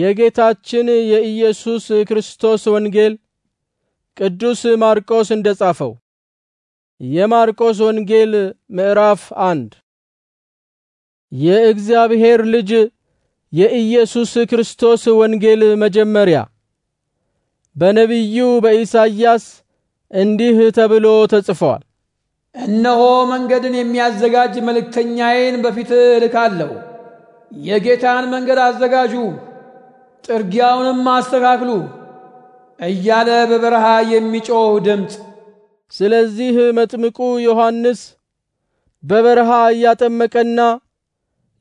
የጌታችን የኢየሱስ ክርስቶስ ወንጌል ቅዱስ ማርቆስ እንደ ጻፈው። የማርቆስ ወንጌል ምዕራፍ አንድ የእግዚአብሔር ልጅ የኢየሱስ ክርስቶስ ወንጌል መጀመሪያ በነቢዩ በኢሳይያስ እንዲህ ተብሎ ተጽፏል። እነሆ መንገድን የሚያዘጋጅ መልእክተኛዬን በፊት እልካለሁ፣ የጌታን መንገድ አዘጋጁ ጥርጊያውንም አስተካክሉ እያለ በበረሃ የሚጮህ ድምፅ። ስለዚህ መጥምቁ ዮሐንስ በበረሃ እያጠመቀና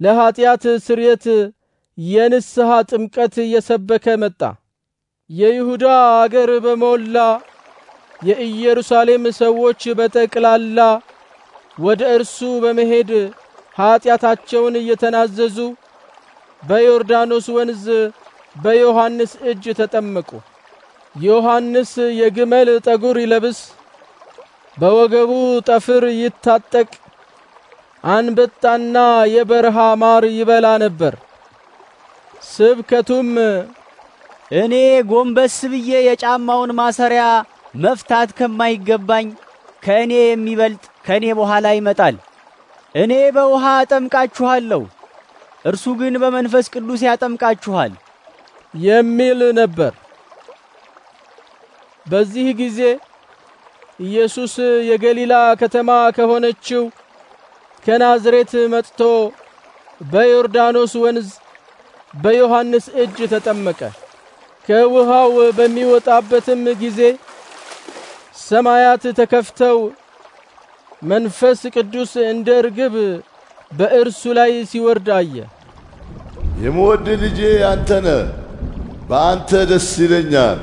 ለኀጢአት ስርየት የንስሐ ጥምቀት እየሰበከ መጣ። የይሁዳ አገር በሞላ የኢየሩሳሌም ሰዎች በጠቅላላ ወደ እርሱ በመሄድ ኀጢአታቸውን እየተናዘዙ በዮርዳኖስ ወንዝ በዮሐንስ እጅ ተጠመቁ። ዮሐንስ የግመል ጠጉር ይለብስ፣ በወገቡ ጠፍር ይታጠቅ፣ አንበጣና የበረሃ ማር ይበላ ነበር። ስብከቱም እኔ ጎንበስ ብዬ የጫማውን ማሰሪያ መፍታት ከማይገባኝ ከእኔ የሚበልጥ ከእኔ በኋላ ይመጣል። እኔ በውሃ አጠምቃችኋለሁ፣ እርሱ ግን በመንፈስ ቅዱስ ያጠምቃችኋል የሚል ነበር። በዚህ ጊዜ ኢየሱስ የገሊላ ከተማ ከሆነችው ከናዝሬት መጥቶ በዮርዳኖስ ወንዝ በዮሐንስ እጅ ተጠመቀ። ከውሃው በሚወጣበትም ጊዜ ሰማያት ተከፍተው መንፈስ ቅዱስ እንደ ርግብ በእርሱ ላይ ሲወርድ አየ። የምወድ ልጄ አንተ በአንተ ደስ ይለኛል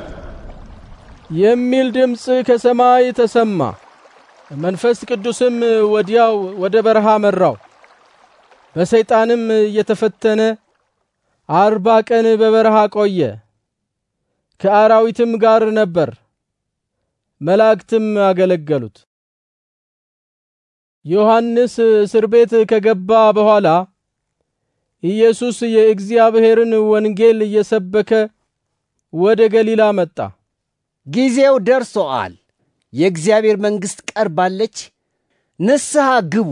የሚል ድምፅ ከሰማይ ተሰማ። መንፈስ ቅዱስም ወዲያው ወደ በረሃ መራው። በሰይጣንም እየተፈተነ አርባ ቀን በበረሃ ቆየ። ከአራዊትም ጋር ነበር። መላእክትም አገለገሉት። ዮሐንስ እስር ቤት ከገባ በኋላ ኢየሱስ የእግዚአብሔርን ወንጌል እየሰበከ ወደ ገሊላ መጣ። ጊዜው ደርሶአል፣ የእግዚአብሔር መንግሥት ቀርባለች፣ ንስሐ ግቡ፣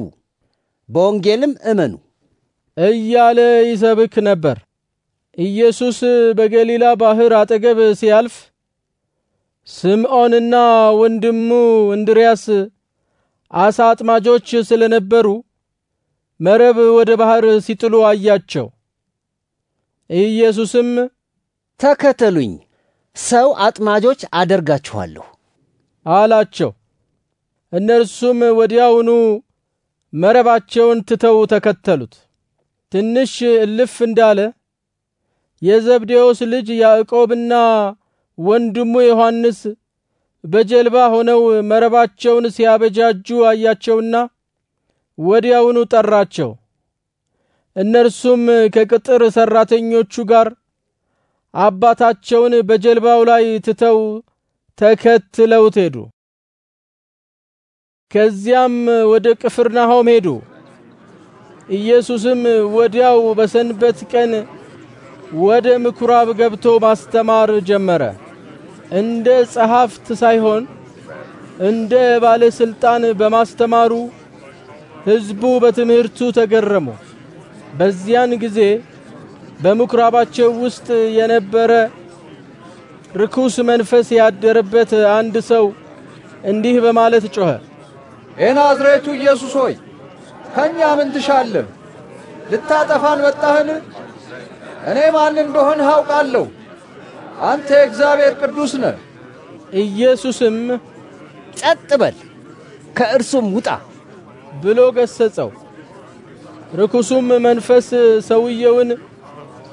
በወንጌልም እመኑ እያለ ይሰብክ ነበር። ኢየሱስ በገሊላ ባሕር አጠገብ ሲያልፍ ስምዖንና ወንድሙ እንድርያስ አሳ አጥማጆች ስለነበሩ መረብ ወደ ባህር ሲጥሉ አያቸው። ኢየሱስም ተከተሉኝ፣ ሰው አጥማጆች አደርጋችኋለሁ አላቸው። እነርሱም ወዲያውኑ መረባቸውን ትተው ተከተሉት። ትንሽ እልፍ እንዳለ የዘብዴዎስ ልጅ ያዕቆብና ወንድሙ ዮሐንስ በጀልባ ሆነው መረባቸውን ሲያበጃጁ አያቸውና ወዲያውኑ ጠራቸው። እነርሱም ከቅጥር ሰራተኞቹ ጋር አባታቸውን በጀልባው ላይ ትተው ተከትለውት ሄዱ። ከዚያም ወደ ቅፍርናሆም ሄዱ። ኢየሱስም ወዲያው በሰንበት ቀን ወደ ምኩራብ ገብቶ ማስተማር ጀመረ። እንደ ጸሐፍት ሳይሆን እንደ ባለስልጣን በማስተማሩ ህዝቡ በትምህርቱ ተገረሙ። በዚያን ጊዜ በምኩራባቸው ውስጥ የነበረ ርኩስ መንፈስ ያደረበት አንድ ሰው እንዲህ በማለት ጮኸ፣ የናዝሬቱ ኢየሱስ ሆይ ከእኛ ምን ትሻለህ? ልታጠፋን መጣህን? እኔ ማን እንደሆን አውቃለሁ። አንተ የእግዚአብሔር ቅዱስ ነህ። ኢየሱስም ጸጥ በል፣ ከእርሱም ውጣ ብሎ ገሰጸው። ርኩሱም መንፈስ ሰውየውን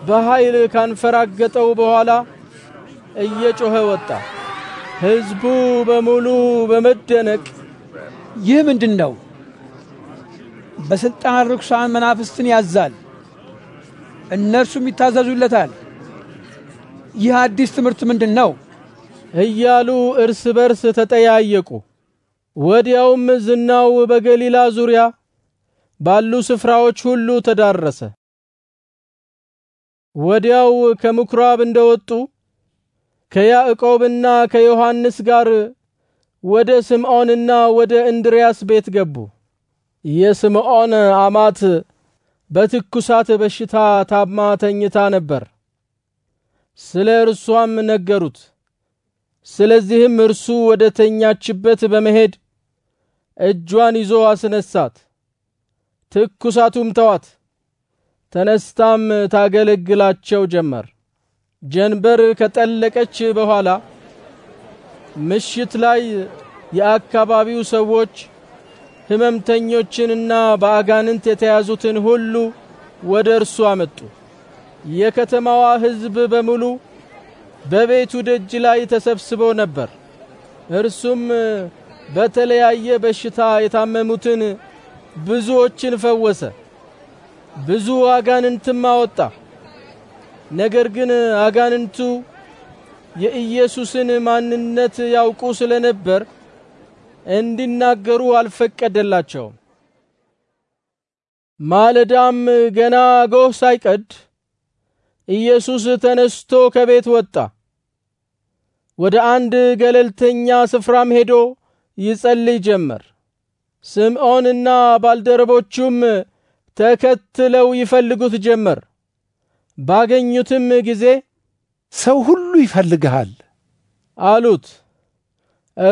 በኃይል ካንፈራገጠው በኋላ እየጮኸ ወጣ። ሕዝቡ በሙሉ በመደነቅ ይህ ምንድን ነው? በስልጣን ርኩሳን መናፍስትን ያዛል፣ እነርሱም ይታዘዙለታል። ይህ አዲስ ትምህርት ምንድን ነው? እያሉ እርስ በርስ ተጠያየቁ። ወዲያውም ዝናው በገሊላ ዙሪያ ባሉ ስፍራዎች ሁሉ ተዳረሰ። ወዲያው ከምኩራብ እንደወጡ ከያዕቆብና ከዮሐንስ ጋር ወደ ስምዖንና ወደ እንድርያስ ቤት ገቡ። የስምዖን አማት በትኩሳት በሽታ ታማ ተኝታ ነበር። ስለ እርሷም ነገሩት። ስለዚህም እርሱ ወደ ተኛችበት በመሄድ እጇን ይዞ አስነሳት። ትኩሳቱም ተዋት። ተነስታም ታገለግላቸው ጀመር። ጀንበር ከጠለቀች በኋላ ምሽት ላይ የአካባቢው ሰዎች ሕመምተኞችንና በአጋንንት የተያዙትን ሁሉ ወደ እርሱ አመጡ። የከተማዋ ሕዝብ በሙሉ በቤቱ ደጅ ላይ ተሰብስቦ ነበር። እርሱም በተለያየ በሽታ የታመሙትን ብዙዎችን ፈወሰ፣ ብዙ አጋንንትም አወጣ። ነገር ግን አጋንንቱ የኢየሱስን ማንነት ያውቁ ስለነበር እንዲናገሩ አልፈቀደላቸውም። ማለዳም ገና ጎህ ሳይቀድ ኢየሱስ ተነስቶ ከቤት ወጣ። ወደ አንድ ገለልተኛ ስፍራም ሄዶ ይጸልይ ጀመር። ስምዖንና ባልደረቦቹም ተከትለው ይፈልጉት ጀመር። ባገኙትም ጊዜ ሰው ሁሉ ይፈልግሃል አሉት።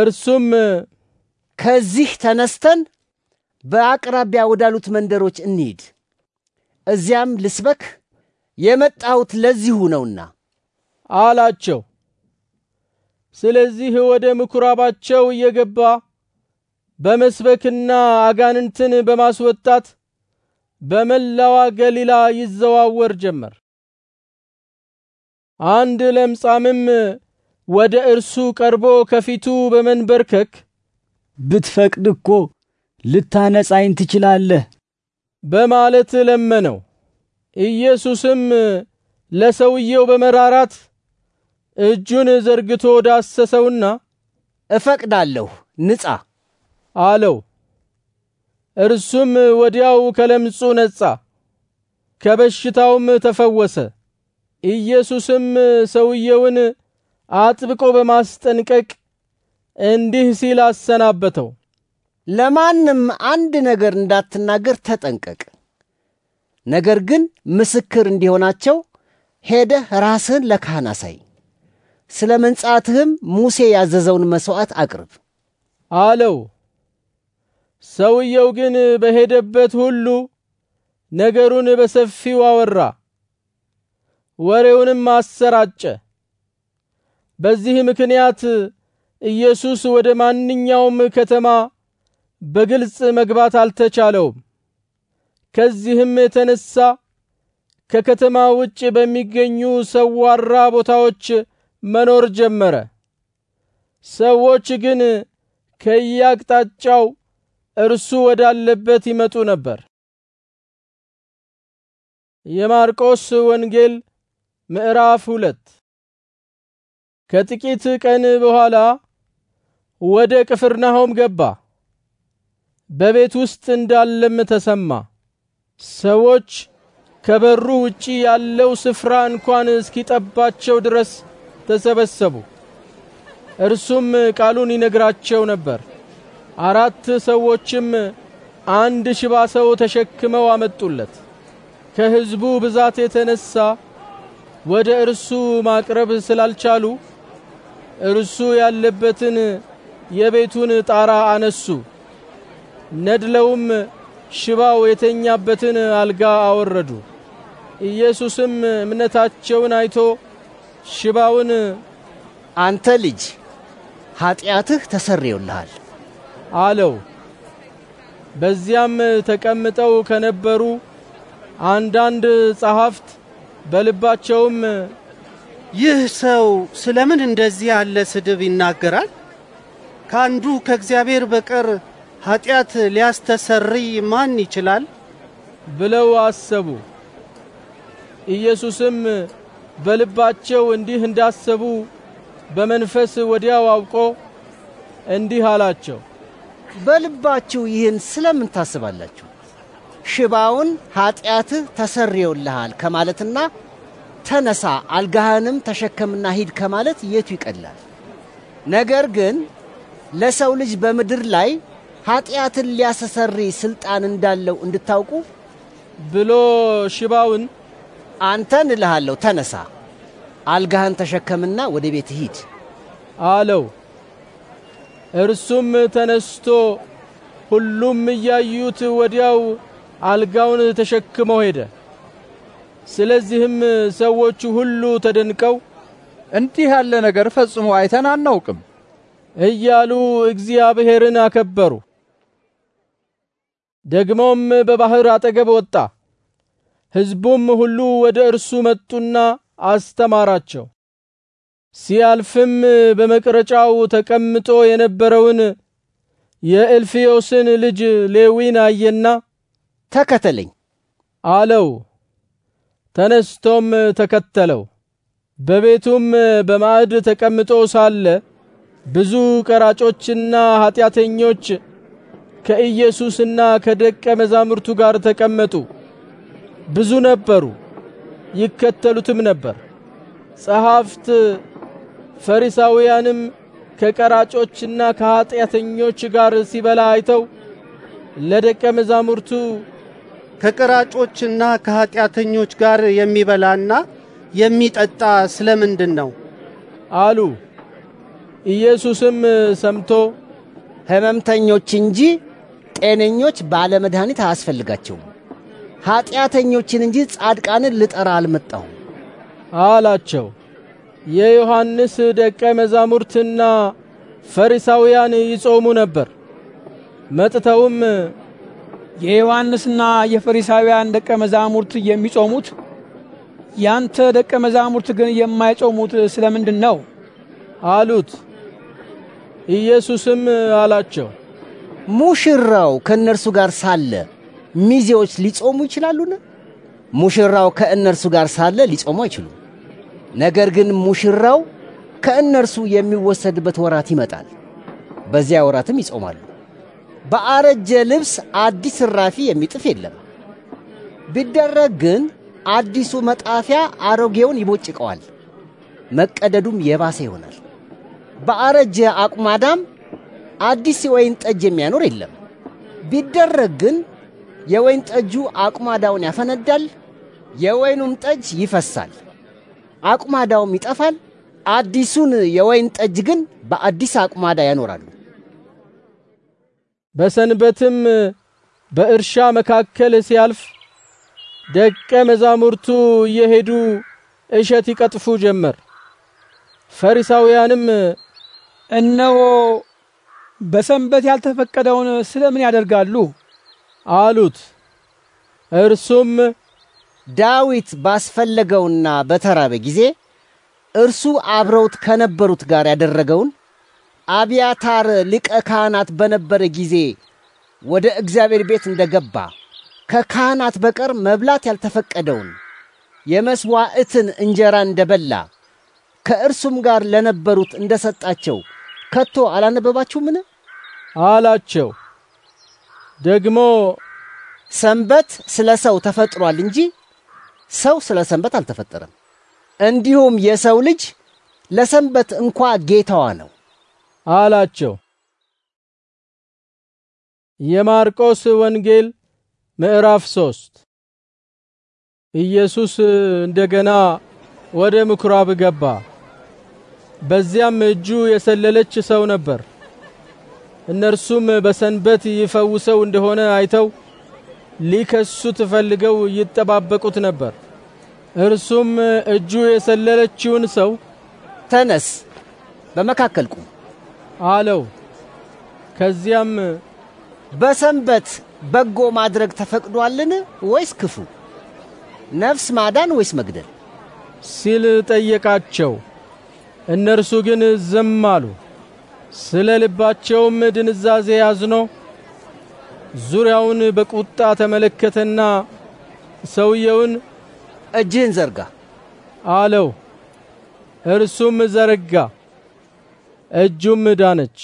እርሱም ከዚህ ተነስተን በአቅራቢያ ወዳሉት መንደሮች እንሂድ፣ እዚያም ልስበክ፣ የመጣሁት ለዚሁ ነውና አላቸው። ስለዚህ ወደ ምኩራባቸው እየገባ በመስበክና አጋንንትን በማስወጣት በመላዋ ገሊላ ይዘዋወር ጀመር። አንድ ለምጻምም ወደ እርሱ ቀርቦ ከፊቱ በመንበርከክ ብትፈቅድ እኮ ልታነጻኝ ትችላለህ በማለት ለመነው። ኢየሱስም ለሰውየው በመራራት እጁን ዘርግቶ ዳሰሰውና እፈቅዳለሁ፣ ንጻ አለው። እርሱም ወዲያው ከለምጹ ነጻ፣ ከበሽታውም ተፈወሰ። ኢየሱስም ሰውየውን አጥብቆ በማስጠንቀቅ እንዲህ ሲል አሰናበተው። ለማንም አንድ ነገር እንዳትናገር ተጠንቀቅ። ነገር ግን ምስክር እንዲሆናቸው ሄደህ ራስህን ለካህን አሳይ። ስለ መንጻትህም ሙሴ ያዘዘውን መሥዋዕት አቅርብ አለው። ሰውየው ግን በሄደበት ሁሉ ነገሩን በሰፊው አወራ፣ ወሬውንም አሰራጨ። በዚህ ምክንያት ኢየሱስ ወደ ማንኛውም ከተማ በግልጽ መግባት አልተቻለውም። ከዚህም የተነሳ ከከተማ ውጭ በሚገኙ ሰዋራ ቦታዎች መኖር ጀመረ። ሰዎች ግን ከየአቅጣጫው እርሱ ወዳለበት ይመጡ ነበር። የማርቆስ ወንጌል ምዕራፍ ሁለት ከጥቂት ቀን በኋላ ወደ ቅፍርናሆም ገባ። በቤት ውስጥ እንዳለም ተሰማ። ሰዎች ከበሩ ውጪ ያለው ስፍራ እንኳን እስኪጠባቸው ድረስ ተሰበሰቡ። እርሱም ቃሉን ይነግራቸው ነበር። አራት ሰዎችም አንድ ሽባ ሰው ተሸክመው አመጡለት። ከሕዝቡ ብዛት የተነሳ ወደ እርሱ ማቅረብ ስላልቻሉ እርሱ ያለበትን የቤቱን ጣራ አነሱ። ነድለውም ሽባው የተኛበትን አልጋ አወረዱ። ኢየሱስም እምነታቸውን አይቶ ሽባውን አንተ ልጅ ኃጢአትህ ተሰርዮልሃል አለው። በዚያም ተቀምጠው ከነበሩ አንዳንድ ጸሐፍት በልባቸውም ይህ ሰው ስለምን እንደዚህ ያለ ስድብ ይናገራል? ከአንዱ ከእግዚአብሔር በቀር ኃጢአት ሊያስተሰርይ ማን ይችላል? ብለው አሰቡ። ኢየሱስም በልባቸው እንዲህ እንዳሰቡ በመንፈስ ወዲያው አውቆ እንዲህ አላቸው፣ በልባችሁ ይህን ስለምን ታስባላችሁ? ሽባውን ኀጢአትህ ተሰርየውልሃል ከማለትና ተነሳ አልጋህንም ተሸከምና ሂድ ከማለት የቱ ይቀላል? ነገር ግን ለሰው ልጅ በምድር ላይ ኃጢአትን ሊያስተሰርይ ሥልጣን እንዳለው እንድታውቁ ብሎ ሽባውን አንተን እልሃለሁ ተነሳ፣ አልጋህን ተሸከምና ወደ ቤት ሂድ አለው። እርሱም ተነስቶ ሁሉም እያዩት ወዲያው አልጋውን ተሸክሞ ሄደ። ስለዚህም ሰዎቹ ሁሉ ተደንቀው እንዲህ ያለ ነገር ፈጽሞ አይተን አናውቅም እያሉ እግዚአብሔርን አከበሩ። ደግሞም በባህር አጠገብ ወጣ። ሕዝቡም ሁሉ ወደ እርሱ መጡና አስተማራቸው። ሲያልፍም በመቅረጫው ተቀምጦ የነበረውን የእልፍዮስን ልጅ ሌዊን አየና ተከተለኝ አለው። ተነስቶም ተከተለው። በቤቱም በማዕድ ተቀምጦ ሳለ ብዙ ቀራጮችና ኀጢአተኞች ከኢየሱስና ከደቀ መዛሙርቱ ጋር ተቀመጡ። ብዙ ነበሩ፣ ይከተሉትም ነበር። ጸሐፍት ፈሪሳውያንም ከቀራጮችና ከኀጢአተኞች ጋር ሲበላ አይተው ለደቀ መዛሙርቱ ከቀራጮችና ከኀጢአተኞች ጋር የሚበላና የሚጠጣ ስለምንድን ነው አሉ። ኢየሱስም ሰምቶ ሕመምተኞች እንጂ ጤነኞች ባለመድኃኒት አያስፈልጋቸውም ኃጢአተኞችን እንጂ ጻድቃንን ልጠራ አልመጣሁ አላቸው። የዮሐንስ ደቀ መዛሙርትና ፈሪሳውያን ይጾሙ ነበር። መጥተውም የዮሐንስና የፈሪሳውያን ደቀ መዛሙርት የሚጾሙት ያንተ ደቀ መዛሙርት ግን የማይጾሙት ስለምንድን ነው አሉት። ኢየሱስም አላቸው፣ ሙሽራው ከእነርሱ ጋር ሳለ ሚዜዎች ሊጾሙ ይችላሉን? ሙሽራው ከእነርሱ ጋር ሳለ ሊጾሙ አይችሉም። ነገር ግን ሙሽራው ከእነርሱ የሚወሰድበት ወራት ይመጣል፣ በዚያ ወራትም ይጾማሉ። በአረጀ ልብስ አዲስ እራፊ የሚጥፍ የለም። ቢደረግ ግን አዲሱ መጣፊያ አሮጌውን ይቦጭቀዋል፣ መቀደዱም የባሰ ይሆናል። በአረጀ አቁማዳም አዲስ የወይን ጠጅ የሚያኖር የለም። ቢደረግ ግን የወይን ጠጁ አቁማዳውን ያፈነዳል፣ የወይኑም ጠጅ ይፈሳል፣ አቁማዳውም ይጠፋል። አዲሱን የወይን ጠጅ ግን በአዲስ አቁማዳ ያኖራሉ። በሰንበትም በእርሻ መካከል ሲያልፍ ደቀ መዛሙርቱ እየሄዱ እሸት ይቀጥፉ ጀመር። ፈሪሳውያንም እነሆ በሰንበት ያልተፈቀደውን ስለምን ያደርጋሉ አሉት። እርሱም ዳዊት ባስፈለገውና በተራበ ጊዜ እርሱ አብረውት ከነበሩት ጋር ያደረገውን አብያታር ሊቀ ካህናት በነበረ ጊዜ ወደ እግዚአብሔር ቤት እንደገባ ከካህናት በቀር መብላት ያልተፈቀደውን የመስዋዕትን እንጀራ እንደበላ ከእርሱም ጋር ለነበሩት እንደሰጣቸው ከቶ አላነበባችሁምን? አላቸው። ደግሞ ሰንበት ስለ ሰው ተፈጥሯል እንጂ ሰው ስለ ሰንበት አልተፈጠረም። እንዲሁም የሰው ልጅ ለሰንበት እንኳ ጌታዋ ነው አላቸው። የማርቆስ ወንጌል ምዕራፍ ሶስት ኢየሱስ እንደገና ወደ ምኩራብ ገባ። በዚያም እጁ የሰለለች ሰው ነበር። እነርሱም በሰንበት ይፈውሰው እንደሆነ አይተው ሊከሱት ፈልገው ይጠባበቁት ነበር። እርሱም እጁ የሰለለችውን ሰው ተነስ፣ በመካከል ቁም አለው። ከዚያም በሰንበት በጎ ማድረግ ተፈቅዷልን ወይስ ክፉ፣ ነፍስ ማዳን ወይስ መግደል ሲል ጠየቃቸው። እነርሱ ግን ዝም አሉ። ስለ ልባቸውም ድንዛዜ ያዝኖ ዙሪያውን በቁጣ ተመለከተና ሰውየውን እጅህን ዘርጋ አለው። እርሱም ዘረጋ፣ እጁም ዳነች።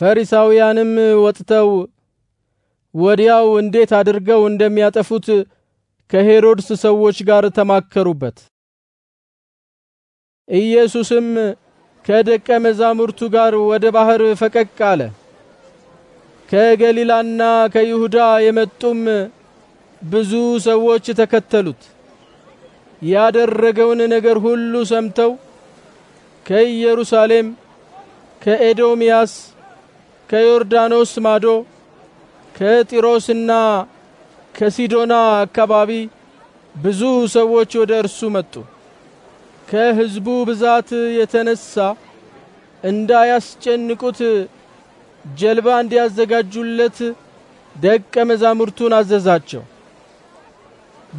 ፈሪሳውያንም ወጥተው ወዲያው እንዴት አድርገው እንደሚያጠፉት ከሄሮድስ ሰዎች ጋር ተማከሩበት። ኢየሱስም ከደቀ መዛሙርቱ ጋር ወደ ባህር ፈቀቅ አለ። ከገሊላና ከይሁዳ የመጡም ብዙ ሰዎች ተከተሉት። ያደረገውን ነገር ሁሉ ሰምተው ከኢየሩሳሌም፣ ከኤዶምያስ፣ ከዮርዳኖስ ማዶ፣ ከጢሮስና ከሲዶና አካባቢ ብዙ ሰዎች ወደ እርሱ መጡ። ከሕዝቡ ብዛት የተነሳ እንዳያስጨንቁት ጀልባ እንዲያዘጋጁለት ደቀ መዛሙርቱን አዘዛቸው።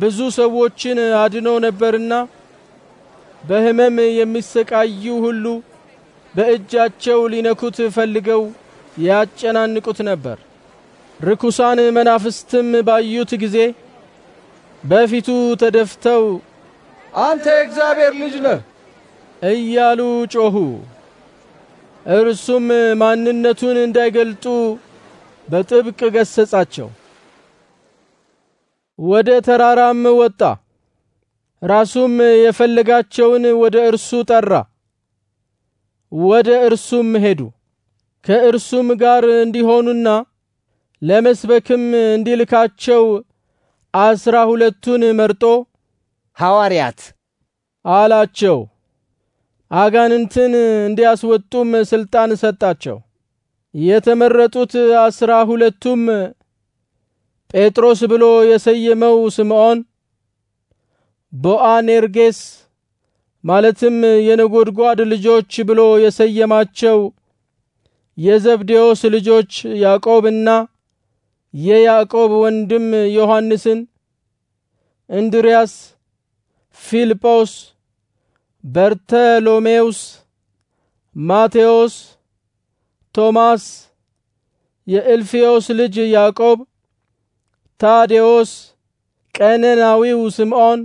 ብዙ ሰዎችን አድኖ ነበርና በሕመም የሚሰቃዩ ሁሉ በእጃቸው ሊነኩት ፈልገው ያጨናንቁት ነበር። ርኩሳን መናፍስትም ባዩት ጊዜ በፊቱ ተደፍተው አንተ የእግዚአብሔር ልጅ ነህ እያሉ ጮኹ። እርሱም ማንነቱን እንዳይገልጡ በጥብቅ ገሰጻቸው። ወደ ተራራም ወጣ። ራሱም የፈለጋቸውን ወደ እርሱ ጠራ። ወደ እርሱም ሄዱ። ከእርሱም ጋር እንዲሆኑና ለመስበክም እንዲልካቸው አስራ ሁለቱን መርጦ ሐዋርያት አላቸው። አጋንንትን እንዲያስወጡም ስልጣን ሰጣቸው። የተመረጡት አስራ ሁለቱም ጴጥሮስ ብሎ የሰየመው ስምዖን፣ ቦአኔርጌስ ማለትም የነጎድጓድ ልጆች ብሎ የሰየማቸው የዘብዴዎስ ልጆች ያዕቆብና የያዕቆብ ወንድም ዮሐንስን፣ እንድርያስ ፊልጶስ፣ በርተሎሜውስ፣ ማቴዎስ፣ ቶማስ፣ የእልፍዮስ ልጅ ያዕቆብ፣ ታዴዎስ፣ ቀነናዊው ስምዖን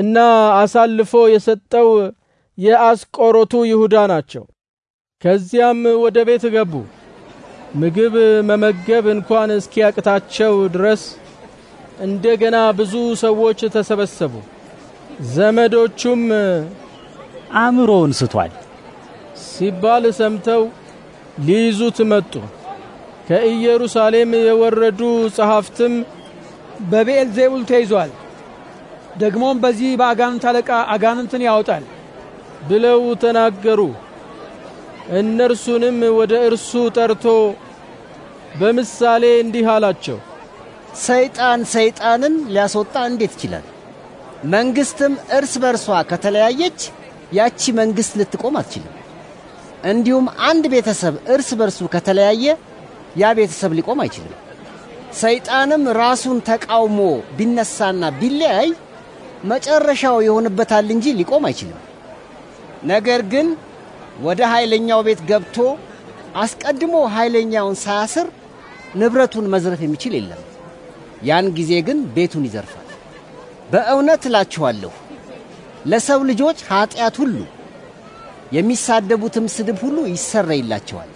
እና አሳልፎ የሰጠው የአስቆሮቱ ይሁዳ ናቸው። ከዚያም ወደ ቤት ገቡ። ምግብ መመገብ እንኳን እስኪያቅታቸው ድረስ እንደገና ብዙ ሰዎች ተሰበሰቡ። ዘመዶቹም አእምሮውን ስቷል ሲባል ሰምተው ሊይዙት መጡ። ከኢየሩሳሌም የወረዱ ጸሐፍትም በቤኤል ዜቡል ተይዟል፣ ደግሞም በዚህ በአጋንንት አለቃ አጋንንትን ያወጣል ብለው ተናገሩ። እነርሱንም ወደ እርሱ ጠርቶ በምሳሌ እንዲህ አላቸው፣ ሰይጣን ሰይጣንን ሊያስወጣ እንዴት ይችላል? መንግስትም እርስ በርሷ ከተለያየች ያቺ መንግስት ልትቆም አትችልም። እንዲሁም አንድ ቤተሰብ እርስ በርሱ ከተለያየ ያ ቤተሰብ ሊቆም አይችልም። ሰይጣንም ራሱን ተቃውሞ ቢነሳና ቢለያይ መጨረሻው ይሆንበታል እንጂ ሊቆም አይችልም። ነገር ግን ወደ ኃይለኛው ቤት ገብቶ አስቀድሞ ኃይለኛውን ሳያስር ንብረቱን መዝረፍ የሚችል የለም። ያን ጊዜ ግን ቤቱን ይዘርፋል። በእውነት እላችኋለሁ ለሰው ልጆች ኀጢአት ሁሉ የሚሳደቡትም ስድብ ሁሉ ይሰረይላቸዋል።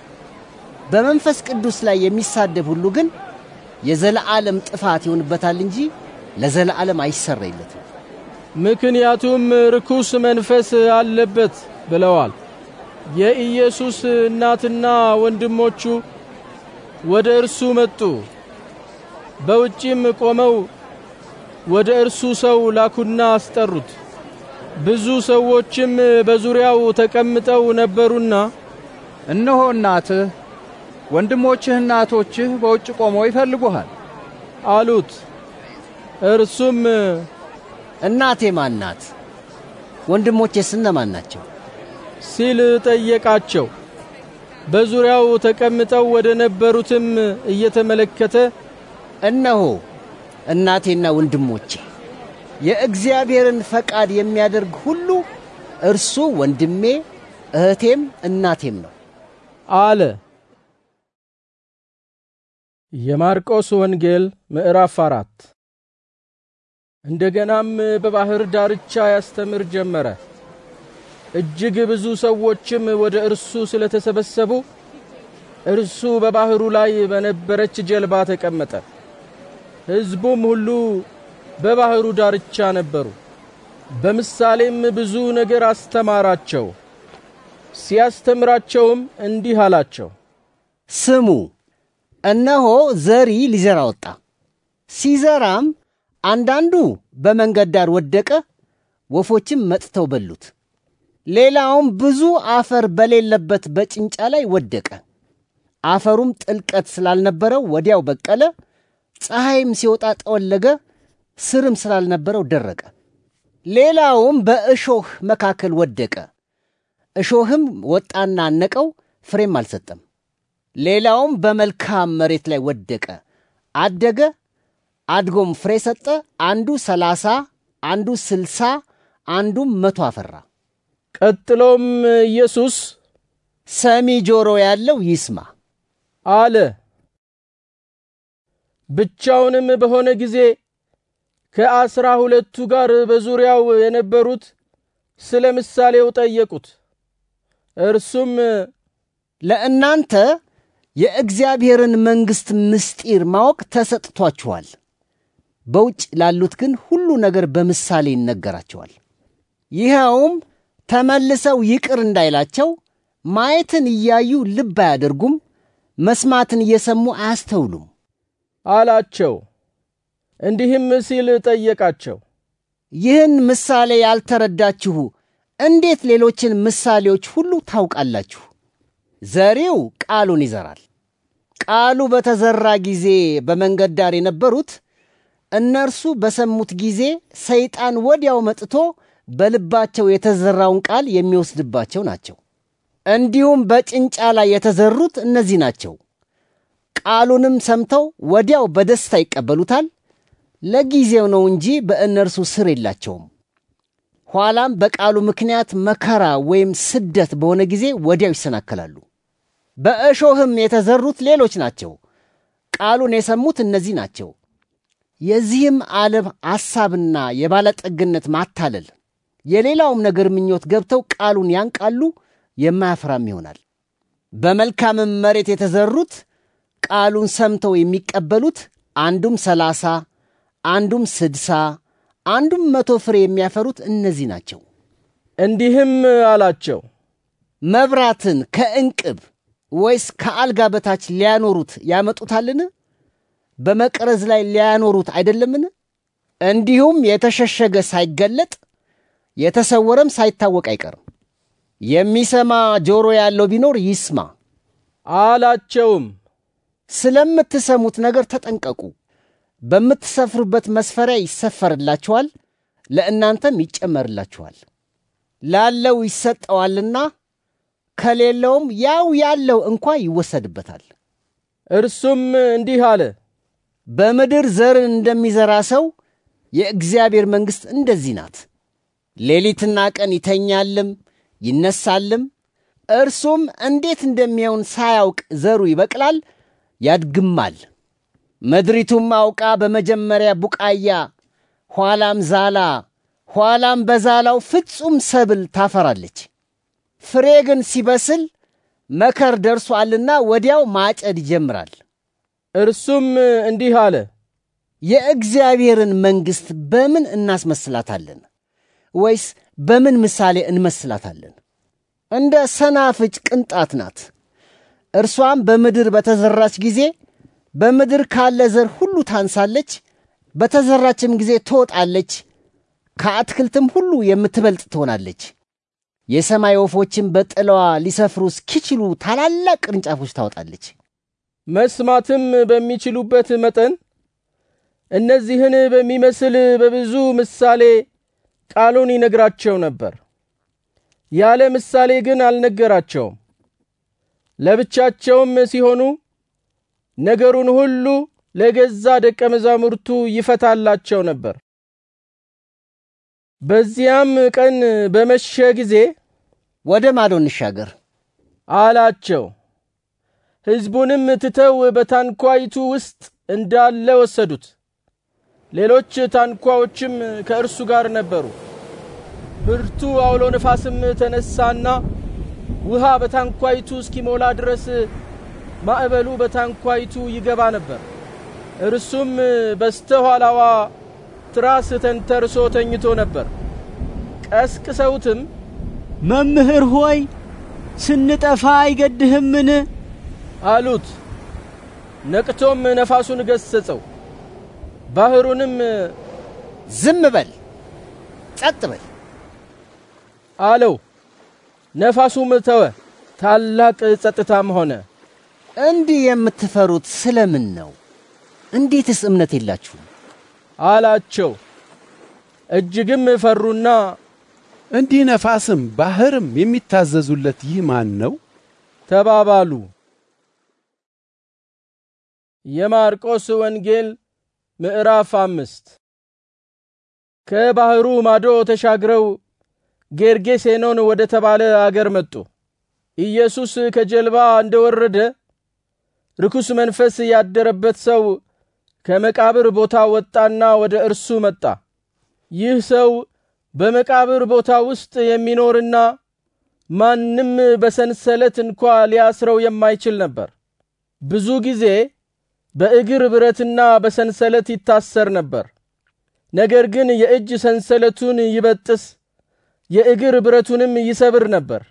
በመንፈስ ቅዱስ ላይ የሚሳደብ ሁሉ ግን የዘለዓለም ጥፋት ይሆንበታል እንጂ ለዘለዓለም አይሰረይለትም። ምክንያቱም ርኩስ መንፈስ አለበት ብለዋል። የኢየሱስ እናትና ወንድሞቹ ወደ እርሱ መጡ። በውጪም ቆመው ወደ እርሱ ሰው ላኩና አስጠሩት። ብዙ ሰዎችም በዙሪያው ተቀምጠው ነበሩና እነሆ እናትህ ወንድሞችህና እናቶችህ በውጭ ቆመው ይፈልጉሃል አሉት። እርሱም እናቴ ማን ናት? ወንድሞቼስ እነማን ናቸው? ሲል ጠየቃቸው። በዙሪያው ተቀምጠው ወደ ነበሩትም እየተመለከተ እነሆ እናቴና ወንድሞቼ የእግዚአብሔርን ፈቃድ የሚያደርግ ሁሉ እርሱ ወንድሜ፣ እህቴም እናቴም ነው አለ። የማርቆስ ወንጌል ምዕራፍ አራት እንደገናም በባህር ዳርቻ ያስተምር ጀመረ። እጅግ ብዙ ሰዎችም ወደ እርሱ ስለተሰበሰቡ እርሱ በባህሩ ላይ በነበረች ጀልባ ተቀመጠ። ሕዝቡም ሁሉ በባህሩ ዳርቻ ነበሩ። በምሳሌም ብዙ ነገር አስተማራቸው። ሲያስተምራቸውም እንዲህ አላቸው፣ ስሙ። እነሆ ዘሪ ሊዘራ ወጣ። ሲዘራም አንዳንዱ በመንገድ ዳር ወደቀ፣ ወፎችም መጥተው በሉት። ሌላውም ብዙ አፈር በሌለበት በጭንጫ ላይ ወደቀ። አፈሩም ጥልቀት ስላልነበረው ወዲያው በቀለ፣ ፀሐይም ሲወጣ ጠወለገ፣ ስርም ስላልነበረው ደረቀ። ሌላውም በእሾህ መካከል ወደቀ፣ እሾህም ወጣና አነቀው፣ ፍሬም አልሰጠም። ሌላውም በመልካም መሬት ላይ ወደቀ፣ አደገ፣ አድጎም ፍሬ ሰጠ። አንዱ ሰላሳ አንዱ ስልሳ አንዱም መቶ አፈራ። ቀጥሎም ኢየሱስ ሰሚ ጆሮ ያለው ይስማ አለ። ብቻውንም በሆነ ጊዜ ከአስራ ሁለቱ ጋር በዙሪያው የነበሩት ስለ ምሳሌው ጠየቁት። እርሱም ለእናንተ የእግዚአብሔርን መንግሥት ምስጢር ማወቅ ተሰጥቷችኋል፣ በውጭ ላሉት ግን ሁሉ ነገር በምሳሌ ይነገራቸዋል። ይኸውም ተመልሰው ይቅር እንዳይላቸው ማየትን እያዩ ልብ አያደርጉም፣ መስማትን እየሰሙ አያስተውሉም አላቸው። እንዲህም ሲል ጠየቃቸው፣ ይህን ምሳሌ ያልተረዳችሁ እንዴት ሌሎችን ምሳሌዎች ሁሉ ታውቃላችሁ? ዘሪው ቃሉን ይዘራል። ቃሉ በተዘራ ጊዜ በመንገድ ዳር የነበሩት እነርሱ በሰሙት ጊዜ ሰይጣን ወዲያው መጥቶ በልባቸው የተዘራውን ቃል የሚወስድባቸው ናቸው። እንዲሁም በጭንጫ ላይ የተዘሩት እነዚህ ናቸው። ቃሉንም ሰምተው ወዲያው በደስታ ይቀበሉታል። ለጊዜው ነው እንጂ በእነርሱ ስር የላቸውም። ኋላም በቃሉ ምክንያት መከራ ወይም ስደት በሆነ ጊዜ ወዲያው ይሰናከላሉ። በእሾህም የተዘሩት ሌሎች ናቸው። ቃሉን የሰሙት እነዚህ ናቸው። የዚህም ዓለም ሐሳብና የባለጠግነት ማታለል፣ የሌላውም ነገር ምኞት ገብተው ቃሉን ያንቃሉ፣ የማያፈራም ይሆናል። በመልካምም መሬት የተዘሩት ቃሉን ሰምተው የሚቀበሉት አንዱም ሰላሳ አንዱም ስድሳ አንዱም መቶ ፍሬ የሚያፈሩት እነዚህ ናቸው። እንዲህም አላቸው፣ መብራትን ከእንቅብ ወይስ ከአልጋ በታች ሊያኖሩት ያመጡታልን? በመቅረዝ ላይ ሊያኖሩት አይደለምን? እንዲሁም የተሸሸገ ሳይገለጥ የተሰወረም ሳይታወቅ አይቀርም። የሚሰማ ጆሮ ያለው ቢኖር ይስማ አላቸውም። ስለምትሰሙት ነገር ተጠንቀቁ። በምትሰፍሩበት መስፈሪያ ይሰፈርላችኋል፣ ለእናንተም ይጨመርላችኋል። ላለው ይሰጠዋልና ከሌለውም ያው ያለው እንኳ ይወሰድበታል። እርሱም እንዲህ አለ፣ በምድር ዘርን እንደሚዘራ ሰው የእግዚአብሔር መንግሥት እንደዚህ ናት። ሌሊትና ቀን ይተኛልም ይነሳልም፣ እርሱም እንዴት እንደሚሆን ሳያውቅ ዘሩ ይበቅላል። ያድግማል። ምድሪቱም አውቃ በመጀመሪያ ቡቃያ፣ ኋላም ዛላ፣ ኋላም በዛላው ፍጹም ሰብል ታፈራለች። ፍሬ ግን ሲበስል መከር ደርሶአልና ወዲያው ማጨድ ይጀምራል። እርሱም እንዲህ አለ፣ የእግዚአብሔርን መንግሥት በምን እናስመስላታለን? ወይስ በምን ምሳሌ እንመስላታለን? እንደ ሰናፍጭ ቅንጣት ናት። እርሷም በምድር በተዘራች ጊዜ በምድር ካለ ዘር ሁሉ ታንሳለች፣ በተዘራችም ጊዜ ትወጣለች፣ ከአትክልትም ሁሉ የምትበልጥ ትሆናለች። የሰማይ ወፎችን በጥላዋ ሊሰፍሩ እስኪችሉ ታላላቅ ቅርንጫፎች ታወጣለች። መስማትም በሚችሉበት መጠን እነዚህን በሚመስል በብዙ ምሳሌ ቃሉን ይነግራቸው ነበር። ያለ ምሳሌ ግን አልነገራቸውም። ለብቻቸውም ሲሆኑ ነገሩን ሁሉ ለገዛ ደቀ መዛሙርቱ ይፈታላቸው ነበር። በዚያም ቀን በመሸ ጊዜ ወደ ማዶ እንሻገር አላቸው። ሕዝቡንም ትተው በታንኳይቱ ውስጥ እንዳለ ወሰዱት። ሌሎች ታንኳዎችም ከእርሱ ጋር ነበሩ። ብርቱ አውሎ ነፋስም ተነሳና ውሃ በታንኳይቱ እስኪሞላ ድረስ ማዕበሉ በታንኳይቱ ይገባ ነበር። እርሱም በስተኋላዋ ትራስ ተንተርሶ ተኝቶ ነበር። ቀስቅሰውትም መምህር ሆይ ስንጠፋ አይገድህምን? አሉት። ነቅቶም ነፋሱን ገሰጸው፣ ባህሩንም ዝም በል ጸጥ በል አለው። ነፋሱም ተወ፣ ታላቅ ጸጥታም ሆነ። እንዲህ የምትፈሩት ስለምን ነው? እንዴትስ እምነት የላችሁም? አላቸው። እጅግም ፈሩና እንዲህ ነፋስም ባህርም የሚታዘዙለት ይህ ማን ነው? ተባባሉ። የማርቆስ ወንጌል ምዕራፍ አምስት ከባህሩ ማዶ ተሻግረው ጌርጌሴኖን ወደ ተባለ አገር መጡ። ኢየሱስ ከጀልባ እንደ ወረደ ርኩስ መንፈስ ያደረበት ሰው ከመቃብር ቦታ ወጣና ወደ እርሱ መጣ። ይህ ሰው በመቃብር ቦታ ውስጥ የሚኖርና ማንም በሰንሰለት እንኳ ሊያስረው የማይችል ነበር። ብዙ ጊዜ በእግር ብረትና በሰንሰለት ይታሰር ነበር። ነገር ግን የእጅ ሰንሰለቱን ይበጥስ የእግር ብረቱንም ይሰብር ነበር።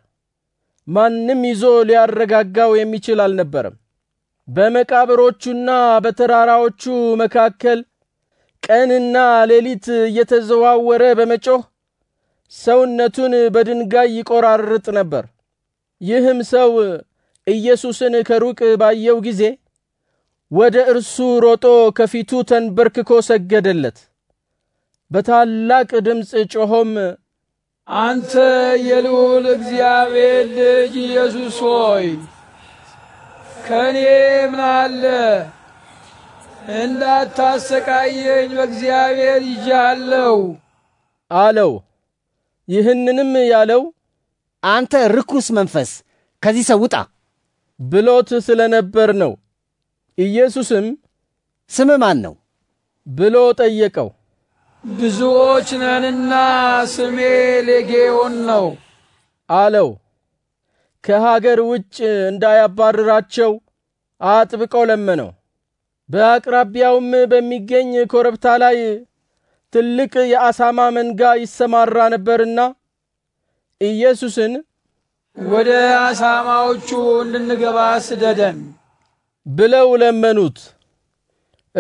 ማንም ይዞ ሊያረጋጋው የሚችል አልነበረም። በመቃብሮቹና በተራራዎቹ መካከል ቀንና ሌሊት እየተዘዋወረ በመጮህ ሰውነቱን በድንጋይ ይቆራርጥ ነበር። ይህም ሰው ኢየሱስን ከሩቅ ባየው ጊዜ ወደ እርሱ ሮጦ ከፊቱ ተንበርክኮ ሰገደለት። በታላቅ ድምፅ ጮኾም አንተ የልዑል እግዚአብሔር ልጅ ኢየሱስ ሆይ ከእኔ ምናለ እንዳታሰቃየኝ በእግዚአብሔር ይዣለሁ አለው። ይህንንም ያለው አንተ ርኩስ መንፈስ ከዚህ ሰው ውጣ ብሎት ስለ ነበር ነው። ኢየሱስም ስም ማን ነው ብሎ ጠየቀው። ብዙዎች ነንና ስሜ ሌጌዮን ነው አለው። ከሀገር ውጭ እንዳያባርራቸው አጥብቆ ለመነው። በአቅራቢያውም በሚገኝ ኮረብታ ላይ ትልቅ የአሳማ መንጋ ይሰማራ ነበርና ኢየሱስን ወደ አሳማዎቹ እንድንገባ ስደደን ብለው ለመኑት።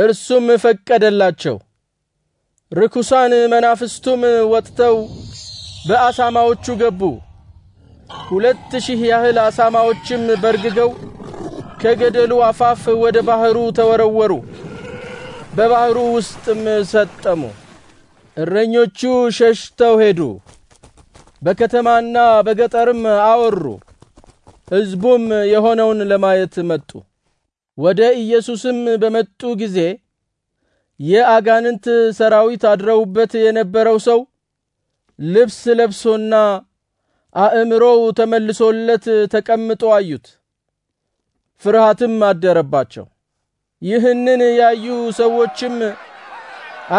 እርሱም ፈቀደላቸው። ርኩሳን መናፍስቱም ወጥተው በአሳማዎቹ ገቡ። ሁለት ሺህ ያህል አሳማዎችም በርግገው ከገደሉ አፋፍ ወደ ባህሩ ተወረወሩ። በባህሩ ውስጥም ሰጠሙ። እረኞቹ ሸሽተው ሄዱ። በከተማና በገጠርም አወሩ። ሕዝቡም የሆነውን ለማየት መጡ። ወደ ኢየሱስም በመጡ ጊዜ የአጋንንት ሰራዊት አድረውበት የነበረው ሰው ልብስ ለብሶና አእምሮው ተመልሶለት ተቀምጦ አዩት። ፍርሃትም አደረባቸው። ይህንን ያዩ ሰዎችም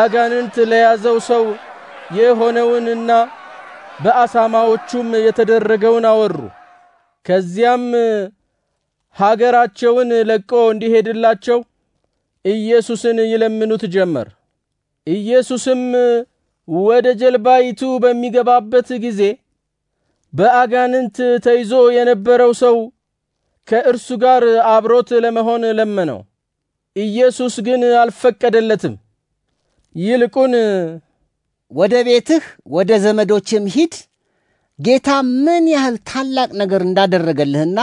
አጋንንት ለያዘው ሰው የሆነውንና በአሳማዎቹም የተደረገውን አወሩ። ከዚያም ሀገራቸውን ለቆ እንዲሄድላቸው ኢየሱስን ይለምኑት ጀመር። ኢየሱስም ወደ ጀልባይቱ በሚገባበት ጊዜ በአጋንንት ተይዞ የነበረው ሰው ከእርሱ ጋር አብሮት ለመሆን ለመነው። ኢየሱስ ግን አልፈቀደለትም። ይልቁን ወደ ቤትህ ወደ ዘመዶችም ሂድ፣ ጌታ ምን ያህል ታላቅ ነገር እንዳደረገልህና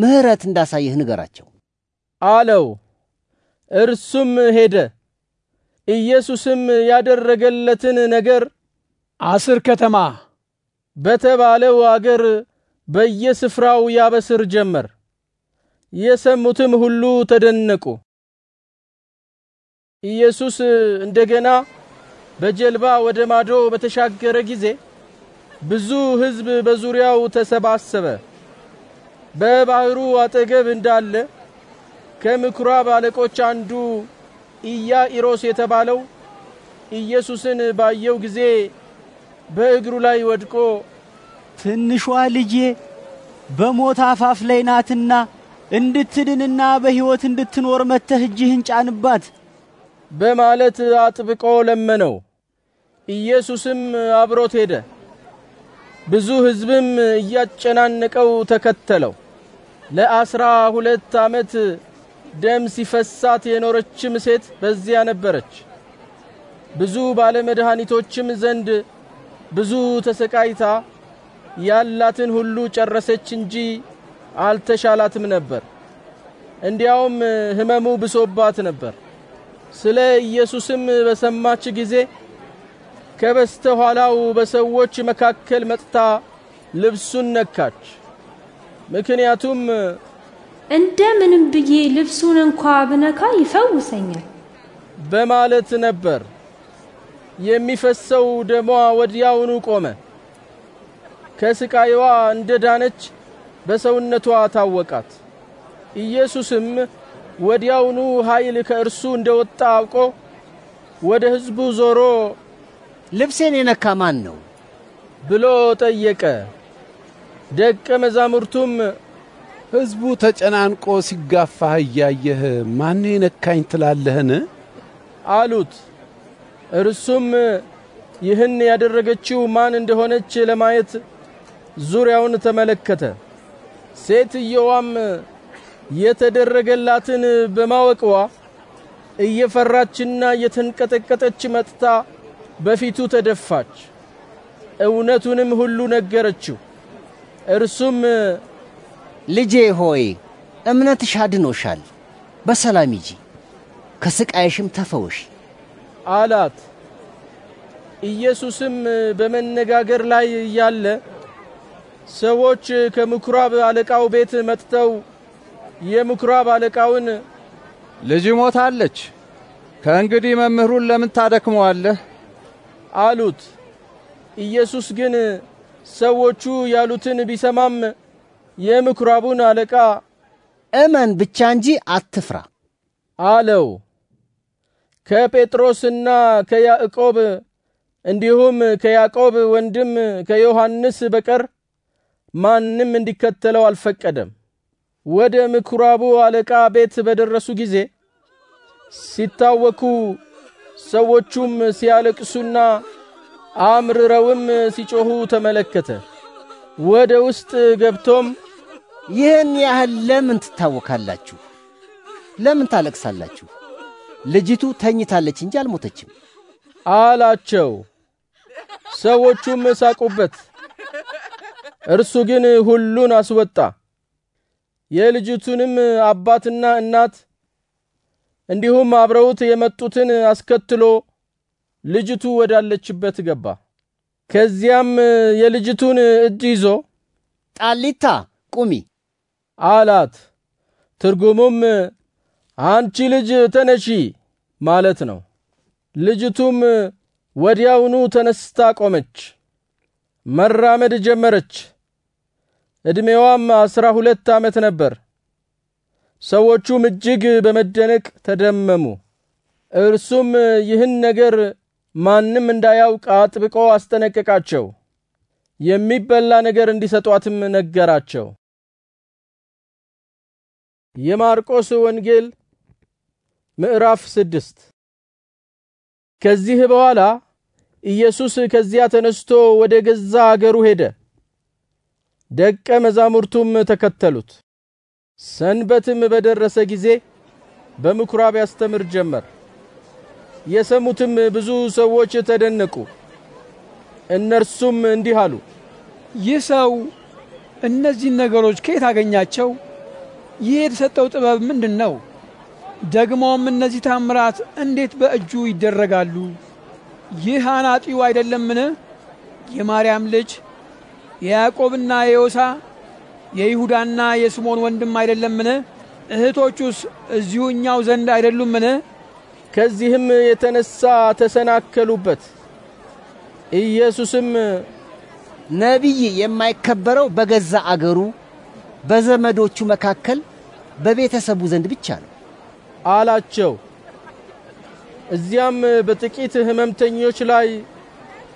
ምሕረት እንዳሳየህ ንገራቸው አለው። እርሱም ሄደ። ኢየሱስም ያደረገለትን ነገር አስር ከተማ በተባለው አገር በየስፍራው ያበስር ጀመር። የሰሙትም ሁሉ ተደነቁ። ኢየሱስ እንደገና በጀልባ ወደ ማዶ በተሻገረ ጊዜ ብዙ ሕዝብ በዙሪያው ተሰባሰበ። በባህሩ አጠገብ እንዳለ ከምኵራብ አለቆች አንዱ ኢያኢሮስ የተባለው ኢየሱስን ባየው ጊዜ በእግሩ ላይ ወድቆ ትንሿ ልጄ በሞት አፋፍ ላይ ናትና እንድትድንና በሕይወት እንድትኖር መጥተህ እጅህን ጫንባት በማለት አጥብቆ ለመነው። ኢየሱስም አብሮት ሄደ። ብዙ ሕዝብም እያጨናነቀው ተከተለው። ለአስራ ሁለት ዓመት ደም ሲፈሳት የኖረችም ሴት በዚያ ነበረች። ብዙ ባለመድኃኒቶችም ዘንድ ብዙ ተሰቃይታ ያላትን ሁሉ ጨረሰች እንጂ አልተሻላትም ነበር። እንዲያውም ሕመሙ ብሶባት ነበር። ስለ ኢየሱስም በሰማች ጊዜ ከበስተ ኋላው በሰዎች መካከል መጥታ ልብሱን ነካች። ምክንያቱም እንደ ምንም ብዬ ልብሱን እንኳ ብነካ ይፈውሰኛል በማለት ነበር። የሚፈሰው ደሟ ወዲያውኑ ቆመ። ከስቃይዋ እንደ ዳነች በሰውነቷ ታወቃት። ኢየሱስም ወዲያውኑ ኃይል ከእርሱ እንደ ወጣ አውቆ ወደ ሕዝቡ ዞሮ ልብሴን የነካ ማን ነው ብሎ ጠየቀ። ደቀ መዛሙርቱም ሕዝቡ ተጨናንቆ ሲጋፋህ እያየህ ማን ነካኝ ትላለህን? አሉት። እርሱም ይህን ያደረገችው ማን እንደሆነች ለማየት ዙሪያውን ተመለከተ። ሴትየዋም የተደረገላትን በማወቅዋ እየፈራችና እየተንቀጠቀጠች መጥታ በፊቱ ተደፋች። እውነቱንም ሁሉ ነገረችው። እርሱም ልጄ ሆይ እምነትሽ አድኖሻል፣ በሰላም ሂጂ፣ ከስቃይሽም ተፈወሽ አላት። ኢየሱስም በመነጋገር ላይ እያለ ሰዎች ከምኩራብ አለቃው ቤት መጥተው የምኩራብ አለቃውን ልጅ ሞታለች፣ ከእንግዲህ መምህሩን ለምን ታደክመዋለህ? አሉት። ኢየሱስ ግን ሰዎቹ ያሉትን ቢሰማም የምኩራቡን አለቃ እመን ብቻ እንጂ አትፍራ አለው። ከጴጥሮስና ከያዕቆብ እንዲሁም ከያዕቆብ ወንድም ከዮሐንስ በቀር ማንም እንዲከተለው አልፈቀደም። ወደ ምኩራቡ አለቃ ቤት በደረሱ ጊዜ ሲታወኩ፣ ሰዎቹም ሲያለቅሱና አምርረውም ሲጮኹ ተመለከተ። ወደ ውስጥ ገብቶም ይህን ያህል ለምን ትታወካላችሁ? ለምን ታለቅሳላችሁ? ልጅቱ ተኝታለች እንጂ አልሞተችም አላቸው። ሰዎቹም ሳቁበት። እርሱ ግን ሁሉን አስወጣ። የልጅቱንም አባትና እናት እንዲሁም አብረውት የመጡትን አስከትሎ ልጅቱ ወዳለችበት ገባ። ከዚያም የልጅቱን እጅ ይዞ ጣሊታ ቁሚ አላት። ትርጉሙም አንቺ ልጅ ተነሺ ማለት ነው። ልጅቱም ወዲያውኑ ተነስታ ቆመች፣ መራመድ ጀመረች። ዕድሜዋም አስራ ሁለት ዓመት ነበር። ሰዎቹም እጅግ በመደነቅ ተደመሙ። እርሱም ይህን ነገር ማንም እንዳያውቅ አጥብቆ አስጠነቀቃቸው። የሚበላ ነገር እንዲሰጧትም ነገራቸው። የማርቆስ ወንጌል ምዕራፍ ስድስት ከዚህ በኋላ ኢየሱስ ከዚያ ተነስቶ ወደ ገዛ አገሩ ሄደ፣ ደቀ መዛሙርቱም ተከተሉት። ሰንበትም በደረሰ ጊዜ በምኩራብ ያስተምር ጀመር። የሰሙትም ብዙ ሰዎች ተደነቁ። እነርሱም እንዲህ አሉ፣ ይህ ሰው እነዚህን ነገሮች ከየት አገኛቸው? ይህ የተሰጠው ጥበብ ምንድን ነው? ደግሞም እነዚህ ታምራት እንዴት በእጁ ይደረጋሉ? ይህ አናጢው አይደለምን? የማርያም ልጅ የያዕቆብና የዮሳ የይሁዳና የስምዖን ወንድም አይደለምን? እህቶቹስ እዚሁ እኛው ዘንድ አይደሉምን? ከዚህም የተነሳ ተሰናከሉበት። ኢየሱስም ነቢይ የማይከበረው በገዛ አገሩ በዘመዶቹ መካከል በቤተሰቡ ዘንድ ብቻ ነው አላቸው። እዚያም በጥቂት ሕመምተኞች ላይ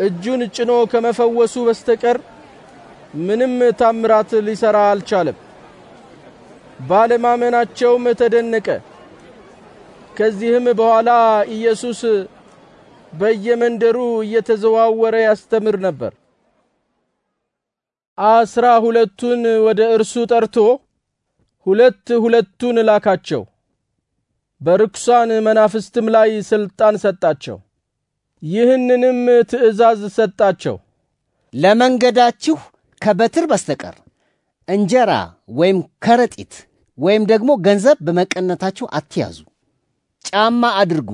እጁን ጭኖ ከመፈወሱ በስተቀር ምንም ታምራት ሊሰራ አልቻለም። ባለማመናቸውም ተደነቀ። ከዚህም በኋላ ኢየሱስ በየመንደሩ እየተዘዋወረ ያስተምር ነበር። አስራ ሁለቱን ወደ እርሱ ጠርቶ ሁለት ሁለቱን ላካቸው፣ በርኩሳን መናፍስትም ላይ ስልጣን ሰጣቸው። ይህንንም ትእዛዝ ሰጣቸው፣ ለመንገዳችሁ ከበትር በስተቀር እንጀራ ወይም ከረጢት ወይም ደግሞ ገንዘብ በመቀነታችሁ አትያዙ። ጫማ አድርጉ፣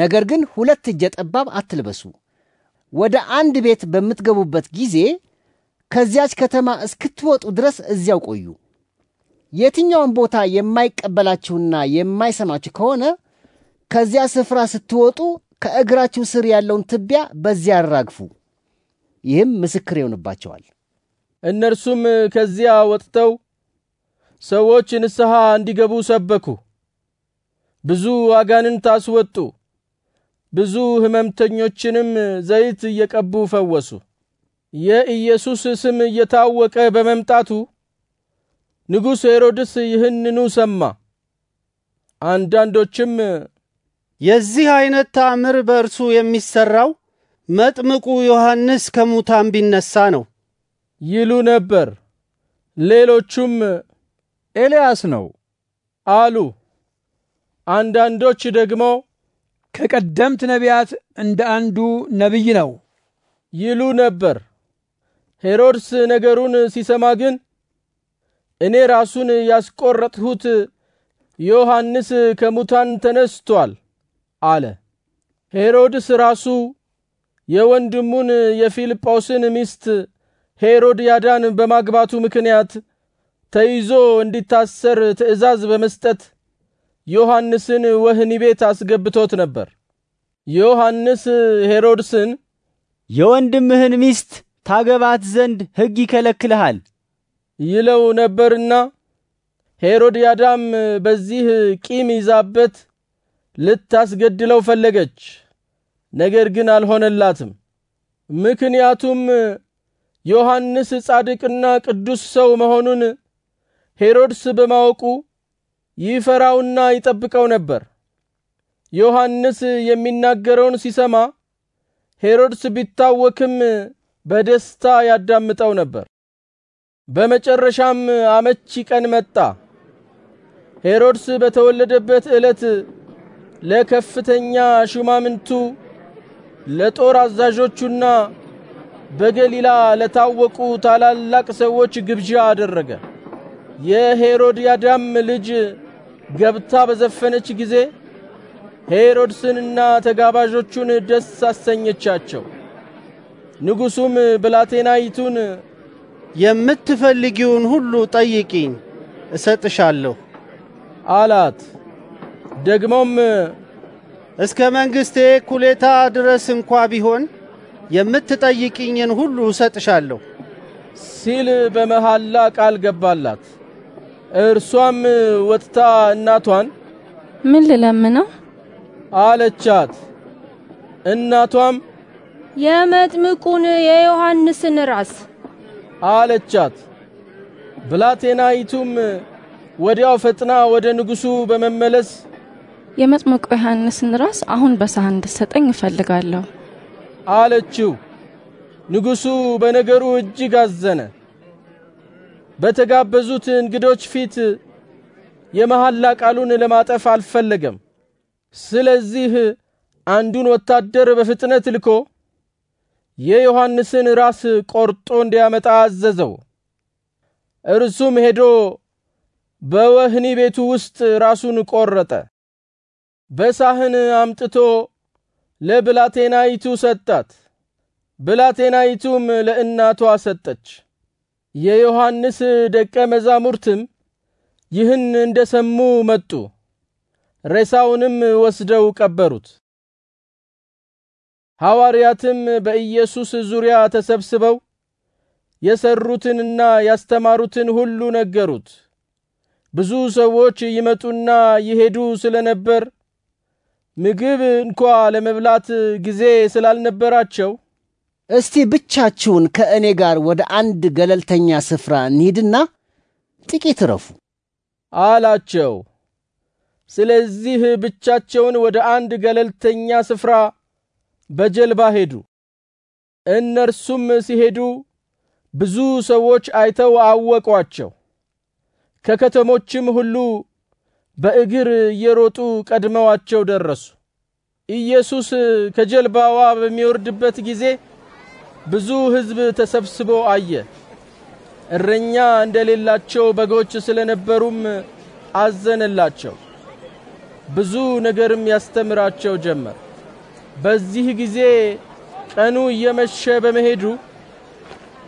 ነገር ግን ሁለት እጀ ጠባብ አትልበሱ። ወደ አንድ ቤት በምትገቡበት ጊዜ ከዚያች ከተማ እስክትወጡ ድረስ እዚያው ቆዩ። የትኛውን ቦታ የማይቀበላችሁና የማይሰማችሁ ከሆነ ከዚያ ስፍራ ስትወጡ ከእግራችሁ ስር ያለውን ትቢያ በዚያ አራግፉ። ይህም ምስክር ይሆንባቸዋል። እነርሱም ከዚያ ወጥተው ሰዎች ንስሐ እንዲገቡ ሰበኩ። ብዙ አጋንንት አስወጡ። ብዙ ሕመምተኞችንም ዘይት እየቀቡ ፈወሱ። የኢየሱስ ስም እየታወቀ በመምጣቱ ንጉሥ ሄሮድስ ይህንኑ ሰማ። አንዳንዶችም የዚህ አይነት ተአምር በእርሱ የሚሰራው መጥምቁ ዮሐንስ ከሙታን ቢነሳ ነው ይሉ ነበር። ሌሎቹም ኤልያስ ነው አሉ። አንዳንዶች ደግሞ ከቀደምት ነቢያት እንደ አንዱ ነቢይ ነው ይሉ ነበር። ሄሮድስ ነገሩን ሲሰማ ግን እኔ ራሱን ያስቆረጥሁት ዮሐንስ ከሙታን ተነስቷል አለ። ሄሮድስ ራሱ የወንድሙን የፊልጶስን ሚስት ሄሮድያዳን በማግባቱ ምክንያት ተይዞ እንዲታሰር ትእዛዝ በመስጠት ዮሐንስን ወህኒ ቤት አስገብቶት ነበር። ዮሐንስ ሄሮድስን የወንድምህን ሚስት ታገባት ዘንድ ሕግ ይከለክልሃል ይለው ነበርና ሄሮድያዳም በዚህ ቂም ይዛበት ልታስገድለው ፈለገች። ነገር ግን አልሆነላትም። ምክንያቱም ዮሐንስ ጻድቅና ቅዱስ ሰው መሆኑን ሄሮድስ በማወቁ ይፈራውና ይጠብቀው ነበር። ዮሐንስ የሚናገረውን ሲሰማ ሄሮድስ ቢታወክም በደስታ ያዳምጠው ነበር። በመጨረሻም አመቺ ቀን መጣ። ሄሮድስ በተወለደበት ዕለት ለከፍተኛ ሹማምንቱ ለጦር አዛዦቹና በገሊላ ለታወቁ ታላላቅ ሰዎች ግብዣ አደረገ። የሄሮድያዳም ልጅ ገብታ በዘፈነች ጊዜ ሄሮድስንና ተጋባዦቹን ደስ አሰኘቻቸው። ንጉሡም ብላቴናይቱን የምትፈልጊውን ሁሉ ጠይቂኝ እሰጥሻለሁ አላት። ደግሞም እስከ መንግስቴ ኩሌታ ድረስ እንኳ ቢሆን የምትጠይቂኝን ሁሉ እሰጥሻለሁ ሲል በመሐላ ቃል ገባላት። እርሷም ወጥታ እናቷን ምን ልለምነው አለቻት። እናቷም የመጥምቁን የዮሐንስን ራስ አለቻት። ብላቴናይቱም ወዲያው ፈጥና ወደ ንጉሡ በመመለስ የመጥምቁ ዮሐንስን ራስ አሁን በሳህን እንድትሰጠኝ እፈልጋለሁ አለችው። ንጉሡ በነገሩ እጅግ አዘነ። በተጋበዙት እንግዶች ፊት የመሐላ ቃሉን ለማጠፍ አልፈለገም። ስለዚህ አንዱን ወታደር በፍጥነት ልኮ የዮሐንስን ራስ ቆርጦ እንዲያመጣ አዘዘው። እርሱም ሄዶ በወህኒ ቤቱ ውስጥ ራሱን ቆረጠ። በሳህን አምጥቶ ለብላቴናይቱ ሰጣት። ብላቴናይቱም ለእናቷ ሰጠች። የዮሐንስ ደቀ መዛሙርትም ይህን እንደ ሰሙ መጡ። ሬሳውንም ወስደው ቀበሩት። ሐዋርያትም በኢየሱስ ዙሪያ ተሰብስበው የሰሩትንና ያስተማሩትን ሁሉ ነገሩት። ብዙ ሰዎች ይመጡና ይሄዱ ስለነበር ምግብ እንኳ ለመብላት ጊዜ ስላልነበራቸው እስቲ ብቻችሁን ከእኔ ጋር ወደ አንድ ገለልተኛ ስፍራ እንሂድና ጥቂት ረፉ አላቸው። ስለዚህ ብቻቸውን ወደ አንድ ገለልተኛ ስፍራ በጀልባ ሄዱ። እነርሱም ሲሄዱ ብዙ ሰዎች አይተው አወቋቸው። ከከተሞችም ሁሉ በእግር እየሮጡ ቀድመዋቸው ደረሱ። ኢየሱስ ከጀልባዋ በሚወርድበት ጊዜ ብዙ ሕዝብ ተሰብስቦ አየ። እረኛ እንደሌላቸው በጎች ስለነበሩም አዘነላቸው። ብዙ ነገርም ያስተምራቸው ጀመር። በዚህ ጊዜ ቀኑ እየመሸ በመሄዱ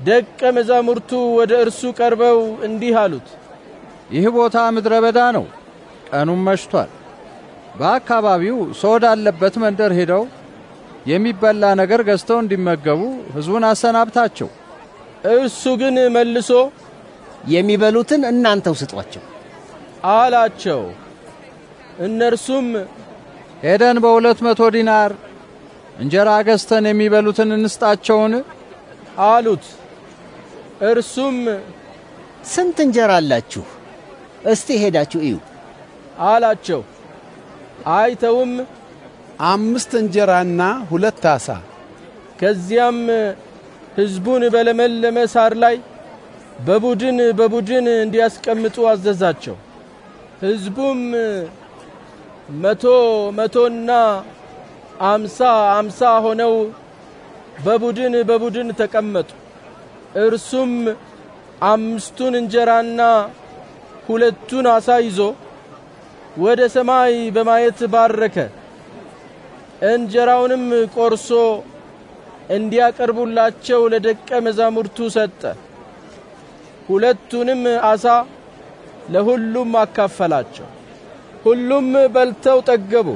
ደቀ መዛሙርቱ ወደ እርሱ ቀርበው እንዲህ አሉት፣ ይህ ቦታ ምድረ በዳ ነው፣ ቀኑም መሽቷል። በአካባቢው ሰው ወዳለበት መንደር ሄደው የሚበላ ነገር ገዝተው እንዲመገቡ ሕዝቡን አሰናብታቸው። እርሱ ግን መልሶ የሚበሉትን እናንተው ስጧቸው አላቸው። እነርሱም ሄደን በሁለት መቶ ዲናር እንጀራ ገዝተን የሚበሉትን እንስጣቸውን አሉት። እርሱም ስንት እንጀራ አላችሁ? እስቲ ሄዳችሁ እዩ አላቸው። አይተውም አምስት እንጀራና ሁለት አሳ። ከዚያም ሕዝቡን በለመለመ ሳር ላይ በቡድን በቡድን እንዲያስቀምጡ አዘዛቸው። ሕዝቡም መቶ መቶና አምሳ አምሳ ሆነው በቡድን በቡድን ተቀመጡ። እርሱም አምስቱን እንጀራና ሁለቱን አሳ ይዞ ወደ ሰማይ በማየት ባረከ። እንጀራውንም ቆርሶ እንዲያቀርቡላቸው ለደቀ መዛሙርቱ ሰጠ። ሁለቱንም አሳ ለሁሉም አካፈላቸው። ሁሉም በልተው ጠገቡ።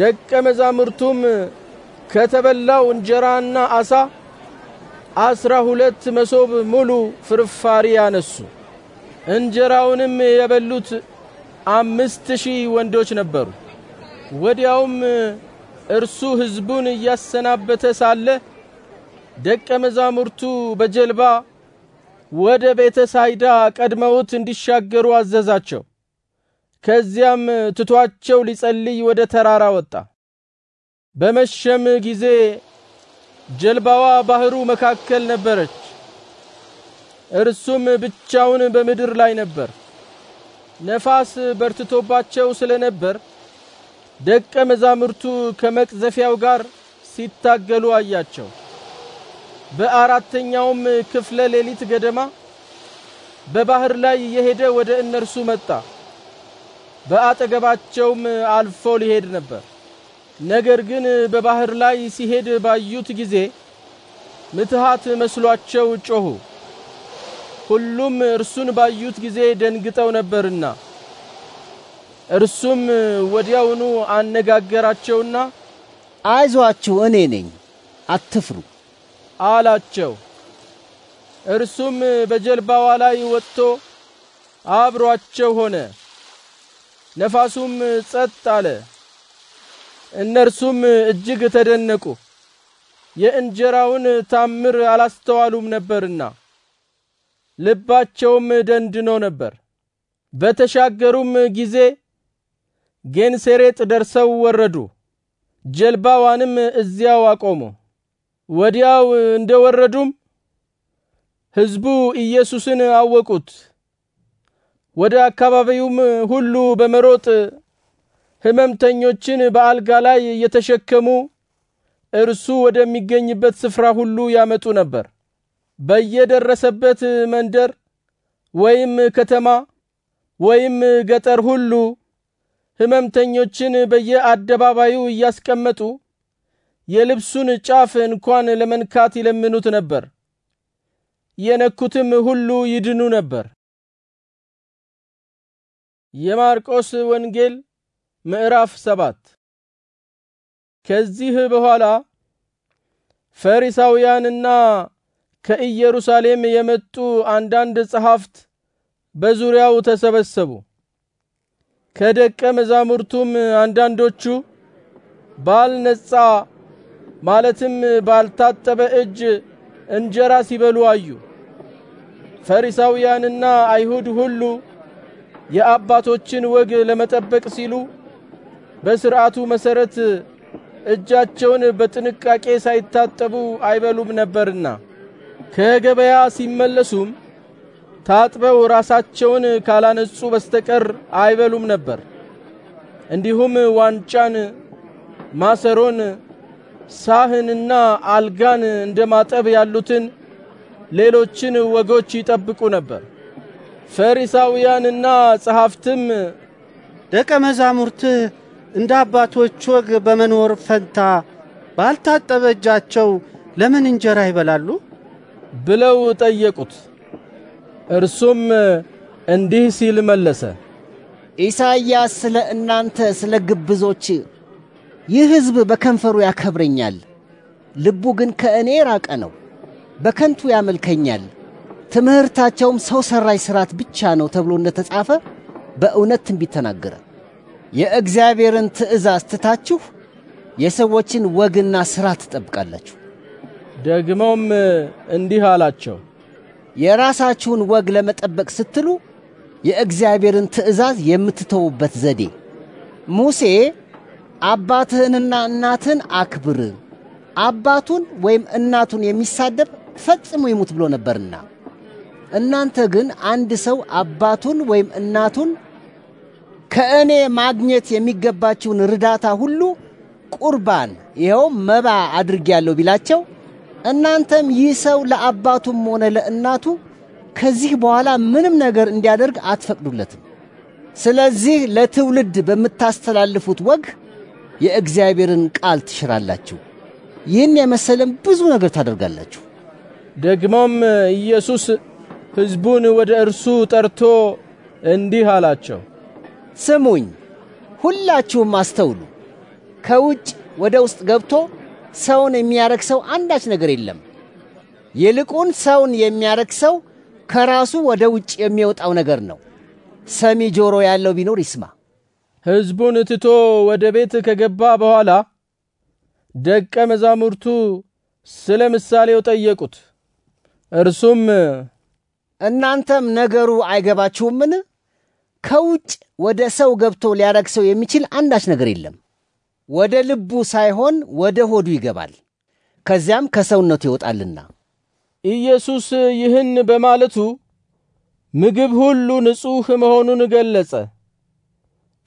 ደቀ መዛሙርቱም ከተበላው እንጀራና አሳ አስራ ሁለት መሶብ ሙሉ ፍርፋሪ ያነሱ። እንጀራውንም የበሉት አምስት ሺህ ወንዶች ነበሩ። ወዲያውም እርሱ ሕዝቡን እያሰናበተ ሳለ ደቀ መዛሙርቱ በጀልባ ወደ ቤተ ሳይዳ ቀድመውት እንዲሻገሩ አዘዛቸው። ከዚያም ትቷቸው ሊጸልይ ወደ ተራራ ወጣ። በመሸም ጊዜ ጀልባዋ ባህሩ መካከል ነበረች። እርሱም ብቻውን በምድር ላይ ነበር። ነፋስ በርትቶባቸው ስለነበር ደቀ መዛሙርቱ ከመቅዘፊያው ጋር ሲታገሉ አያቸው። በአራተኛውም ክፍለ ሌሊት ገደማ በባህር ላይ የሄደ ወደ እነርሱ መጣ። በአጠገባቸውም አልፎ ሊሄድ ነበር። ነገር ግን በባህር ላይ ሲሄድ ባዩት ጊዜ ምትሃት መስሏቸው ጮኹ። ሁሉም እርሱን ባዩት ጊዜ ደንግጠው ነበርና እርሱም ወዲያውኑ አነጋገራቸውና አይዟችሁ፣ እኔ ነኝ፣ አትፍሩ አላቸው። እርሱም በጀልባዋ ላይ ወጥቶ አብሯቸው ሆነ። ነፋሱም ጸጥ አለ። እነርሱም እጅግ ተደነቁ፣ የእንጀራውን ታምር አላስተዋሉም ነበርና ልባቸውም ደንድኖ ነበር። በተሻገሩም ጊዜ ጌንሴሬጥ ደርሰው ወረዱ። ጀልባዋንም እዚያው አቆሙ። ወዲያው እንደ ወረዱም ሕዝቡ ኢየሱስን አወቁት። ወደ አካባቢውም ሁሉ በመሮጥ ሕመምተኞችን በአልጋ ላይ እየተሸከሙ እርሱ ወደሚገኝበት ስፍራ ሁሉ ያመጡ ነበር። በየደረሰበት መንደር ወይም ከተማ ወይም ገጠር ሁሉ ሕመምተኞችን በየአደባባዩ እያስቀመጡ የልብሱን ጫፍ እንኳን ለመንካት ይለምኑት ነበር። የነኩትም ሁሉ ይድኑ ነበር። የማርቆስ ወንጌል ምዕራፍ ሰባት ከዚህ በኋላ ፈሪሳውያንና ከኢየሩሳሌም የመጡ አንዳንድ ጸሐፍት በዙሪያው ተሰበሰቡ። ከደቀ መዛሙርቱም አንዳንዶቹ ባልነጻ ማለትም ባልታጠበ እጅ እንጀራ ሲበሉ አዩ። ፈሪሳውያንና አይሁድ ሁሉ የአባቶችን ወግ ለመጠበቅ ሲሉ በስርዓቱ መሰረት እጃቸውን በጥንቃቄ ሳይታጠቡ አይበሉም ነበርና ከገበያ ሲመለሱም ታጥበው ራሳቸውን ካላነጹ በስተቀር አይበሉም ነበር። እንዲሁም ዋንጫን፣ ማሰሮን፣ ሳህንና አልጋን እንደማጠብ ያሉትን ሌሎችን ወጎች ይጠብቁ ነበር። ፈሪሳውያንና ጸሐፍትም ደቀ መዛሙርትህ እንደ አባቶች ወግ በመኖር ፈንታ ባልታጠበ እጃቸው ለምን እንጀራ ይበላሉ ብለው ጠየቁት። እርሱም እንዲህ ሲል መለሰ፣ ኢሳይያስ ስለ እናንተ ስለ ግብዞች ይህ ሕዝብ በከንፈሩ ያከብረኛል፣ ልቡ ግን ከእኔ ራቀ ነው፣ በከንቱ ያመልከኛል ትምህርታቸውም ሰው ሰራሽ ስርዓት ብቻ ነው ተብሎ እንደተጻፈ በእውነት ትንቢት ተናገረ። የእግዚአብሔርን ትእዛዝ ትታችሁ የሰዎችን ወግና ስራ ትጠብቃላችሁ። ደግሞም እንዲህ አላቸው፣ የራሳችሁን ወግ ለመጠበቅ ስትሉ የእግዚአብሔርን ትእዛዝ የምትተውበት ዘዴ ሙሴ አባትህንና እናትህን አክብር፣ አባቱን ወይም እናቱን የሚሳደብ ፈጽሞ ይሙት ብሎ ነበርና እናንተ ግን አንድ ሰው አባቱን ወይም እናቱን ከእኔ ማግኘት የሚገባችውን እርዳታ ሁሉ ቁርባን ይኸው መባ አድርጌያለሁ ቢላቸው እናንተም ይህ ሰው ለአባቱም ሆነ ለእናቱ ከዚህ በኋላ ምንም ነገር እንዲያደርግ አትፈቅዱለትም። ስለዚህ ለትውልድ በምታስተላልፉት ወግ የእግዚአብሔርን ቃል ትሽራላችሁ። ይህን የመሰለም ብዙ ነገር ታደርጋላችሁ። ደግሞም ኢየሱስ ሕዝቡን ወደ እርሱ ጠርቶ እንዲህ አላቸው፣ ስሙኝ ሁላችሁም አስተውሉ። ከውጭ ወደ ውስጥ ገብቶ ሰውን የሚያረክሰው አንዳች ነገር የለም። ይልቁን ሰውን የሚያረክሰው ከራሱ ወደ ውጭ የሚወጣው ነገር ነው። ሰሚ ጆሮ ያለው ቢኖር ይስማ። ሕዝቡን ትቶ ወደ ቤት ከገባ በኋላ ደቀ መዛሙርቱ ስለ ምሳሌው ጠየቁት። እርሱም እናንተም ነገሩ አይገባችሁምን? ከውጭ ወደ ሰው ገብቶ ሊያረክሰው የሚችል አንዳች ነገር የለም። ወደ ልቡ ሳይሆን ወደ ሆዱ ይገባል፣ ከዚያም ከሰውነቱ ይወጣልና። ኢየሱስ ይህን በማለቱ ምግብ ሁሉ ንጹሕ መሆኑን ገለጸ።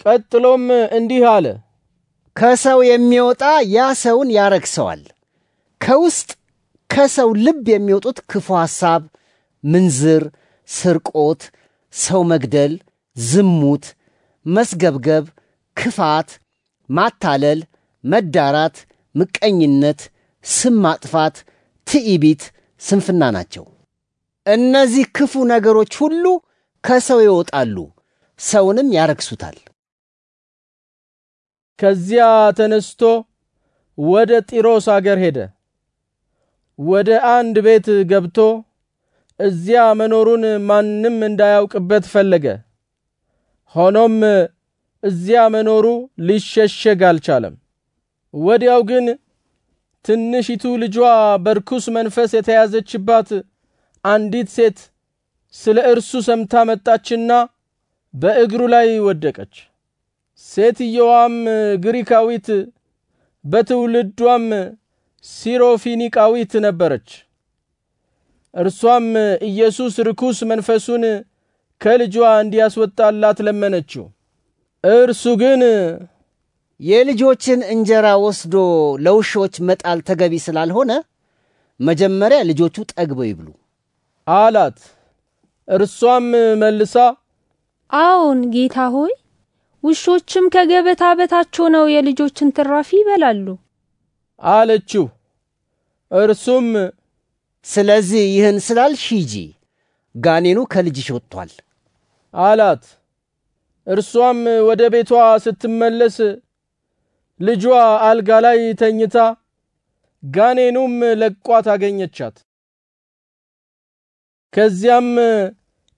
ቀጥሎም እንዲህ አለ፣ ከሰው የሚወጣ ያ ሰውን ያረክሰዋል። ከውስጥ ከሰው ልብ የሚወጡት ክፉ ሐሳብ ምንዝር፣ ስርቆት፣ ሰው መግደል፣ ዝሙት፣ መስገብገብ፣ ክፋት፣ ማታለል፣ መዳራት፣ ምቀኝነት፣ ስም ማጥፋት፣ ትዕቢት፣ ስንፍና ናቸው። እነዚህ ክፉ ነገሮች ሁሉ ከሰው ይወጣሉ፣ ሰውንም ያረክሱታል። ከዚያ ተነስቶ ወደ ጢሮስ አገር ሄደ። ወደ አንድ ቤት ገብቶ እዚያ መኖሩን ማንም እንዳያውቅበት ፈለገ። ሆኖም እዚያ መኖሩ ሊሸሸግ አልቻለም። ወዲያው ግን ትንሽቱ ልጇ በርኩስ መንፈስ የተያዘችባት አንዲት ሴት ስለ እርሱ ሰምታ መጣችና በእግሩ ላይ ወደቀች። ሴትየዋም ግሪካዊት በትውልዷም ሲሮፊኒቃዊት ነበረች። እርሷም ኢየሱስ ርኩስ መንፈሱን ከልጇ እንዲያስወጣላት ለመነችው። እርሱ ግን የልጆችን እንጀራ ወስዶ ለውሾች መጣል ተገቢ ስላልሆነ መጀመሪያ ልጆቹ ጠግበው ይብሉ አላት። እርሷም መልሳ አዎን ጌታ ሆይ፣ ውሾችም ከገበታ በታች ሆነው የልጆችን ትራፊ ይበላሉ አለችው። እርሱም ስለዚህ ይህን ስላልሽ ሂጂ፣ ጋኔኑ ከልጅሽ ወጥቷል አላት። እርሷም ወደ ቤቷ ስትመለስ ልጇ አልጋ ላይ ተኝታ ጋኔኑም ለቋት አገኘቻት። ከዚያም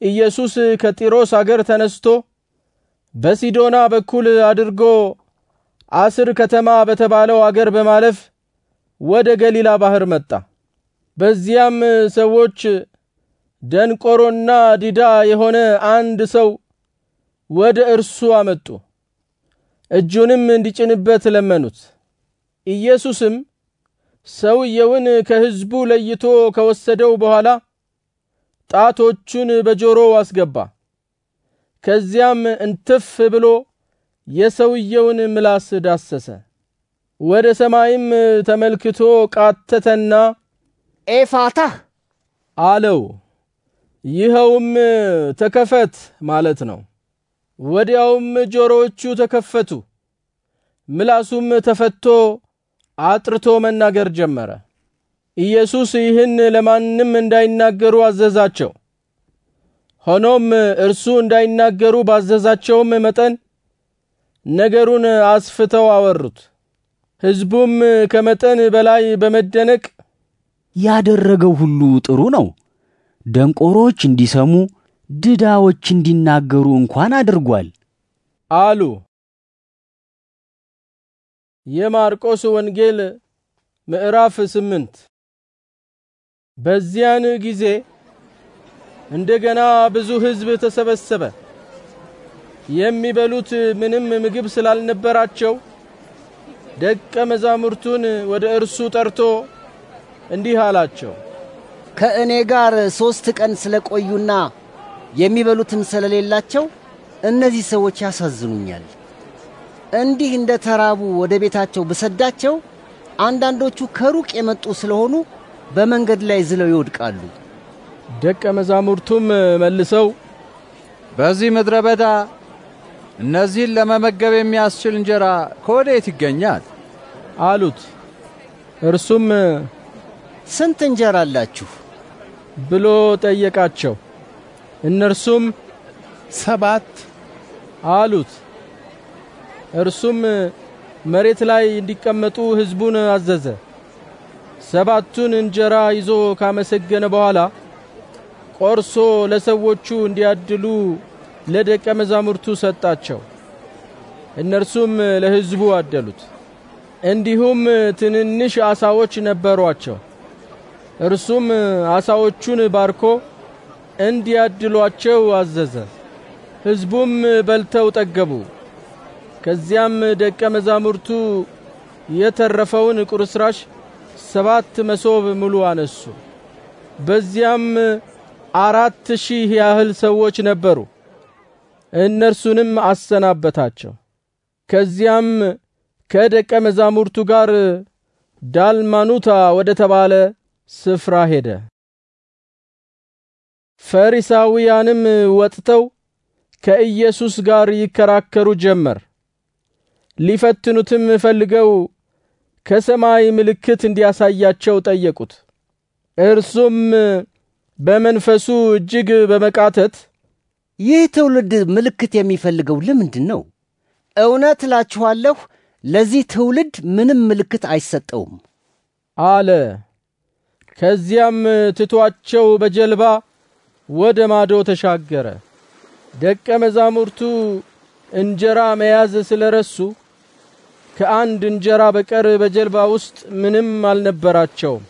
ኢየሱስ ከጢሮስ አገር ተነስቶ በሲዶና በኩል አድርጎ አስር ከተማ በተባለው አገር በማለፍ ወደ ገሊላ ባህር መጣ። በዚያም ሰዎች ደንቆሮና ዲዳ የሆነ አንድ ሰው ወደ እርሱ አመጡ። እጁንም እንዲጭንበት ለመኑት። ኢየሱስም ሰውየውን ከሕዝቡ ለይቶ ከወሰደው በኋላ ጣቶቹን በጆሮው አስገባ። ከዚያም እንትፍ ብሎ የሰውየውን ምላስ ዳሰሰ። ወደ ሰማይም ተመልክቶ ቃተተና ኤፋታ አለው። ይኸውም ተከፈት ማለት ነው። ወዲያውም ጆሮዎቹ ተከፈቱ፣ ምላሱም ተፈቶ አጥርቶ መናገር ጀመረ። ኢየሱስ ይህን ለማንም እንዳይናገሩ አዘዛቸው። ሆኖም እርሱ እንዳይናገሩ ባዘዛቸውም መጠን ነገሩን አስፍተው አወሩት። ሕዝቡም ከመጠን በላይ በመደነቅ ያደረገው ሁሉ ጥሩ ነው። ደንቆሮች እንዲሰሙ፣ ድዳዎች እንዲናገሩ እንኳን አድርጓል አሉ። የማርቆስ ወንጌል ምዕራፍ ስምንት በዚያን ጊዜ እንደገና ብዙ ሕዝብ ተሰበሰበ። የሚበሉት ምንም ምግብ ስላልነበራቸው ደቀ መዛሙርቱን ወደ እርሱ ጠርቶ እንዲህ አላቸው፣ ከእኔ ጋር ሶስት ቀን ስለቆዩና የሚበሉትም ስለሌላቸው እነዚህ ሰዎች ያሳዝኑኛል። እንዲህ እንደ ተራቡ ወደ ቤታቸው ብሰዳቸው አንዳንዶቹ ከሩቅ የመጡ ስለሆኑ በመንገድ ላይ ዝለው ይወድቃሉ። ደቀ መዛሙርቱም መልሰው በዚህ ምድረ በዳ እነዚህን ለመመገብ የሚያስችል እንጀራ ከወዴት ይገኛል? አሉት። እርሱም ስንት እንጀራ አላችሁ? ብሎ ጠየቃቸው። እነርሱም ሰባት አሉት። እርሱም መሬት ላይ እንዲቀመጡ ሕዝቡን አዘዘ። ሰባቱን እንጀራ ይዞ ካመሰገነ በኋላ ቆርሶ ለሰዎቹ እንዲያድሉ ለደቀ መዛሙርቱ ሰጣቸው። እነርሱም ለሕዝቡ አደሉት። እንዲሁም ትንንሽ አሳዎች ነበሯቸው። እርሱም አሳዎቹን ባርኮ እንዲያድሏቸው አዘዘ። ሕዝቡም በልተው ጠገቡ። ከዚያም ደቀ መዛሙርቱ የተረፈውን ቁርስራሽ ሰባት መሶብ ሙሉ አነሱ። በዚያም አራት ሺህ ያህል ሰዎች ነበሩ። እነርሱንም አሰናበታቸው። ከዚያም ከደቀ መዛሙርቱ ጋር ዳልማኑታ ወደ ተባለ ስፍራ ሄደ። ፈሪሳውያንም ወጥተው ከኢየሱስ ጋር ይከራከሩ ጀመር። ሊፈትኑትም ፈልገው ከሰማይ ምልክት እንዲያሳያቸው ጠየቁት። እርሱም በመንፈሱ እጅግ በመቃተት ይህ ትውልድ ምልክት የሚፈልገው ለምንድን ነው? እውነት እላችኋለሁ ለዚህ ትውልድ ምንም ምልክት አይሰጠውም አለ። ከዚያም ትቷቸው በጀልባ ወደ ማዶ ተሻገረ። ደቀ መዛሙርቱ እንጀራ መያዝ ስለረሱ ከአንድ እንጀራ በቀር በጀልባ ውስጥ ምንም አልነበራቸውም።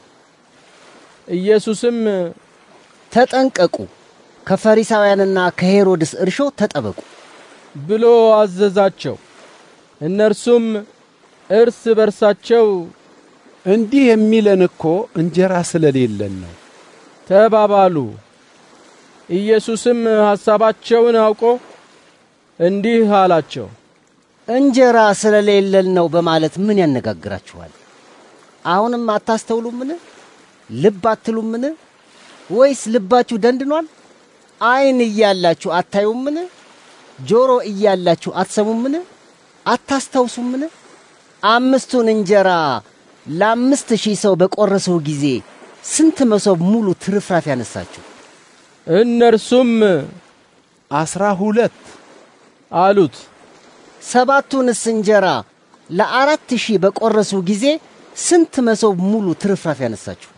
ኢየሱስም ተጠንቀቁ፣ ከፈሪሳውያንና ከሄሮድስ እርሾ ተጠበቁ ብሎ አዘዛቸው። እነርሱም እርስ በርሳቸው እንዲህ የሚለን እኮ እንጀራ ስለሌለን ነው ተባባሉ። ኢየሱስም ሐሳባቸውን አውቆ እንዲህ አላቸው፣ እንጀራ ስለሌለን ነው በማለት ምን ያነጋግራችኋል? አሁንም አታስተውሉምን? ልብ አትሉምን? ወይስ ልባችሁ ደንድኗል? ዓይን እያላችሁ አታዩምን? ጆሮ እያላችሁ አትሰሙምን? አታስታውሱምን? አምስቱን እንጀራ ለአምስት ሺህ ሰው በቆረሰው ጊዜ ስንት መሶብ ሙሉ ትርፍራፍ ያነሳችሁ? እነርሱም አስራ ሁለት አሉት። ሰባቱንስ እንጀራ ለአራት ሺህ በቆረሱ ጊዜ ስንት መሶብ ሙሉ ትርፍራፍ ያነሳችሁ?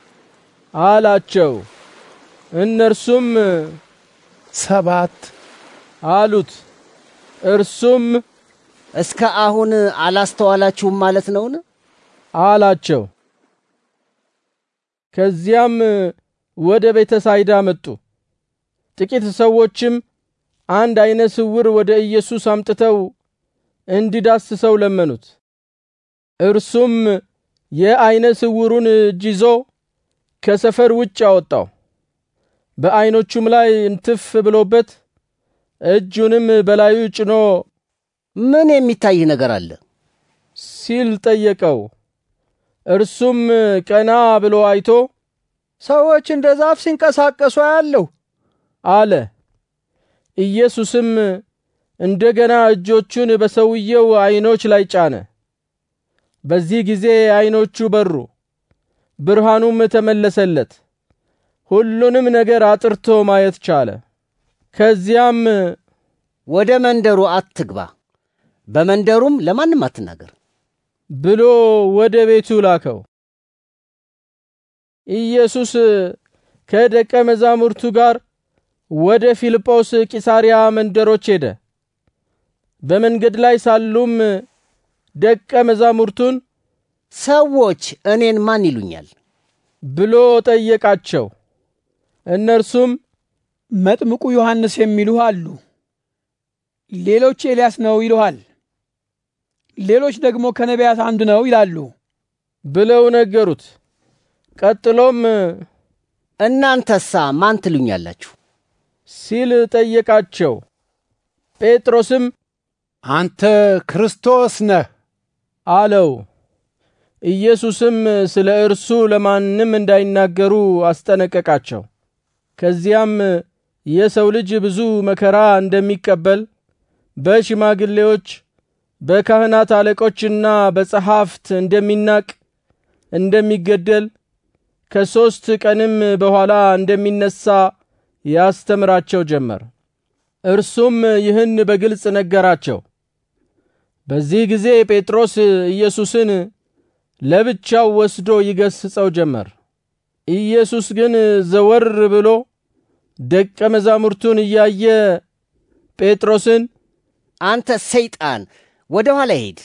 አላቸው። እነርሱም ሰባት አሉት። እርሱም እስከ አሁን አላስተዋላችሁም ማለት ነውን? አላቸው። ከዚያም ወደ ቤተ ሳይዳ መጡ። ጥቂት ሰዎችም አንድ አይነ ስውር ወደ ኢየሱስ አምጥተው እንዲዳስሰው ለመኑት። እርሱም የአይነ ስውሩን እጅ ይዞ ከሰፈር ውጭ አወጣው። በአይኖቹም ላይ እንትፍ ብሎበት እጁንም በላዩ ጭኖ ምን የሚታይ ነገር አለ ሲል ጠየቀው። እርሱም ቀና ብሎ አይቶ ሰዎች እንደ ዛፍ ሲንቀሳቀሱ አያለሁ አለ። ኢየሱስም እንደገና እጆቹን በሰውየው አይኖች ላይ ጫነ። በዚህ ጊዜ አይኖቹ በሩ፣ ብርሃኑም ተመለሰለት። ሁሉንም ነገር አጥርቶ ማየት ቻለ። ከዚያም ወደ መንደሩ አትግባ፣ በመንደሩም ለማንም አትናገር ብሎ ወደ ቤቱ ላከው። ኢየሱስ ከደቀ መዛሙርቱ ጋር ወደ ፊልጶስ ቂሳርያ መንደሮች ሄደ። በመንገድ ላይ ሳሉም ደቀ መዛሙርቱን ሰዎች እኔን ማን ይሉኛል ብሎ ጠየቃቸው። እነርሱም መጥምቁ ዮሐንስ የሚሉህ አሉ፣ ሌሎች ኤልያስ ነው ይሉሃል ሌሎች ደግሞ ከነቢያት አንዱ ነው ይላሉ ብለው ነገሩት። ቀጥሎም እናንተሳ ማን ትሉኛላችሁ ሲል ጠየቃቸው። ጴጥሮስም አንተ ክርስቶስ ነህ አለው። ኢየሱስም ስለ እርሱ ለማንም እንዳይናገሩ አስጠነቀቃቸው። ከዚያም የሰው ልጅ ብዙ መከራ እንደሚቀበል በሽማግሌዎች በካህናት አለቆችና በጸሐፍት እንደሚናቅ እንደሚገደል ከሦስት ቀንም በኋላ እንደሚነሣ ያስተምራቸው ጀመር። እርሱም ይህን በግልጽ ነገራቸው። በዚህ ጊዜ ጴጥሮስ ኢየሱስን ለብቻው ወስዶ ይገስጸው ጀመር። ኢየሱስ ግን ዘወር ብሎ ደቀ መዛሙርቱን እያየ ጴጥሮስን አንተ ሰይጣን ወደ ኋላ ይሄድ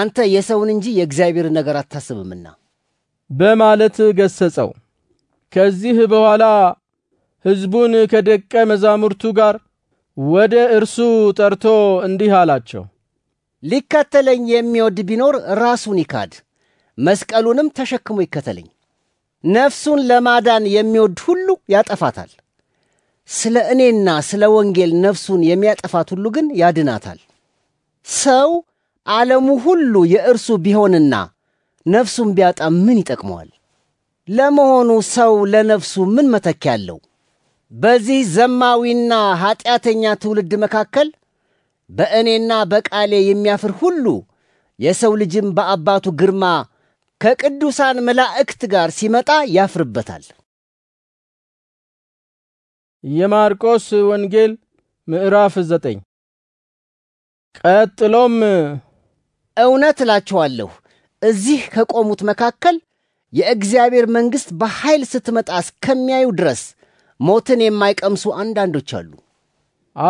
አንተ የሰውን እንጂ የእግዚአብሔርን ነገር አታስብምና በማለት ገሰጸው። ከዚህ በኋላ ሕዝቡን ከደቀ መዛሙርቱ ጋር ወደ እርሱ ጠርቶ እንዲህ አላቸው፣ ሊከተለኝ የሚወድ ቢኖር ራሱን ይካድ፣ መስቀሉንም ተሸክሞ ይከተለኝ። ነፍሱን ለማዳን የሚወድ ሁሉ ያጠፋታል። ስለ እኔና ስለ ወንጌል ነፍሱን የሚያጠፋት ሁሉ ግን ያድናታል። ሰው ዓለሙ ሁሉ የእርሱ ቢሆንና ነፍሱን ቢያጣ ምን ይጠቅመዋል? ለመሆኑ ሰው ለነፍሱ ምን መተኪያ አለው? በዚህ ዘማዊና ኀጢአተኛ ትውልድ መካከል በእኔና በቃሌ የሚያፍር ሁሉ የሰው ልጅም በአባቱ ግርማ ከቅዱሳን መላእክት ጋር ሲመጣ ያፍርበታል። የማርቆስ ወንጌል ምዕራፍ ዘጠኝ ቀጥሎም እውነት እላችኋለሁ እዚህ ከቆሙት መካከል የእግዚአብሔር መንግሥት በኃይል ስትመጣ እስከሚያዩ ድረስ ሞትን የማይቀምሱ አንዳንዶች አሉ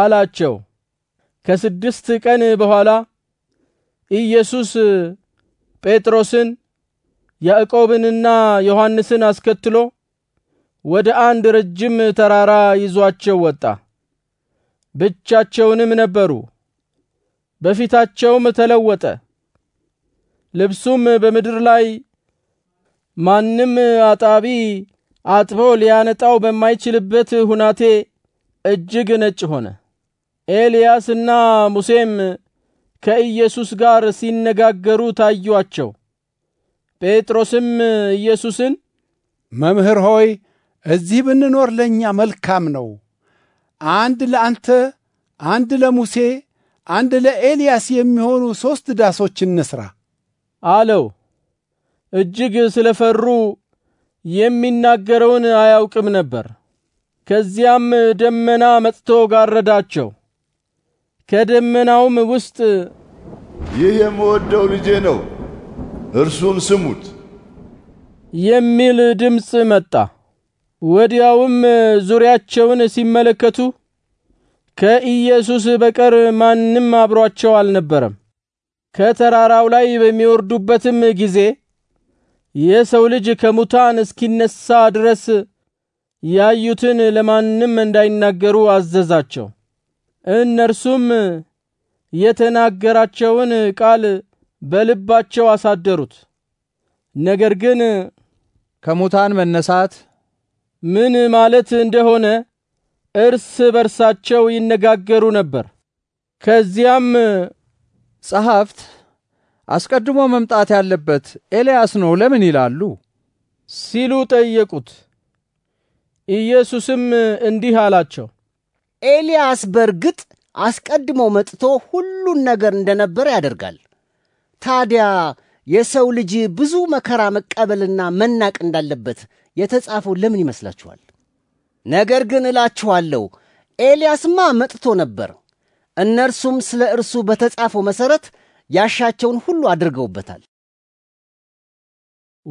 አላቸው። ከስድስት ቀን በኋላ ኢየሱስ ጴጥሮስን ያዕቆብንና ዮሐንስን አስከትሎ ወደ አንድ ረጅም ተራራ ይዟቸው ወጣ። ብቻቸውንም ነበሩ። በፊታቸውም ተለወጠ። ልብሱም በምድር ላይ ማንም አጣቢ አጥቦ ሊያነጣው በማይችልበት ሁናቴ እጅግ ነጭ ሆነ። ኤልያስና ሙሴም ከኢየሱስ ጋር ሲነጋገሩ ታዩአቸው። ጴጥሮስም ኢየሱስን መምህር ሆይ እዚህ ብንኖር ለእኛ መልካም ነው። አንድ ለአንተ፣ አንድ ለሙሴ አንድ ለኤልያስ የሚሆኑ ሶስት ዳሶች እንስራ አለው። እጅግ ስለፈሩ የሚናገረውን አያውቅም ነበር። ከዚያም ደመና መጥቶ ጋረዳቸው። ከደመናውም ውስጥ ይህ የምወደው ልጄ ነው፣ እርሱን ስሙት የሚል ድምፅ መጣ። ወዲያውም ዙሪያቸውን ሲመለከቱ ከኢየሱስ በቀር ማንም አብሯቸው አልነበረም። ከተራራው ላይ በሚወርዱበትም ጊዜ የሰው ልጅ ከሙታን እስኪነሳ ድረስ ያዩትን ለማንም እንዳይናገሩ አዘዛቸው። እነርሱም የተናገራቸውን ቃል በልባቸው አሳደሩት። ነገር ግን ከሙታን መነሳት ምን ማለት እንደሆነ እርስ በርሳቸው ይነጋገሩ ነበር። ከዚያም ጸሐፍት አስቀድሞ መምጣት ያለበት ኤልያስ ነው ለምን ይላሉ ሲሉ ጠየቁት። ኢየሱስም እንዲህ አላቸው፣ ኤልያስ በርግጥ አስቀድሞ መጥቶ ሁሉን ነገር እንደነበረ ያደርጋል። ታዲያ የሰው ልጅ ብዙ መከራ መቀበልና መናቅ እንዳለበት የተጻፈው ለምን ይመስላችኋል? ነገር ግን እላችኋለሁ ኤልያስማ መጥቶ ነበር፣ እነርሱም ስለ እርሱ በተጻፈው መሠረት ያሻቸውን ሁሉ አድርገውበታል።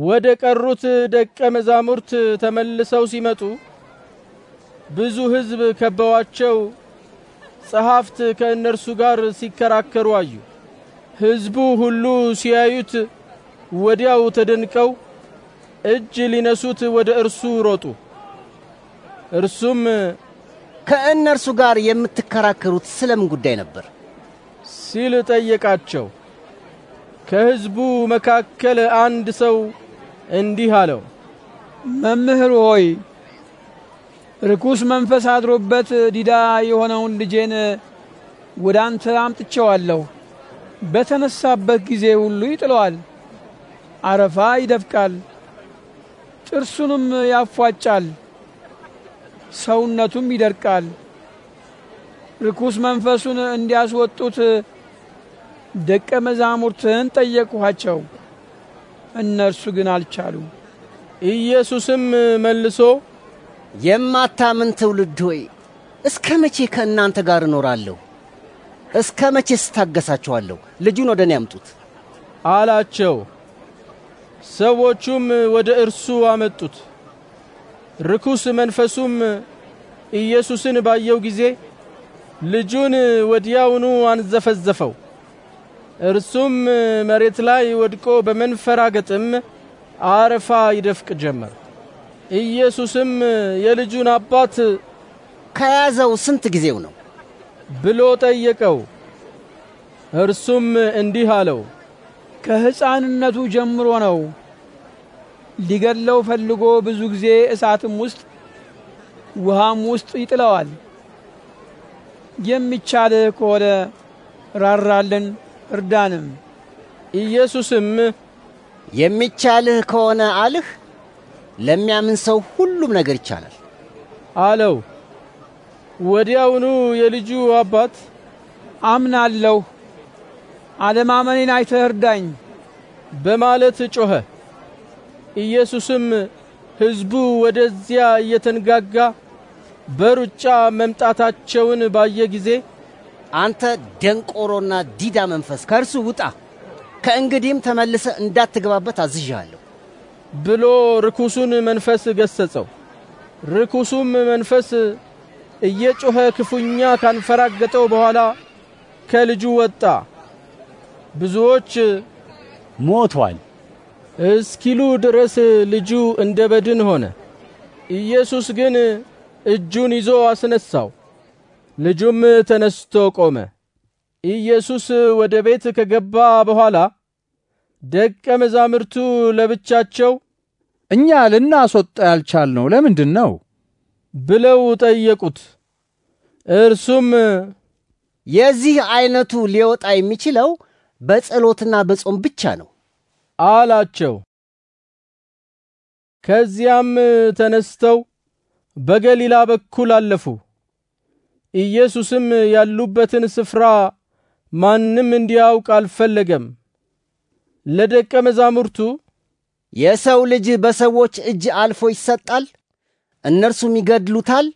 ወደ ቀሩት ደቀ መዛሙርት ተመልሰው ሲመጡ ብዙ ሕዝብ ከበዋቸው ጸሐፍት ከእነርሱ ጋር ሲከራከሩ አዩ። ሕዝቡ ሁሉ ሲያዩት ወዲያው ተደንቀው እጅ ሊነሱት ወደ እርሱ ሮጡ። እርሱም ከእነርሱ ጋር የምትከራከሩት ስለምን ጉዳይ ነበር ሲል ጠየቃቸው። ከሕዝቡ መካከል አንድ ሰው እንዲህ አለው፣ መምህር ሆይ ርኩስ መንፈስ አድሮበት ዲዳ የሆነውን ልጄን ወደ አንተ አምጥቼዋለሁ። በተነሳበት ጊዜ ሁሉ ይጥለዋል፣ አረፋ ይደፍቃል፣ ጥርሱንም ያፏጫል ሰውነቱም ይደርቃል። ርኩስ መንፈሱን እንዲያስወጡት ደቀ መዛሙርትህን ጠየቅኋቸው፣ እነርሱ ግን አልቻሉም። ኢየሱስም መልሶ የማታምን ትውልድ ሆይ እስከ መቼ ከእናንተ ጋር እኖራለሁ? እስከ መቼ ስታገሳችኋለሁ? ልጁን ወደ እኔ ያምጡት አላቸው። ሰዎቹም ወደ እርሱ አመጡት። ርኩስ መንፈሱም ኢየሱስን ባየው ጊዜ ልጁን ወዲያውኑ አንዘፈዘፈው። እርሱም መሬት ላይ ወድቆ በመንፈራገጥም አረፋ ይደፍቅ ጀመር። ኢየሱስም የልጁን አባት ከያዘው ስንት ጊዜው ነው ብሎ ጠየቀው። እርሱም እንዲህ አለው፣ ከሕፃንነቱ ጀምሮ ነው ሊገድለው ፈልጎ ብዙ ጊዜ እሳትም ውስጥ ውሃም ውስጥ ይጥለዋል። የሚቻልህ ከሆነ ራራልን፣ እርዳንም። ኢየሱስም የሚቻልህ ከሆነ አልህ፣ ለሚያምን ሰው ሁሉም ነገር ይቻላል አለው። ወዲያውኑ የልጁ አባት አምናለሁ፣ አለማመኔን አይተህ እርዳኝ በማለት ጮኸ። ኢየሱስም ሕዝቡ ወደዚያ እየተንጋጋ በሩጫ መምጣታቸውን ባየ ጊዜ አንተ ደንቆሮና ዲዳ መንፈስ ከእርሱ ውጣ፣ ከእንግዲህም ተመልሰ እንዳትገባበት አዝዣለሁ ብሎ ርኩሱን መንፈስ ገሰጸው። ርኩሱም መንፈስ እየጮኸ ክፉኛ ካንፈራገጠው በኋላ ከልጁ ወጣ። ብዙዎች ሞቷል እስኪሉ ድረስ ልጁ እንደ በድን ሆነ። ኢየሱስ ግን እጁን ይዞ አስነሳው፣ ልጁም ተነስቶ ቆመ። ኢየሱስ ወደ ቤት ከገባ በኋላ ደቀ መዛሙርቱ ለብቻቸው እኛ ልናስወጣ ያልቻልነው ለምንድን ነው ብለው ጠየቁት። እርሱም የዚህ አይነቱ ሊወጣ የሚችለው በጸሎትና በጾም ብቻ ነው አላቸው። ከዚያም ተነስተው በገሊላ በኩል አለፉ። ኢየሱስም ያሉበትን ስፍራ ማንም እንዲያውቅ አልፈለገም። ለደቀ መዛሙርቱ የሰው ልጅ በሰዎች እጅ አልፎ ይሰጣል፣ እነርሱም ይገድሉታል፣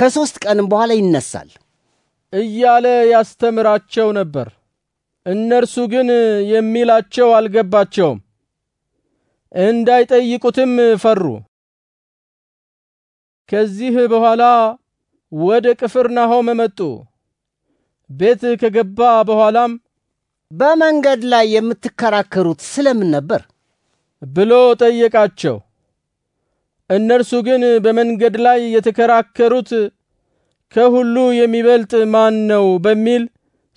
ከሶስት ቀንም በኋላ ይነሳል እያለ ያስተምራቸው ነበር። እነርሱ ግን የሚላቸው አልገባቸውም፣ እንዳይጠይቁትም ፈሩ። ከዚህ በኋላ ወደ ቅፍርናሆም መጡ። ቤት ከገባ በኋላም በመንገድ ላይ የምትከራከሩት ስለምን ነበር ብሎ ጠየቃቸው። እነርሱ ግን በመንገድ ላይ የተከራከሩት ከሁሉ የሚበልጥ ማን ነው በሚል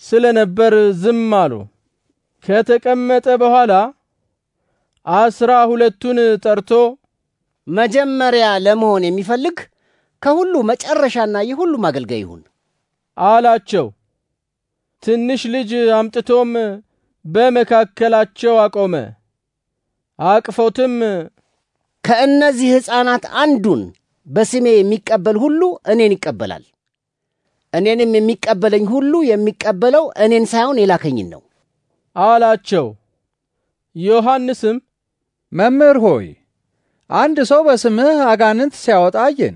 ስለ ነበር ዝም አሉ። ከተቀመጠ በኋላ አስራ ሁለቱን ጠርቶ መጀመሪያ ለመሆን የሚፈልግ ከሁሉ መጨረሻና የሁሉም አገልጋይ ይሁን አላቸው። ትንሽ ልጅ አምጥቶም በመካከላቸው አቆመ። አቅፎትም ከእነዚህ ሕፃናት አንዱን በስሜ የሚቀበል ሁሉ እኔን ይቀበላል እኔንም የሚቀበለኝ ሁሉ የሚቀበለው እኔን ሳይሆን የላከኝን ነው አላቸው። ዮሐንስም መምህር ሆይ አንድ ሰው በስምህ አጋንንት ሲያወጣ አየን፣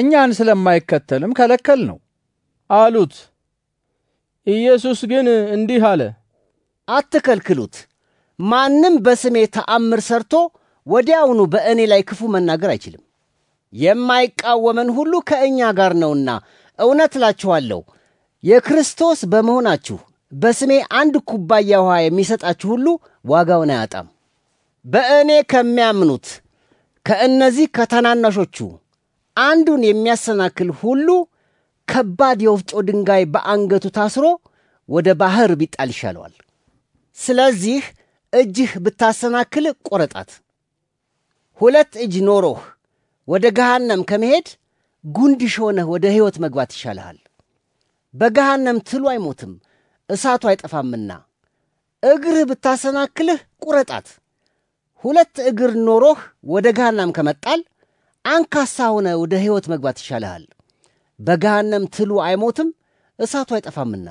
እኛን ስለማይከተልም ከለከል ነው አሉት። ኢየሱስ ግን እንዲህ አለ፣ አትከልክሉት። ማንም በስሜ ተአምር ሰርቶ ወዲያውኑ በእኔ ላይ ክፉ መናገር አይችልም። የማይቃወመን ሁሉ ከእኛ ጋር ነውና እውነት እላችኋለሁ የክርስቶስ በመሆናችሁ በስሜ አንድ ኩባያ ውሃ የሚሰጣችሁ ሁሉ ዋጋውን አያጣም። በእኔ ከሚያምኑት ከእነዚህ ከታናናሾቹ አንዱን የሚያሰናክል ሁሉ ከባድ የወፍጮ ድንጋይ በአንገቱ ታስሮ ወደ ባሕር ቢጣል ይሻለዋል። ስለዚህ እጅህ ብታሰናክል ቆረጣት። ሁለት እጅ ኖሮህ ወደ ገሃነም ከመሄድ ጉንድሽ ሆነህ ወደ ሕይወት መግባት ይሻልሃል። በገሃነም ትሉ አይሞትም እሳቱ አይጠፋምና፣ እግርህ ብታሰናክልህ ቁረጣት። ሁለት እግር ኖሮህ ወደ ገሃናም ከመጣል አንካሳ ሆነ ወደ ሕይወት መግባት ይሻልሃል። በገሃነም ትሉ አይሞትም እሳቱ አይጠፋምና፣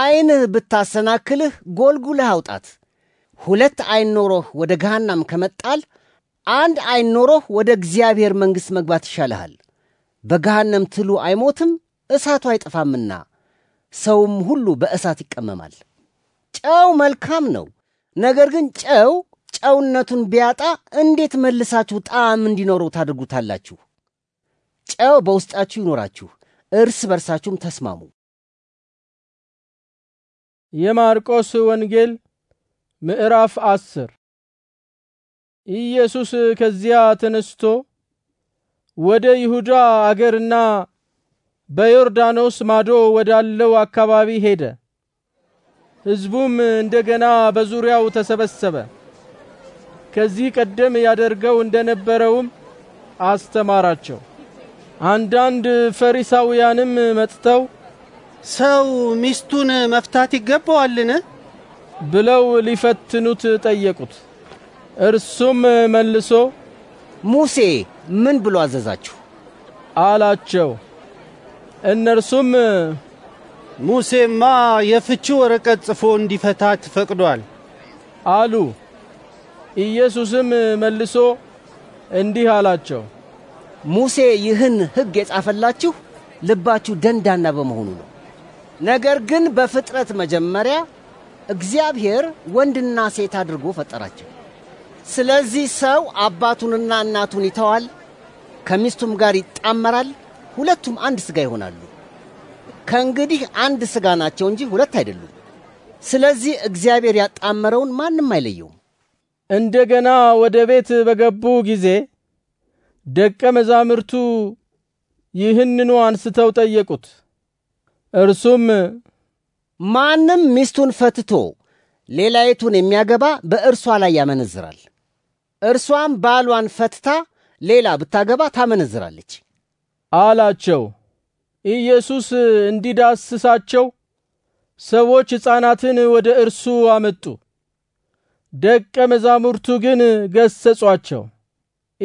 ዐይንህ ብታሰናክልህ ጎልጉለህ አውጣት። ሁለት ዐይን ኖሮህ ወደ ገሃናም ከመጣል አንድ ዐይን ኖሮህ ወደ እግዚአብሔር መንግሥት መግባት ይሻልሃል። በገሃነም ትሉ አይሞትም፣ እሳቱ አይጠፋምና ሰውም ሁሉ በእሳት ይቀመማል። ጨው መልካም ነው። ነገር ግን ጨው ጨውነቱን ቢያጣ እንዴት መልሳችሁ ጣዕም እንዲኖረው ታደርጉታላችሁ? ጨው በውስጣችሁ ይኖራችሁ፣ እርስ በርሳችሁም ተስማሙ። የማርቆስ ወንጌል ምዕራፍ አስር ኢየሱስ ከዚያ ተነስቶ ወደ ይሁዳ አገርና በዮርዳኖስ ማዶ ወዳለው አካባቢ ሄደ። ሕዝቡም እንደገና በዙሪያው ተሰበሰበ። ከዚህ ቀደም ያደርገው እንደነበረውም አስተማራቸው። አንዳንድ ፈሪሳውያንም መጥተው ሰው ሚስቱን መፍታት ይገባዋልን? ብለው ሊፈትኑት ጠየቁት። እርሱም መልሶ ሙሴ ምን ብሎ አዘዛችሁ? አላቸው። እነርሱም ሙሴማ የፍቺ ወረቀት ጽፎ እንዲፈታ ፈቅዷል አሉ። ኢየሱስም መልሶ እንዲህ አላቸው፣ ሙሴ ይህን ሕግ የጻፈላችሁ ልባችሁ ደንዳና በመሆኑ ነው። ነገር ግን በፍጥረት መጀመሪያ እግዚአብሔር ወንድና ሴት አድርጎ ፈጠራቸው። ስለዚህ ሰው አባቱንና እናቱን ይተዋል፣ ከሚስቱም ጋር ይጣመራል፣ ሁለቱም አንድ ሥጋ ይሆናሉ። ከእንግዲህ አንድ ሥጋ ናቸው እንጂ ሁለት አይደሉም። ስለዚህ እግዚአብሔር ያጣመረውን ማንም አይለየውም። እንደገና ወደ ቤት በገቡ ጊዜ ደቀ መዛሙርቱ ይህንኑ አንስተው ጠየቁት። እርሱም ማንም ሚስቱን ፈትቶ ሌላይቱን የሚያገባ በእርሷ ላይ ያመነዝራል። እርሷም ባሏን ፈትታ ሌላ ብታገባ ታመነዝራለች አላቸው። ኢየሱስ እንዲዳስሳቸው ሰዎች ሕፃናትን ወደ እርሱ አመጡ። ደቀ መዛሙርቱ ግን ገሰጿቸው።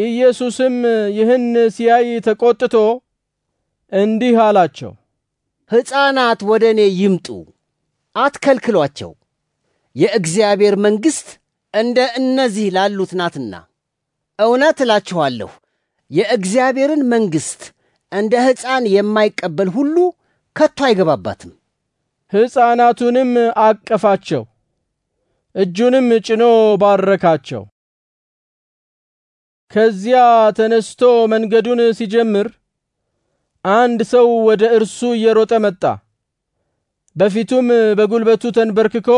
ኢየሱስም ይህን ሲያይ ተቆጥቶ እንዲህ አላቸው፣ ሕፃናት ወደ እኔ ይምጡ፣ አትከልክሏቸው፣ የእግዚአብሔር መንግሥት እንደ እነዚህ ላሉት ናትና። እውነት እላችኋለሁ የእግዚአብሔርን መንግሥት እንደ ሕፃን የማይቀበል ሁሉ ከቶ አይገባባትም። ሕፃናቱንም አቀፋቸው፣ እጁንም ጭኖ ባረካቸው። ከዚያ ተነስቶ መንገዱን ሲጀምር አንድ ሰው ወደ እርሱ እየሮጠ መጣ። በፊቱም በጉልበቱ ተንበርክኮ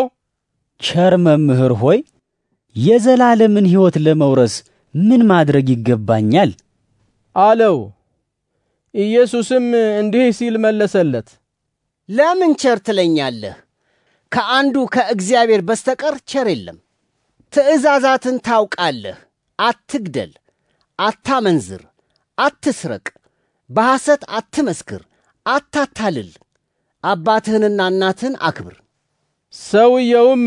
ቸር መምህር ሆይ የዘላለምን ሕይወት ለመውረስ ምን ማድረግ ይገባኛል? አለው። ኢየሱስም እንዲህ ሲል መለሰለት፣ ለምን ቸር ትለኛለህ? ከአንዱ ከእግዚአብሔር በስተቀር ቸር የለም። ትእዛዛትን ታውቃለህ። አትግደል፣ አታመንዝር፣ አትስረቅ፣ በሐሰት አትመስክር፣ አታታልል፣ አባትህንና እናትህን አክብር። ሰውየውም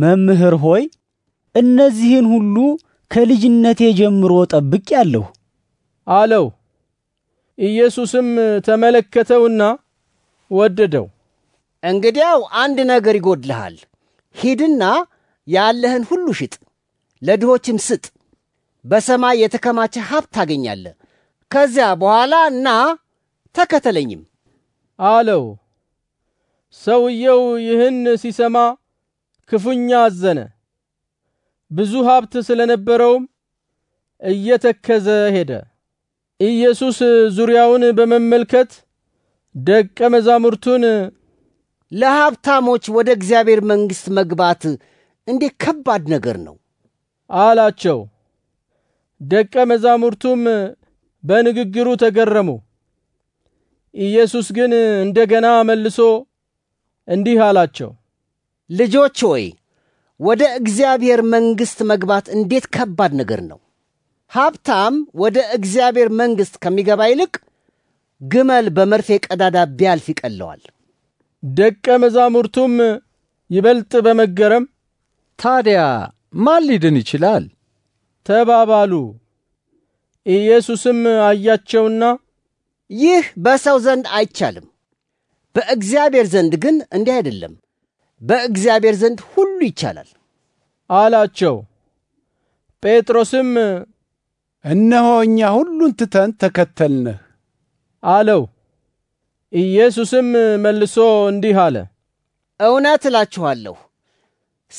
መምህር ሆይ እነዚህን ሁሉ ከልጅነቴ ጀምሮ ጠብቅ ያለሁ አለው። ኢየሱስም ተመለከተውና ወደደው። እንግዲያው አንድ ነገር ይጎድልሃል፣ ሂድና ያለህን ሁሉ ሽጥ፣ ለድሆችም ስጥ፣ በሰማይ የተከማቸ ሀብት ታገኛለ። ከዚያ በኋላ እና ተከተለኝም አለው። ሰውየው ይህን ሲሰማ ክፉኛ አዘነ። ብዙ ሀብት ስለነበረውም እየተከዘ ሄደ። ኢየሱስ ዙሪያውን በመመልከት ደቀ መዛሙርቱን ለሀብታሞች ወደ እግዚአብሔር መንግሥት መግባት እንዴት ከባድ ነገር ነው አላቸው። ደቀ መዛሙርቱም በንግግሩ ተገረሙ። ኢየሱስ ግን እንደገና መልሶ እንዲህ አላቸው፣ ልጆች ሆይ ወደ እግዚአብሔር መንግሥት መግባት እንዴት ከባድ ነገር ነው! ሀብታም ወደ እግዚአብሔር መንግሥት ከሚገባ ይልቅ ግመል በመርፌ ቀዳዳ ቢያልፍ ይቀለዋል። ደቀ መዛሙርቱም ይበልጥ በመገረም ታዲያ ማን ሊድን ይችላል? ተባባሉ። ኢየሱስም አያቸውና ይህ በሰው ዘንድ አይቻልም፣ በእግዚአብሔር ዘንድ ግን እንዲህ አይደለም። በእግዚአብሔር ዘንድ ሁሉ ይቻላል አላቸው። ጴጥሮስም እነሆ እኛ ሁሉን ትተን ተከተልንህ አለው። ኢየሱስም መልሶ እንዲህ አለ፣ እውነት እላችኋለሁ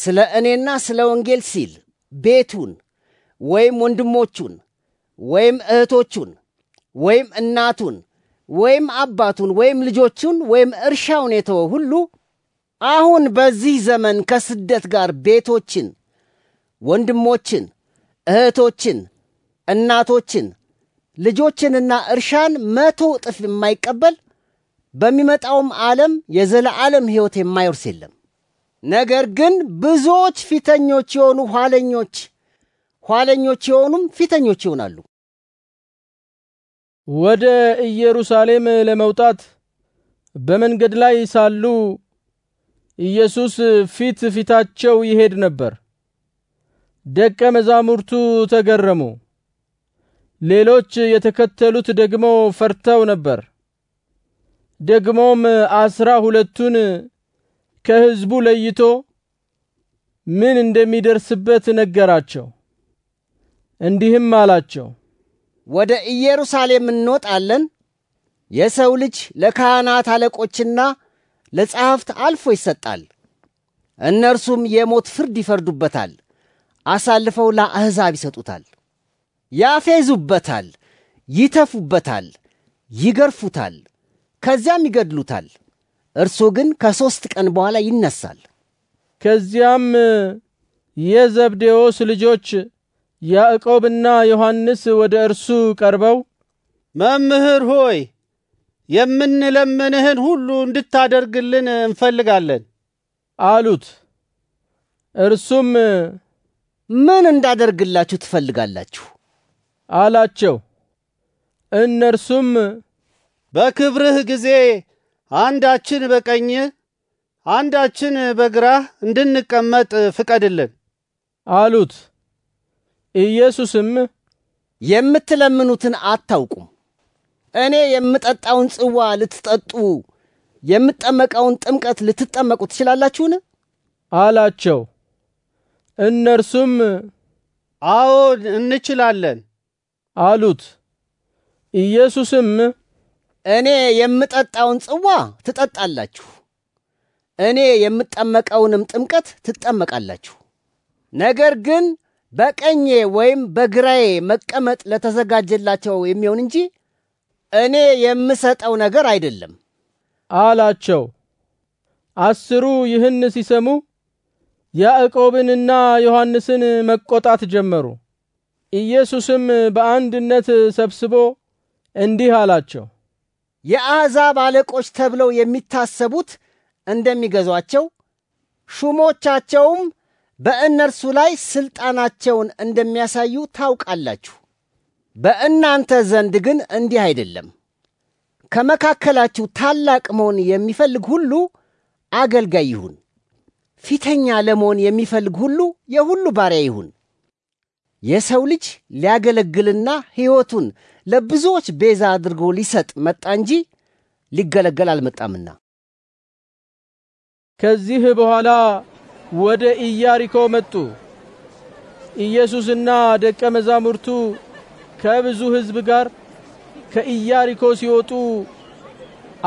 ስለ እኔና ስለ ወንጌል ሲል ቤቱን ወይም ወንድሞቹን ወይም እህቶቹን ወይም እናቱን ወይም አባቱን ወይም ልጆቹን ወይም እርሻውን የተወ ሁሉ አሁን በዚህ ዘመን ከስደት ጋር ቤቶችን፣ ወንድሞችን፣ እህቶችን፣ እናቶችን፣ ልጆችንና እርሻን መቶ እጥፍ የማይቀበል በሚመጣውም ዓለም የዘለዓለም ሕይወት የማይወርስ የለም። ነገር ግን ብዙዎች ፊተኞች የሆኑ ኋለኞች፣ ኋለኞች የሆኑም ፊተኞች ይሆናሉ። ወደ ኢየሩሳሌም ለመውጣት በመንገድ ላይ ሳሉ ኢየሱስ ፊት ፊታቸው ይሄድ ነበር። ደቀ መዛሙርቱ ተገረሙ። ሌሎች የተከተሉት ደግሞ ፈርተው ነበር። ደግሞም አስራ ሁለቱን ከሕዝቡ ለይቶ ምን እንደሚደርስበት ነገራቸው። እንዲህም አላቸው፣ ወደ ኢየሩሳሌም እንወጣለን፣ የሰው ልጅ ለካህናት አለቆችና ለጸሐፍት አልፎ ይሰጣል። እነርሱም የሞት ፍርድ ይፈርዱበታል፣ አሳልፈው ለአሕዛብ ይሰጡታል። ያፌዙበታል፣ ይተፉበታል፣ ይገርፉታል፣ ከዚያም ይገድሉታል። እርሱ ግን ከሦስት ቀን በኋላ ይነሳል። ከዚያም የዘብዴዎስ ልጆች ያዕቆብና ዮሐንስ ወደ እርሱ ቀርበው መምህር ሆይ የምንለምንህን ሁሉ እንድታደርግልን እንፈልጋለን አሉት። እርሱም ምን እንዳደርግላችሁ ትፈልጋላችሁ አላቸው። እነርሱም በክብርህ ጊዜ አንዳችን በቀኝህ አንዳችን በግራህ እንድንቀመጥ ፍቀድልን አሉት። ኢየሱስም የምትለምኑትን አታውቁም እኔ የምጠጣውን ጽዋ ልትጠጡ የምጠመቀውን ጥምቀት ልትጠመቁ ትችላላችሁን? አላቸው። እነርሱም አዎን እንችላለን አሉት። ኢየሱስም እኔ የምጠጣውን ጽዋ ትጠጣላችሁ፣ እኔ የምጠመቀውንም ጥምቀት ትጠመቃላችሁ። ነገር ግን በቀኜ ወይም በግራዬ መቀመጥ ለተዘጋጀላቸው የሚሆን እንጂ እኔ የምሰጠው ነገር አይደለም አላቸው። አስሩ ይህን ሲሰሙ ያዕቆብንና ዮሐንስን መቆጣት ጀመሩ። ኢየሱስም በአንድነት ሰብስቦ እንዲህ አላቸው፣ የአሕዛብ አለቆች ተብለው የሚታሰቡት እንደሚገዟቸው፣ ሹሞቻቸውም በእነርሱ ላይ ስልጣናቸውን እንደሚያሳዩ ታውቃላችሁ። በእናንተ ዘንድ ግን እንዲህ አይደለም። ከመካከላችሁ ታላቅ መሆን የሚፈልግ ሁሉ አገልጋይ ይሁን፣ ፊተኛ ለመሆን የሚፈልግ ሁሉ የሁሉ ባሪያ ይሁን። የሰው ልጅ ሊያገለግልና ሕይወቱን ለብዙዎች ቤዛ አድርጎ ሊሰጥ መጣ እንጂ ሊገለገል አልመጣምና። ከዚህ በኋላ ወደ ኢያሪኮ መጡ። ኢየሱስና ደቀ መዛሙርቱ ከብዙ ሕዝብ ጋር ከኢያሪኮ ሲወጡ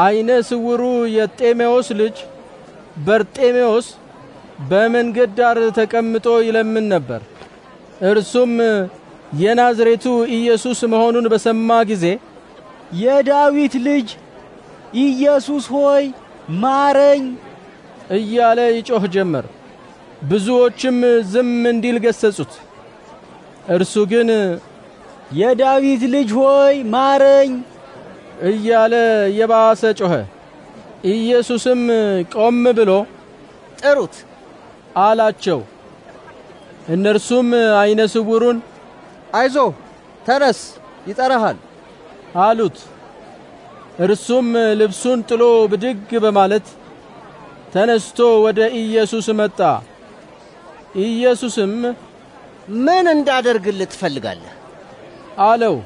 አይነ ስውሩ የጤሜዎስ ልጅ በርጤሜዎስ በመንገድ ዳር ተቀምጦ ይለምን ነበር። እርሱም የናዝሬቱ ኢየሱስ መሆኑን በሰማ ጊዜ የዳዊት ልጅ ኢየሱስ ሆይ ማረኝ እያለ ይጮህ ጀመር። ብዙዎችም ዝም እንዲል ገሰጹት። እርሱ ግን የዳዊት ልጅ ሆይ ማረኝ እያለ የባሰ ጮኸ። ኢየሱስም ቆም ብሎ ጥሩት አላቸው። እነርሱም አይነ ስውሩን አይዞ ተነስ ይጠራሃል አሉት። እርሱም ልብሱን ጥሎ ብድግ በማለት ተነስቶ ወደ ኢየሱስ መጣ። ኢየሱስም ምን እንዳደርግልህ ትፈልጋለህ አለው።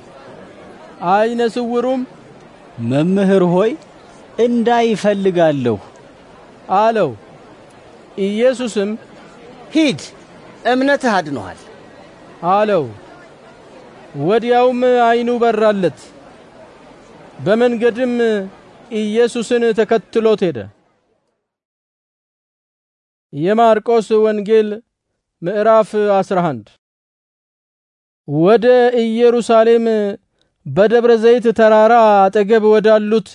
አይነ ስውሩም መምህር ሆይ እንዳይ እፈልጋለሁ አለው። ኢየሱስም ሂድ እምነትህ አድኖሃል አለው። ወዲያውም አይኑ በራለት። በመንገድም ኢየሱስን ተከትሎት ሄደ። የማርቆስ ወንጌል ምዕራፍ 11 ወደ ኢየሩሳሌም በደብረ ዘይት ተራራ አጠገብ ወዳሉት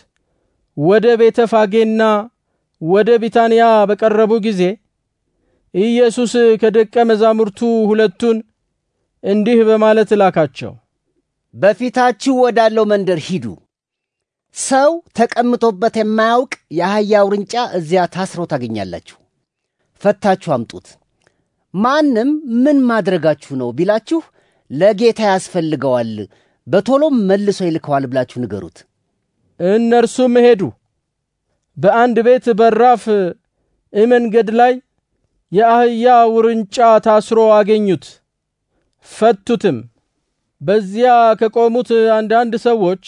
ወደ ቤተ ፋጌና ወደ ቢታንያ በቀረቡ ጊዜ ኢየሱስ ከደቀ መዛሙርቱ ሁለቱን እንዲህ በማለት ላካቸው። በፊታችሁ ወዳለው መንደር ሂዱ። ሰው ተቀምጦበት የማያውቅ የአህያ ውርንጫ እዚያ ታስሮ ታገኛላችሁ። ፈታችሁ አምጡት። ማንም ምን ማድረጋችሁ ነው ቢላችሁ ለጌታ ያስፈልገዋል፣ በቶሎም መልሶ ይልከዋል ብላችሁ ንገሩት። እነርሱም ሄዱ። በአንድ ቤት በራፍ እመንገድ ላይ የአህያ ውርንጫ ታስሮ አገኙት። ፈቱትም። በዚያ ከቆሙት አንዳንድ ሰዎች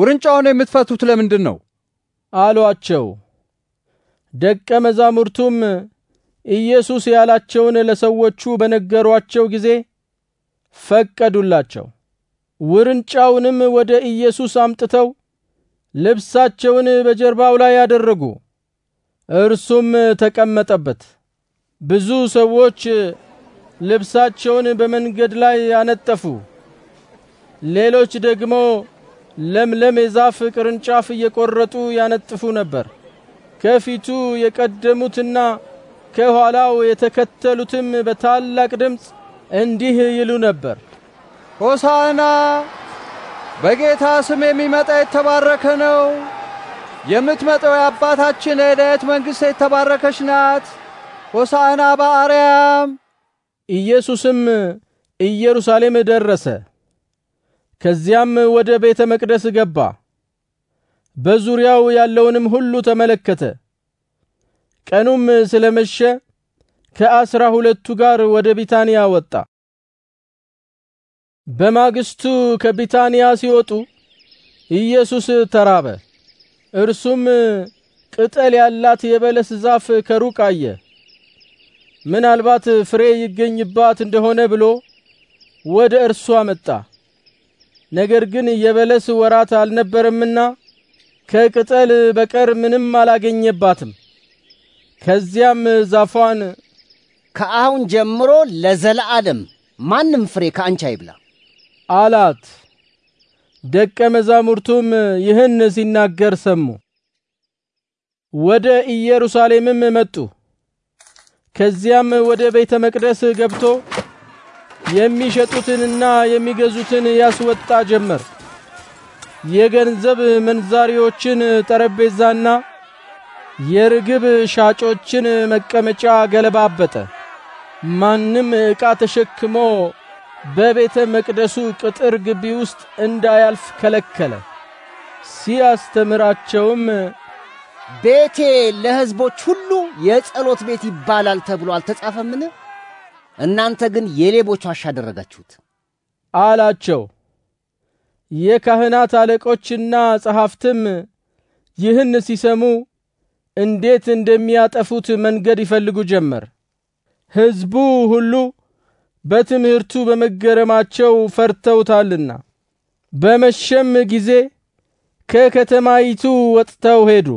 ውርንጫውን የምትፈቱት ለምንድን ነው አሏቸው። ደቀ መዛሙርቱም ኢየሱስ ያላቸውን ለሰዎቹ በነገሯቸው ጊዜ ፈቀዱላቸው። ውርንጫውንም ወደ ኢየሱስ አምጥተው ልብሳቸውን በጀርባው ላይ ያደረጉ፣ እርሱም ተቀመጠበት። ብዙ ሰዎች ልብሳቸውን በመንገድ ላይ ያነጠፉ፣ ሌሎች ደግሞ ለምለም የዛፍ ቅርንጫፍ እየቆረጡ ያነጥፉ ነበር። ከፊቱ የቀደሙትና ከኋላው የተከተሉትም በታላቅ ድምፅ እንዲህ ይሉ ነበር፣ ሆሳዕና በጌታ ስም የሚመጣ የተባረከ ነው። የምትመጣው የአባታችን የዳዊት መንግሥት የተባረከች ናት። ሆሳዕና በአርያም። ኢየሱስም ኢየሩሳሌም ደረሰ። ከዚያም ወደ ቤተ መቅደስ ገባ። በዙሪያው ያለውንም ሁሉ ተመለከተ። ቀኑም ስለመሸ ከአስራ ሁለቱ ጋር ወደ ቢታንያ ወጣ። በማግስቱ ከቢታንያ ሲወጡ ኢየሱስ ተራበ። እርሱም ቅጠል ያላት የበለስ ዛፍ ከሩቅ አየ፣ ምናልባት ፍሬ ይገኝባት እንደሆነ ብሎ ወደ እርሷ መጣ። ነገር ግን የበለስ ወራት አልነበረምና ከቅጠል በቀር ምንም አላገኘባትም። ከዚያም ዛፏን ከአሁን ጀምሮ ለዘለዓለም ማንም ፍሬ ከአንቺ አይብላ አላት። ደቀ መዛሙርቱም ይህን ሲናገር ሰሙ። ወደ ኢየሩሳሌምም መጡ። ከዚያም ወደ ቤተ መቅደስ ገብቶ የሚሸጡትንና የሚገዙትን ያስወጣ ጀመር። የገንዘብ መንዛሪዎችን ጠረጴዛና የርግብ ሻጮችን መቀመጫ ገለባበጠ። ማንም ዕቃ ተሸክሞ በቤተ መቅደሱ ቅጥር ግቢ ውስጥ እንዳያልፍ ከለከለ። ሲያስተምራቸውም ቤቴ ለሕዝቦች ሁሉ የጸሎት ቤት ይባላል ተብሎ አልተጻፈምን? እናንተ ግን የሌቦች ዋሻ አደረጋችሁት አላቸው። የካህናት አለቆችና ጸሐፍትም ይህን ሲሰሙ እንዴት እንደሚያጠፉት መንገድ ይፈልጉ ጀመር። ሕዝቡ ሁሉ በትምህርቱ በመገረማቸው ፈርተውታልና። በመሸም ጊዜ ከከተማይቱ ወጥተው ሄዱ።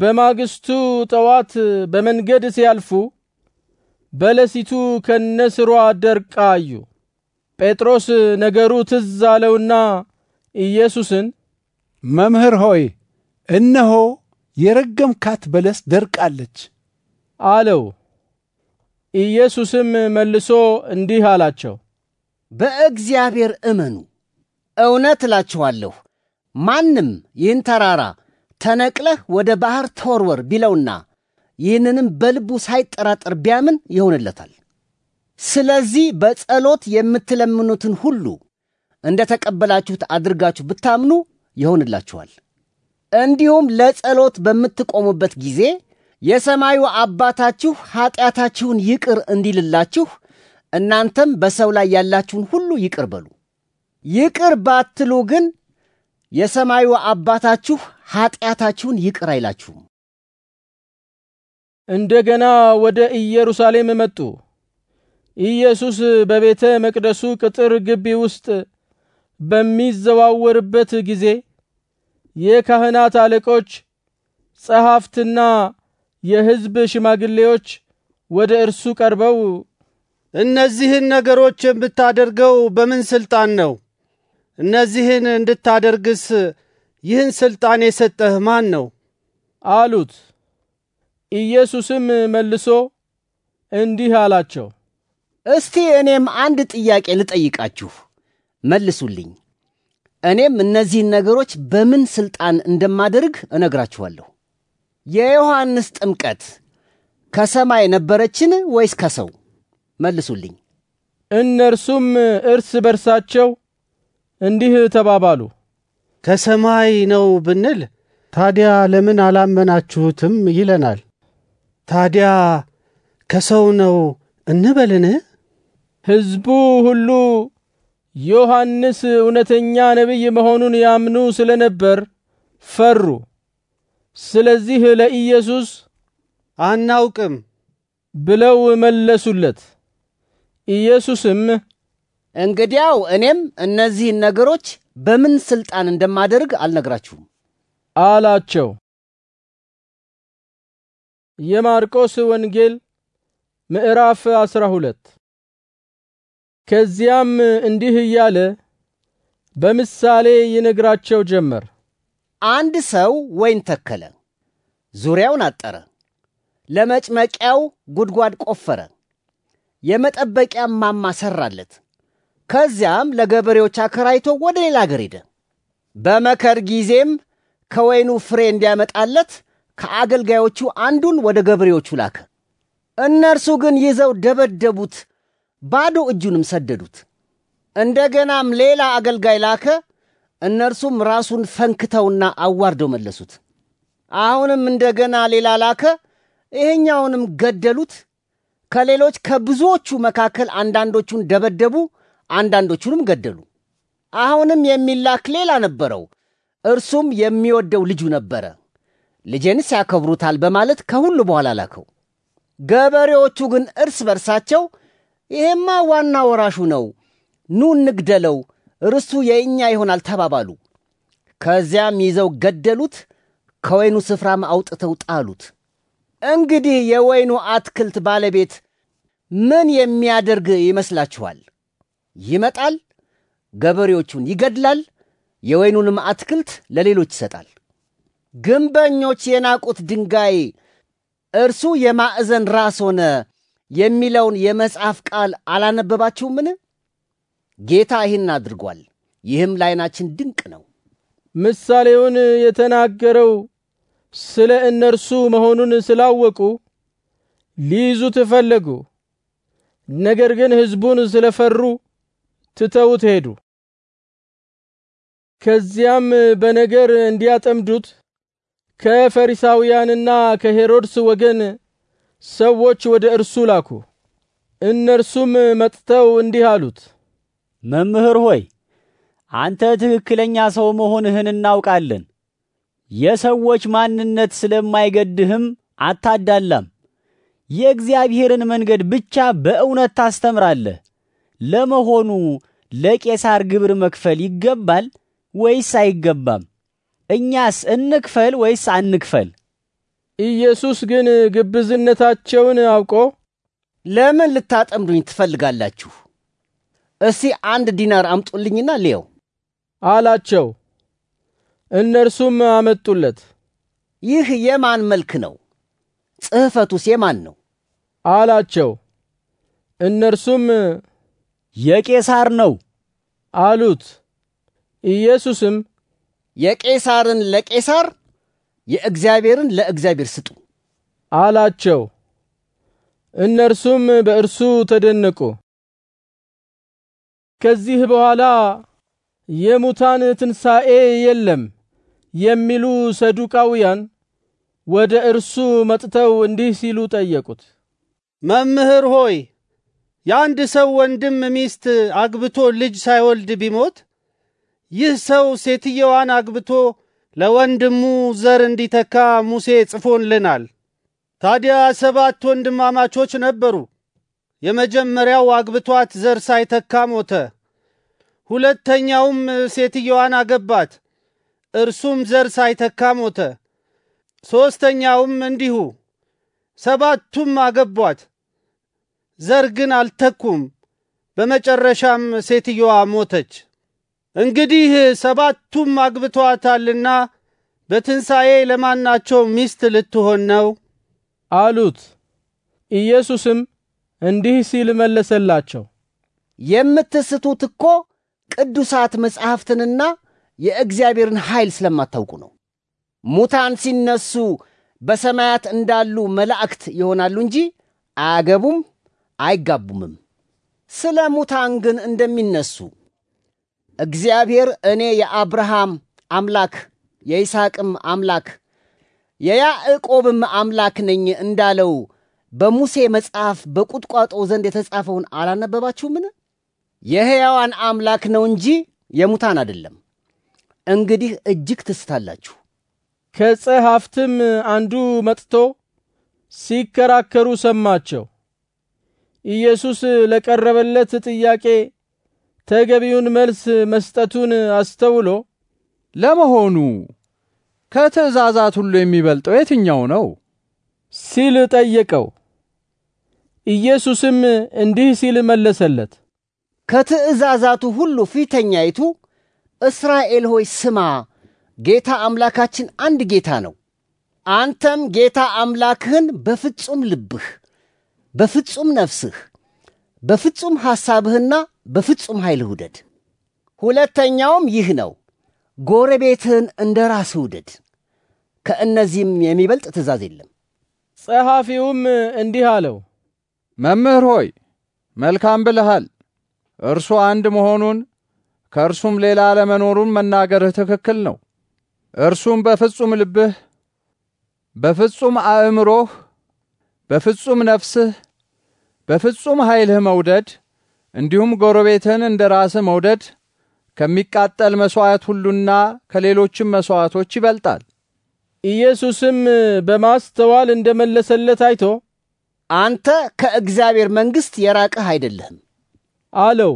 በማግስቱ ጠዋት በመንገድ ሲያልፉ በለሲቱ ከነስሯ ደርቃ አዩ። ጴጥሮስ ነገሩ ትዝ አለውና ኢየሱስን መምህር ሆይ እነሆ የረገምካት በለስ ደርቃለች አለው። ኢየሱስም መልሶ እንዲህ አላቸው፣ በእግዚአብሔር እመኑ። እውነት እላችኋለሁ ማንም ይህን ተራራ ተነቅለህ ወደ ባሕር ተወርወር ቢለውና ይህንንም በልቡ ሳይጠራጠር ቢያምን ይሆንለታል። ስለዚህ በጸሎት የምትለምኑትን ሁሉ እንደ ተቀበላችሁት አድርጋችሁ ብታምኑ ይሆንላችኋል። እንዲሁም ለጸሎት በምትቆሙበት ጊዜ የሰማዩ አባታችሁ ኃጢአታችሁን ይቅር እንዲልላችሁ እናንተም በሰው ላይ ያላችሁን ሁሉ ይቅር በሉ። ይቅር ባትሉ ግን የሰማዩ አባታችሁ ኃጢአታችሁን ይቅር አይላችሁም። እንደገና ወደ ኢየሩሳሌም መጡ። ኢየሱስ በቤተ መቅደሱ ቅጥር ግቢ ውስጥ በሚዘዋወርበት ጊዜ የካህናት አለቆች ጸሐፍትና የሕዝብ ሽማግሌዎች ወደ እርሱ ቀርበው እነዚህን ነገሮች የምታደርገው በምን ስልጣን ነው? እነዚህን እንድታደርግስ ይህን ስልጣን የሰጠህ ማን ነው? አሉት። ኢየሱስም መልሶ እንዲህ አላቸው፣ እስቲ እኔም አንድ ጥያቄ ልጠይቃችሁ፣ መልሱልኝ። እኔም እነዚህን ነገሮች በምን ስልጣን እንደማደርግ እነግራችኋለሁ። የዮሐንስ ጥምቀት ከሰማይ ነበረችን ወይስ ከሰው? መልሱልኝ። እነርሱም እርስ በርሳቸው እንዲህ ተባባሉ፣ ከሰማይ ነው ብንል ታዲያ ለምን አላመናችሁትም ይለናል። ታዲያ ከሰው ነው እንበልን? ሕዝቡ ሁሉ ዮሐንስ እውነተኛ ነቢይ መሆኑን ያምኑ ስለነበር ፈሩ። ስለዚህ ለኢየሱስ አናውቅም ብለው መለሱለት። ኢየሱስም እንግዲያው እኔም እነዚህን ነገሮች በምን ሥልጣን እንደማደርግ አልነግራችሁም አላቸው። የማርቆስ ወንጌል ምዕራፍ አስራ ሁለት ከዚያም እንዲህ እያለ በምሳሌ ይነግራቸው ጀመር። አንድ ሰው ወይን ተከለ፣ ዙሪያውን አጠረ፣ ለመጭመቂያው ጉድጓድ ቆፈረ፣ የመጠበቂያ ማማ ሰራለት። ከዚያም ለገበሬዎች አከራይቶ ወደ ሌላ አገር ሄደ። በመከር ጊዜም ከወይኑ ፍሬ እንዲያመጣለት ከአገልጋዮቹ አንዱን ወደ ገበሬዎቹ ላከ። እነርሱ ግን ይዘው ደበደቡት፣ ባዶ እጁንም ሰደዱት። እንደገናም ሌላ አገልጋይ ላከ። እነርሱም ራሱን ፈንክተውና አዋርደው መለሱት። አሁንም እንደገና ሌላ ላከ፣ ይሄኛውንም ገደሉት። ከሌሎች ከብዙዎቹ መካከል አንዳንዶቹን ደበደቡ፣ አንዳንዶቹንም ገደሉ። አሁንም የሚላክ ሌላ ነበረው፣ እርሱም የሚወደው ልጁ ነበረ። ልጄንስ ያከብሩታል በማለት ከሁሉ በኋላ ላከው። ገበሬዎቹ ግን እርስ በርሳቸው ይሄማ ዋና ወራሹ ነው፣ ኑ እንግደለው እርሱ የእኛ ይሆናል ተባባሉ። ከዚያም ይዘው ገደሉት፣ ከወይኑ ስፍራም አውጥተው ጣሉት። እንግዲህ የወይኑ አትክልት ባለቤት ምን የሚያደርግ ይመስላችኋል? ይመጣል፣ ገበሬዎቹን ይገድላል፣ የወይኑንም አትክልት ለሌሎች ይሰጣል። ግንበኞች የናቁት ድንጋይ እርሱ የማዕዘን ራስ ሆነ የሚለውን የመጽሐፍ ቃል አላነበባችሁምን? ጌታ ይህን አድርጓል፣ ይህም ላይናችን ድንቅ ነው። ምሳሌውን የተናገረው ስለ እነርሱ መሆኑን ስላወቁ ሊይዙት ፈለጉ። ነገር ግን ሕዝቡን ስለፈሩ ትተውት ሄዱ። ከዚያም በነገር እንዲያጠምዱት ከፈሪሳውያንና ከሄሮድስ ወገን ሰዎች ወደ እርሱ ላኩ። እነርሱም መጥተው እንዲህ አሉት፣ መምህር ሆይ አንተ ትክክለኛ ሰው መሆንህን እናውቃለን። የሰዎች ማንነት ስለማይገድህም አታዳላም። የእግዚአብሔርን መንገድ ብቻ በእውነት ታስተምራለህ። ለመሆኑ ለቄሳር ግብር መክፈል ይገባል ወይስ አይገባም? እኛስ እንክፈል ወይስ አንክፈል? ኢየሱስ ግን ግብዝነታቸውን አውቆ ለምን ልታጠምዱኝ ትፈልጋላችሁ እስቲ አንድ ዲናር አምጡልኝና ልየው አላቸው። እነርሱም አመጡለት። ይህ የማን መልክ ነው? ጽሕፈቱስ የማን ነው? አላቸው። እነርሱም የቄሳር ነው አሉት። ኢየሱስም የቄሳርን ለቄሳር የእግዚአብሔርን ለእግዚአብሔር ስጡ አላቸው። እነርሱም በእርሱ ተደነቁ። ከዚህ በኋላ የሙታን ትንሣኤ የለም የሚሉ ሰዱቃውያን ወደ እርሱ መጥተው እንዲህ ሲሉ ጠየቁት። መምህር ሆይ የአንድ ሰው ወንድም ሚስት አግብቶ ልጅ ሳይወልድ ቢሞት ይህ ሰው ሴትየዋን አግብቶ ለወንድሙ ዘር እንዲተካ ሙሴ ጽፎልናል። ታዲያ ሰባት ወንድማማቾች ነበሩ። የመጀመሪያው አግብቷት ዘር ሳይተካ ሞተ። ሁለተኛውም ሴትየዋን አገባት፣ እርሱም ዘር ሳይተካ ሞተ። ሶስተኛውም እንዲሁ። ሰባቱም አገቧት፣ ዘር ግን አልተኩም። በመጨረሻም ሴትየዋ ሞተች። እንግዲህ ሰባቱም አግብቷታልና በትንሣኤ ለማናቸው ሚስት ልትሆን ነው አሉት። ኢየሱስም እንዲህ ሲል መለሰላቸው፣ የምትስቱት እኮ ቅዱሳት መጻሕፍትንና የእግዚአብሔርን ኃይል ስለማታውቁ ነው። ሙታን ሲነሱ በሰማያት እንዳሉ መላእክት ይሆናሉ እንጂ አያገቡም፣ አይጋቡምም። ስለ ሙታን ግን እንደሚነሱ እግዚአብሔር እኔ የአብርሃም አምላክ የይስሐቅም አምላክ የያዕቆብም አምላክ ነኝ እንዳለው በሙሴ መጽሐፍ በቁጥቋጦ ዘንድ የተጻፈውን አላነበባችሁምን? የሕያዋን አምላክ ነው እንጂ የሙታን አይደለም። እንግዲህ እጅግ ትስታላችሁ። ከጸሐፍትም አንዱ መጥቶ ሲከራከሩ ሰማቸው። ኢየሱስ ለቀረበለት ጥያቄ ተገቢውን መልስ መስጠቱን አስተውሎ ለመሆኑ ከትእዛዛት ሁሉ የሚበልጠው የትኛው ነው? ሲል ጠየቀው። ኢየሱስም እንዲህ ሲል መለሰለት፣ ከትእዛዛቱ ሁሉ ፊተኛይቱ እስራኤል ሆይ ስማ፣ ጌታ አምላካችን አንድ ጌታ ነው። አንተም ጌታ አምላክህን በፍጹም ልብህ፣ በፍጹም ነፍስህ፣ በፍጹም ሐሳብህና በፍጹም ኃይልህ ውደድ። ሁለተኛውም ይህ ነው፣ ጎረቤትህን እንደ ራስህ ውደድ። ከእነዚህም የሚበልጥ ትእዛዝ የለም። ጸሐፊውም እንዲህ አለው መምህር ሆይ መልካም ብለሃል፣ እርሱ አንድ መሆኑን ከእርሱም ሌላ አለመኖሩን መናገርህ ትክክል ነው። እርሱም በፍጹም ልብህ፣ በፍጹም አእምሮህ፣ በፍጹም ነፍስህ፣ በፍጹም ኃይልህ መውደድ እንዲሁም ጎረቤትህን እንደ ራስህ መውደድ ከሚቃጠል መሥዋዕት ሁሉና ከሌሎችም መሥዋዕቶች ይበልጣል። ኢየሱስም በማስተዋል እንደመለሰለት አይቶ አንተ ከእግዚአብሔር መንግሥት የራቅህ አይደለህም አለው።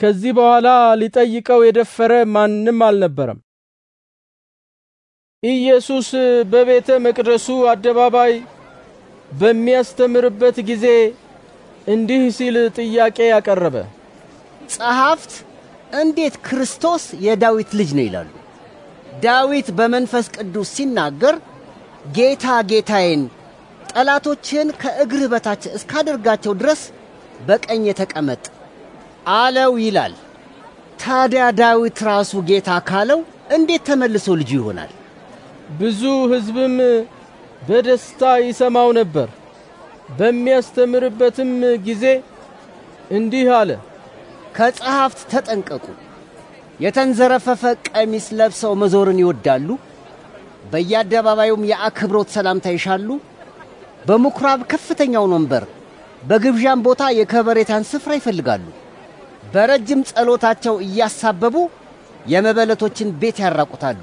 ከዚህ በኋላ ሊጠይቀው የደፈረ ማንም አልነበረም። ኢየሱስ በቤተ መቅደሱ አደባባይ በሚያስተምርበት ጊዜ እንዲህ ሲል ጥያቄ ያቀረበ፣ ጸሐፍት እንዴት ክርስቶስ የዳዊት ልጅ ነው ይላሉ? ዳዊት በመንፈስ ቅዱስ ሲናገር ጌታ ጌታዬን ጠላቶችን ከእግር በታች እስካደርጋቸው ድረስ በቀኝ ተቀመጥ አለው ይላል። ታዲያ ዳዊት ራሱ ጌታ ካለው እንዴት ተመልሶ ልጁ ይሆናል? ብዙ ሕዝብም በደስታ ይሰማው ነበር። በሚያስተምርበትም ጊዜ እንዲህ አለ። ከጸሐፍት ተጠንቀቁ። የተንዘረፈፈ ቀሚስ ለብሰው መዞርን ይወዳሉ፣ በየአደባባዩም የአክብሮት ሰላምታ ይሻሉ። በምኩራብ ከፍተኛውን ወንበር በግብዣም ቦታ የከበሬታን ስፍራ ይፈልጋሉ። በረጅም ጸሎታቸው እያሳበቡ የመበለቶችን ቤት ያራቁታሉ።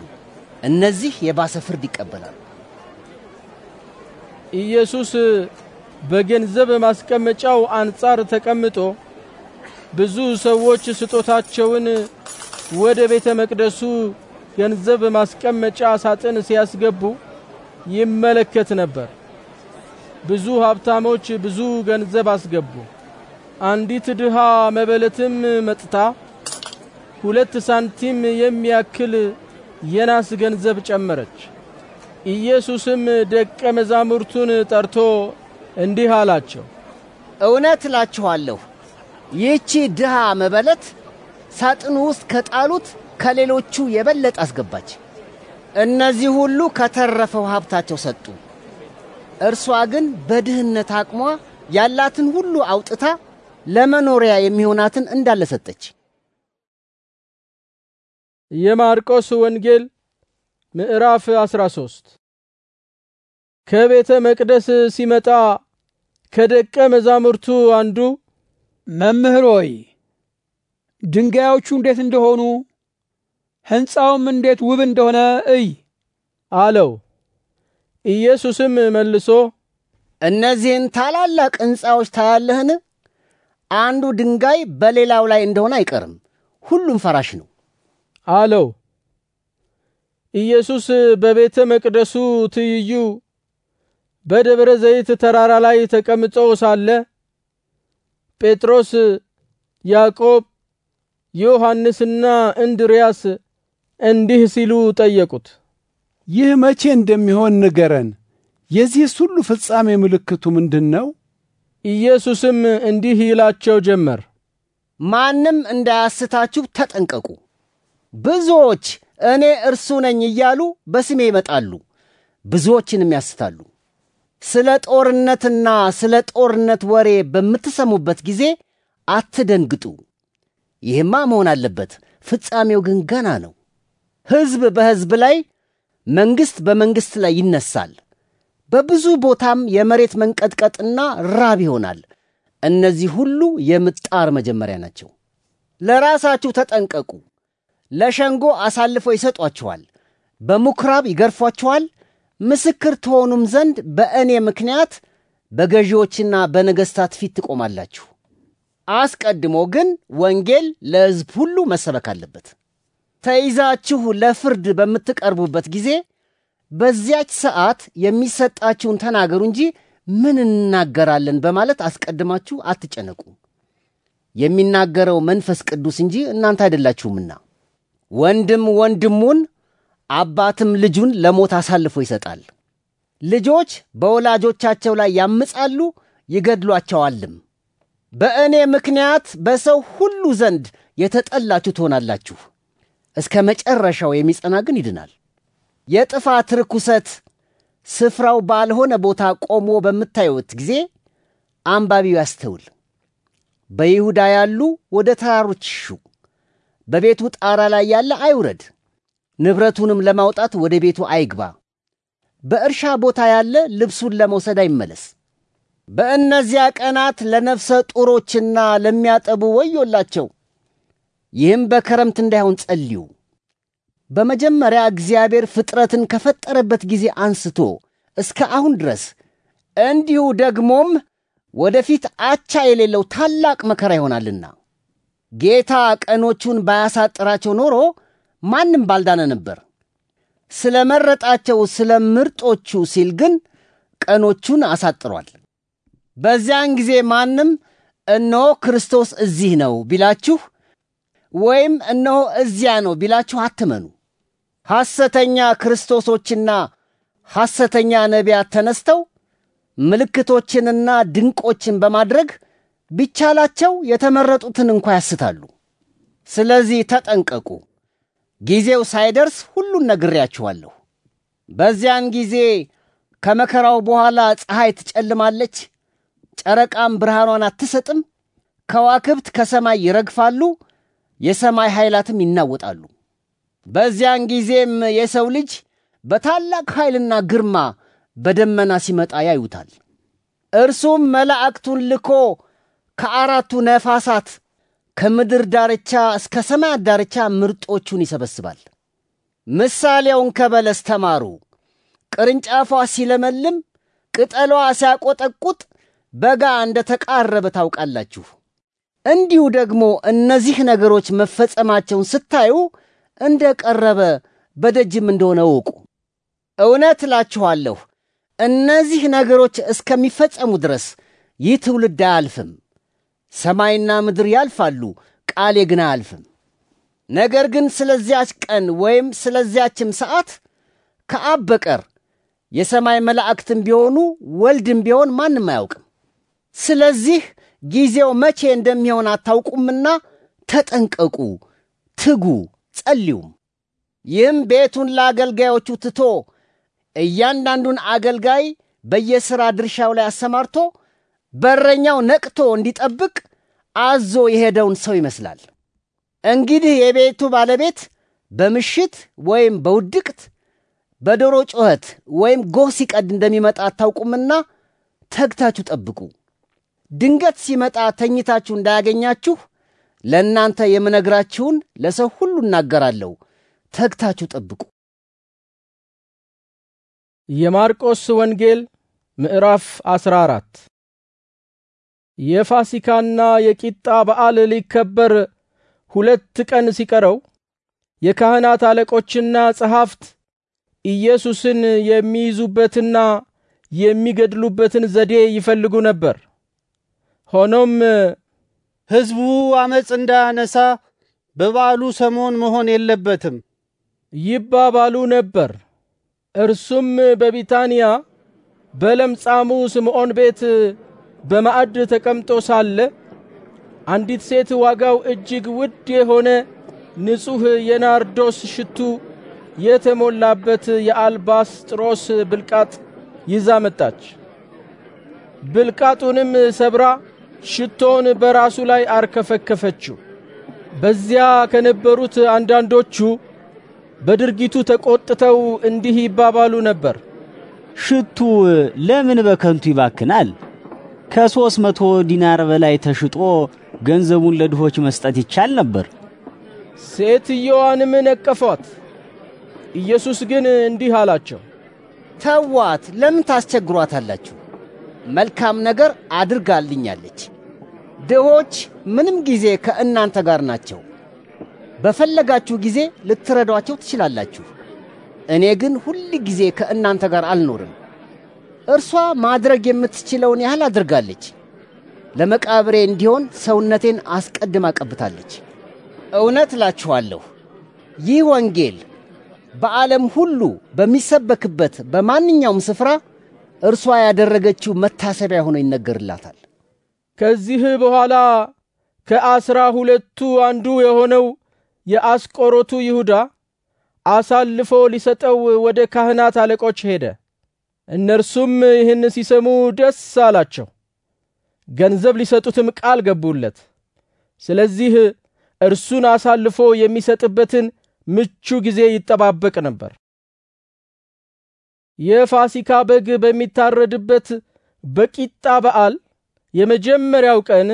እነዚህ የባሰ ፍርድ ይቀበላሉ። ኢየሱስ በገንዘብ ማስቀመጫው አንጻር ተቀምጦ ብዙ ሰዎች ስጦታቸውን ወደ ቤተ መቅደሱ ገንዘብ ማስቀመጫ ሳጥን ሲያስገቡ ይመለከት ነበር። ብዙ ሀብታሞች ብዙ ገንዘብ አስገቡ። አንዲት ድሃ መበለትም መጥታ ሁለት ሳንቲም የሚያክል የናስ ገንዘብ ጨመረች። ኢየሱስም ደቀ መዛሙርቱን ጠርቶ እንዲህ አላቸው፣ እውነት እላችኋለሁ ይህቺ ድሃ መበለት ሳጥኑ ውስጥ ከጣሉት ከሌሎቹ የበለጠ አስገባች። እነዚህ ሁሉ ከተረፈው ሀብታቸው ሰጡ። እርሷ ግን በድህነት አቅሟ ያላትን ሁሉ አውጥታ ለመኖሪያ የሚሆናትን እንዳለ ሰጠች። የማርቆስ ወንጌል ምዕራፍ 13 ከቤተ መቅደስ ሲመጣ ከደቀ መዛሙርቱ አንዱ መምህር ሆይ ድንጋዮቹ እንዴት እንደሆኑ ሕንፃውም እንዴት ውብ እንደሆነ እይ አለው። ኢየሱስም መልሶ እነዚህን ታላላቅ ሕንፃዎች ታያለህን? አንዱ ድንጋይ በሌላው ላይ እንደሆነ አይቀርም፣ ሁሉም ፈራሽ ነው አለው። ኢየሱስ በቤተ መቅደሱ ትይዩ በደብረ ዘይት ተራራ ላይ ተቀምጦ ሳለ ጴጥሮስ፣ ያዕቆብ፣ ዮሐንስና እንድርያስ እንዲህ ሲሉ ጠየቁት። ይህ መቼ እንደሚሆን ንገረን፣ የዚህስ ሁሉ ፍጻሜ ምልክቱ ምንድን ነው? ኢየሱስም እንዲህ ይላቸው ጀመር፣ ማንም እንዳያስታችሁ ተጠንቀቁ። ብዙዎች እኔ እርሱ ነኝ እያሉ በስሜ ይመጣሉ፣ ብዙዎችንም ያስታሉ። ስለ ጦርነትና ስለ ጦርነት ወሬ በምትሰሙበት ጊዜ አትደንግጡ። ይህማ መሆን አለበት፣ ፍጻሜው ግን ገና ነው። ሕዝብ በሕዝብ ላይ መንግስት በመንግስት ላይ ይነሳል፣ በብዙ ቦታም የመሬት መንቀጥቀጥና ራብ ይሆናል። እነዚህ ሁሉ የምጣር መጀመሪያ ናቸው። ለራሳችሁ ተጠንቀቁ። ለሸንጎ አሳልፈው ይሰጧችኋል፣ በምኵራብ ይገርፏችኋል። ምስክር ትሆኑም ዘንድ በእኔ ምክንያት በገዢዎችና በነገሥታት ፊት ትቆማላችሁ። አስቀድሞ ግን ወንጌል ለሕዝብ ሁሉ መሰበክ አለበት። ተይዛችሁ ለፍርድ በምትቀርቡበት ጊዜ በዚያች ሰዓት የሚሰጣችሁን ተናገሩ እንጂ ምን እንናገራለን በማለት አስቀድማችሁ አትጨነቁ። የሚናገረው መንፈስ ቅዱስ እንጂ እናንተ አይደላችሁምና። ወንድም ወንድሙን አባትም ልጁን ለሞት አሳልፎ ይሰጣል። ልጆች በወላጆቻቸው ላይ ያምጻሉ፣ ይገድሏቸዋልም። በእኔ ምክንያት በሰው ሁሉ ዘንድ የተጠላችሁ ትሆናላችሁ። እስከ መጨረሻው የሚጸና ግን ይድናል። የጥፋት ርኩሰት ስፍራው ባልሆነ ቦታ ቆሞ በምታዩት ጊዜ አንባቢው ያስተውል። በይሁዳ ያሉ ወደ ተራሮች ይሹ። በቤቱ ጣራ ላይ ያለ አይውረድ፣ ንብረቱንም ለማውጣት ወደ ቤቱ አይግባ። በእርሻ ቦታ ያለ ልብሱን ለመውሰድ አይመለስ። በእነዚያ ቀናት ለነፍሰ ጡሮችና ለሚያጠቡ ወዮላቸው። ይህም በከረምት እንዳይሆን ጸልዩ። በመጀመሪያ እግዚአብሔር ፍጥረትን ከፈጠረበት ጊዜ አንስቶ እስከ አሁን ድረስ እንዲሁ ደግሞም ወደፊት አቻ የሌለው ታላቅ መከራ ይሆናልና ጌታ ቀኖቹን ባያሳጥራቸው ኖሮ ማንም ባልዳነ ነበር። ስለ መረጣቸው ስለ ምርጦቹ ሲል ግን ቀኖቹን አሳጥሯል። በዚያን ጊዜ ማንም እነሆ ክርስቶስ እዚህ ነው ቢላችሁ ወይም እነሆ እዚያ ነው ቢላችሁ አትመኑ። ሐሰተኛ ክርስቶሶችና ሐሰተኛ ነቢያት ተነስተው ምልክቶችንና ድንቆችን በማድረግ ቢቻላቸው የተመረጡትን እንኳ ያስታሉ። ስለዚህ ተጠንቀቁ፣ ጊዜው ሳይደርስ ሁሉን ነግሬያችኋለሁ። በዚያን ጊዜ ከመከራው በኋላ ፀሐይ ትጨልማለች፣ ጨረቃም ብርሃኗን አትሰጥም፣ ከዋክብት ከሰማይ ይረግፋሉ፣ የሰማይ ኃይላትም ይናወጣሉ። በዚያን ጊዜም የሰው ልጅ በታላቅ ኃይልና ግርማ በደመና ሲመጣ ያዩታል። እርሱም መላእክቱን ልኮ ከአራቱ ነፋሳት ከምድር ዳርቻ እስከ ሰማያት ዳርቻ ምርጦቹን ይሰበስባል። ምሳሌውን ከበለስ ተማሩ። ቅርንጫፏ ሲለመልም፣ ቅጠሏ ሲያቆጠቁጥ፣ በጋ እንደ ተቃረበ ታውቃላችሁ። እንዲሁ ደግሞ እነዚህ ነገሮች መፈጸማቸውን ስታዩ እንደ ቀረበ በደጅም እንደሆነ እውቁ። እውነት እላችኋለሁ እነዚህ ነገሮች እስከሚፈጸሙ ድረስ ይህ ትውልድ አያልፍም። ሰማይና ምድር ያልፋሉ፣ ቃሌ ግን አያልፍም። ነገር ግን ስለዚያች ቀን ወይም ስለዚያችም ሰዓት ከአብ በቀር የሰማይ መላእክትም ቢሆኑ ወልድም ቢሆን ማንም አያውቅም። ስለዚህ ጊዜው መቼ እንደሚሆን አታውቁምና ተጠንቀቁ፣ ትጉ፣ ጸልዩም። ይህም ቤቱን ለአገልጋዮቹ ትቶ እያንዳንዱን አገልጋይ በየሥራ ድርሻው ላይ አሰማርቶ በረኛው ነቅቶ እንዲጠብቅ አዞ የሄደውን ሰው ይመስላል። እንግዲህ የቤቱ ባለቤት በምሽት ወይም በውድቅት በዶሮ ጩኸት ወይም ጎህ ሲቀድ እንደሚመጣ አታውቁምና ተግታችሁ ጠብቁ። ድንገት ሲመጣ ተኝታችሁ እንዳያገኛችሁ ለእናንተ የምነግራችሁን ለሰው ሁሉ እናገራለሁ። ተግታችሁ ጠብቁ። የማርቆስ ወንጌል ምዕራፍ 14 የፋሲካና የቂጣ በዓል ሊከበር ሁለት ቀን ሲቀረው የካህናት አለቆችና ጸሐፍት ኢየሱስን የሚይዙበትና የሚገድሉበትን ዘዴ ይፈልጉ ነበር። ሆኖም ሕዝቡ አመፅ እንዳያነሳ በበዓሉ ሰሞን መሆን የለበትም ይባባሉ ነበር። እርሱም በቢታንያ በለምጻሙ ስምዖን ቤት በማዕድ ተቀምጦ ሳለ አንዲት ሴት ዋጋው እጅግ ውድ የሆነ ንጹሕ የናርዶስ ሽቱ የተሞላበት የአልባስጥሮስ ብልቃጥ ይዛ መጣች። ብልቃጡንም ሰብራ ሽቶን በራሱ ላይ አርከፈከፈችው። በዚያ ከነበሩት አንዳንዶቹ በድርጊቱ ተቆጥተው እንዲህ ይባባሉ ነበር። ሽቱ ለምን በከንቱ ይባክናል? ከሦስት መቶ ዲናር በላይ ተሽጦ ገንዘቡን ለድሆች መስጠት ይቻል ነበር። ሴትየዋንም ነቀፏት። ኢየሱስ ግን እንዲህ አላቸው፣ ተዋት፣ ለምን ታስቸግሯታላችሁ? መልካም ነገር አድርጋልኛለች። ድሆች ምንም ጊዜ ከእናንተ ጋር ናቸው። በፈለጋችሁ ጊዜ ልትረዷቸው ትችላላችሁ። እኔ ግን ሁል ጊዜ ከእናንተ ጋር አልኖርም። እርሷ ማድረግ የምትችለውን ያህል አድርጋለች። ለመቃብሬ እንዲሆን ሰውነቴን አስቀድማ ቀብታለች። እውነት እላችኋለሁ ይህ ወንጌል በዓለም ሁሉ በሚሰበክበት በማንኛውም ስፍራ እርሷ ያደረገችው መታሰቢያ ሆኖ ይነገርላታል። ከዚህ በኋላ ከአስራ ሁለቱ አንዱ የሆነው የአስቆሮቱ ይሁዳ አሳልፎ ሊሰጠው ወደ ካህናት አለቆች ሄደ። እነርሱም ይህን ሲሰሙ ደስ አላቸው፣ ገንዘብ ሊሰጡትም ቃል ገቡለት። ስለዚህ እርሱን አሳልፎ የሚሰጥበትን ምቹ ጊዜ ይጠባበቅ ነበር። የፋሲካ በግ በሚታረድበት በቂጣ በዓል የመጀመሪያው ቀን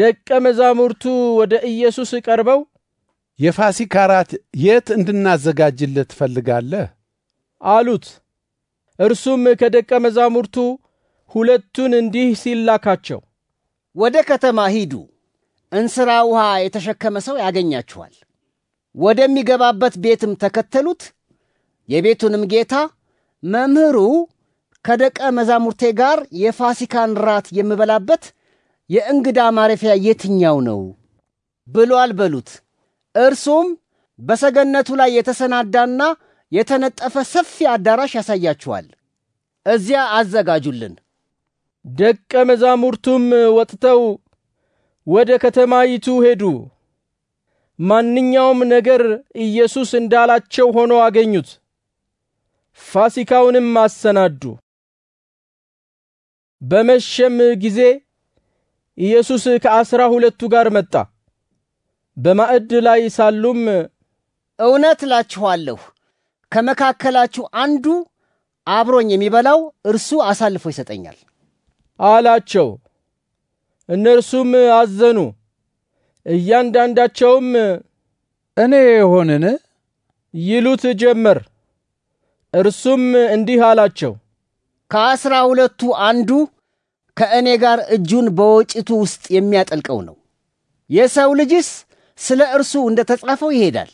ደቀ መዛሙርቱ ወደ ኢየሱስ ቀርበው የፋሲካ ራት የት እንድናዘጋጅልህ ትፈልጋለህ? አሉት። እርሱም ከደቀ መዛሙርቱ ሁለቱን እንዲህ ሲል ላካቸው፣ ወደ ከተማ ሂዱ፣ እንስራ ውሃ የተሸከመ ሰው ያገኛችኋል። ወደሚገባበት ቤትም ተከተሉት። የቤቱንም ጌታ መምህሩ ከደቀ መዛሙርቴ ጋር የፋሲካን ራት የምበላበት የእንግዳ ማረፊያ የትኛው ነው ብሎ አልበሉት። እርሱም በሰገነቱ ላይ የተሰናዳና የተነጠፈ ሰፊ አዳራሽ ያሳያችኋል። እዚያ አዘጋጁልን። ደቀ መዛሙርቱም ወጥተው ወደ ከተማይቱ ሄዱ። ማንኛውም ነገር ኢየሱስ እንዳላቸው ሆኖ አገኙት። ፋሲካውንም አሰናዱ። በመሸም ጊዜ ኢየሱስ ከአስራ ሁለቱ ጋር መጣ። በማዕድ ላይ ሳሉም እውነት እላችኋለሁ ከመካከላችሁ አንዱ አብሮኝ የሚበላው እርሱ አሳልፎ ይሰጠኛል አላቸው። እነርሱም አዘኑ። እያንዳንዳቸውም እኔ የሆንን ይሉት ጀመር። እርሱም እንዲህ አላቸው ከአስራ ሁለቱ አንዱ ከእኔ ጋር እጁን በወጭቱ ውስጥ የሚያጠልቀው ነው። የሰው ልጅስ ስለ እርሱ እንደ ተጻፈው ይሄዳል።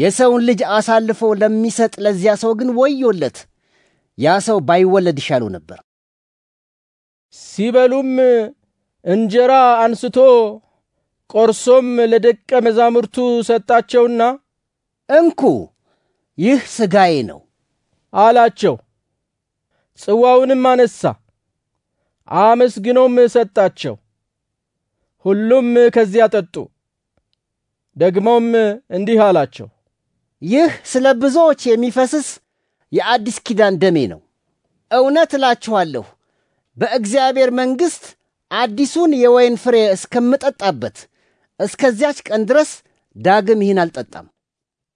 የሰውን ልጅ አሳልፎ ለሚሰጥ ለዚያ ሰው ግን ወዮለት! ያ ሰው ባይወለድ ይሻለው ነበር። ሲበሉም እንጀራ አንስቶ ቆርሶም ለደቀ መዛሙርቱ ሰጣቸውና እንኩ፣ ይህ ሥጋዬ ነው አላቸው። ጽዋውንም አነሳ፣ አመስግኖም ሰጣቸው። ሁሉም ከዚያ ጠጡ። ደግሞም እንዲህ አላቸው፣ ይህ ስለ ብዙዎች የሚፈስስ የአዲስ ኪዳን ደሜ ነው። እውነት እላችኋለሁ በእግዚአብሔር መንግሥት አዲሱን የወይን ፍሬ እስከምጠጣበት እስከዚያች ቀን ድረስ ዳግም ይህን አልጠጣም።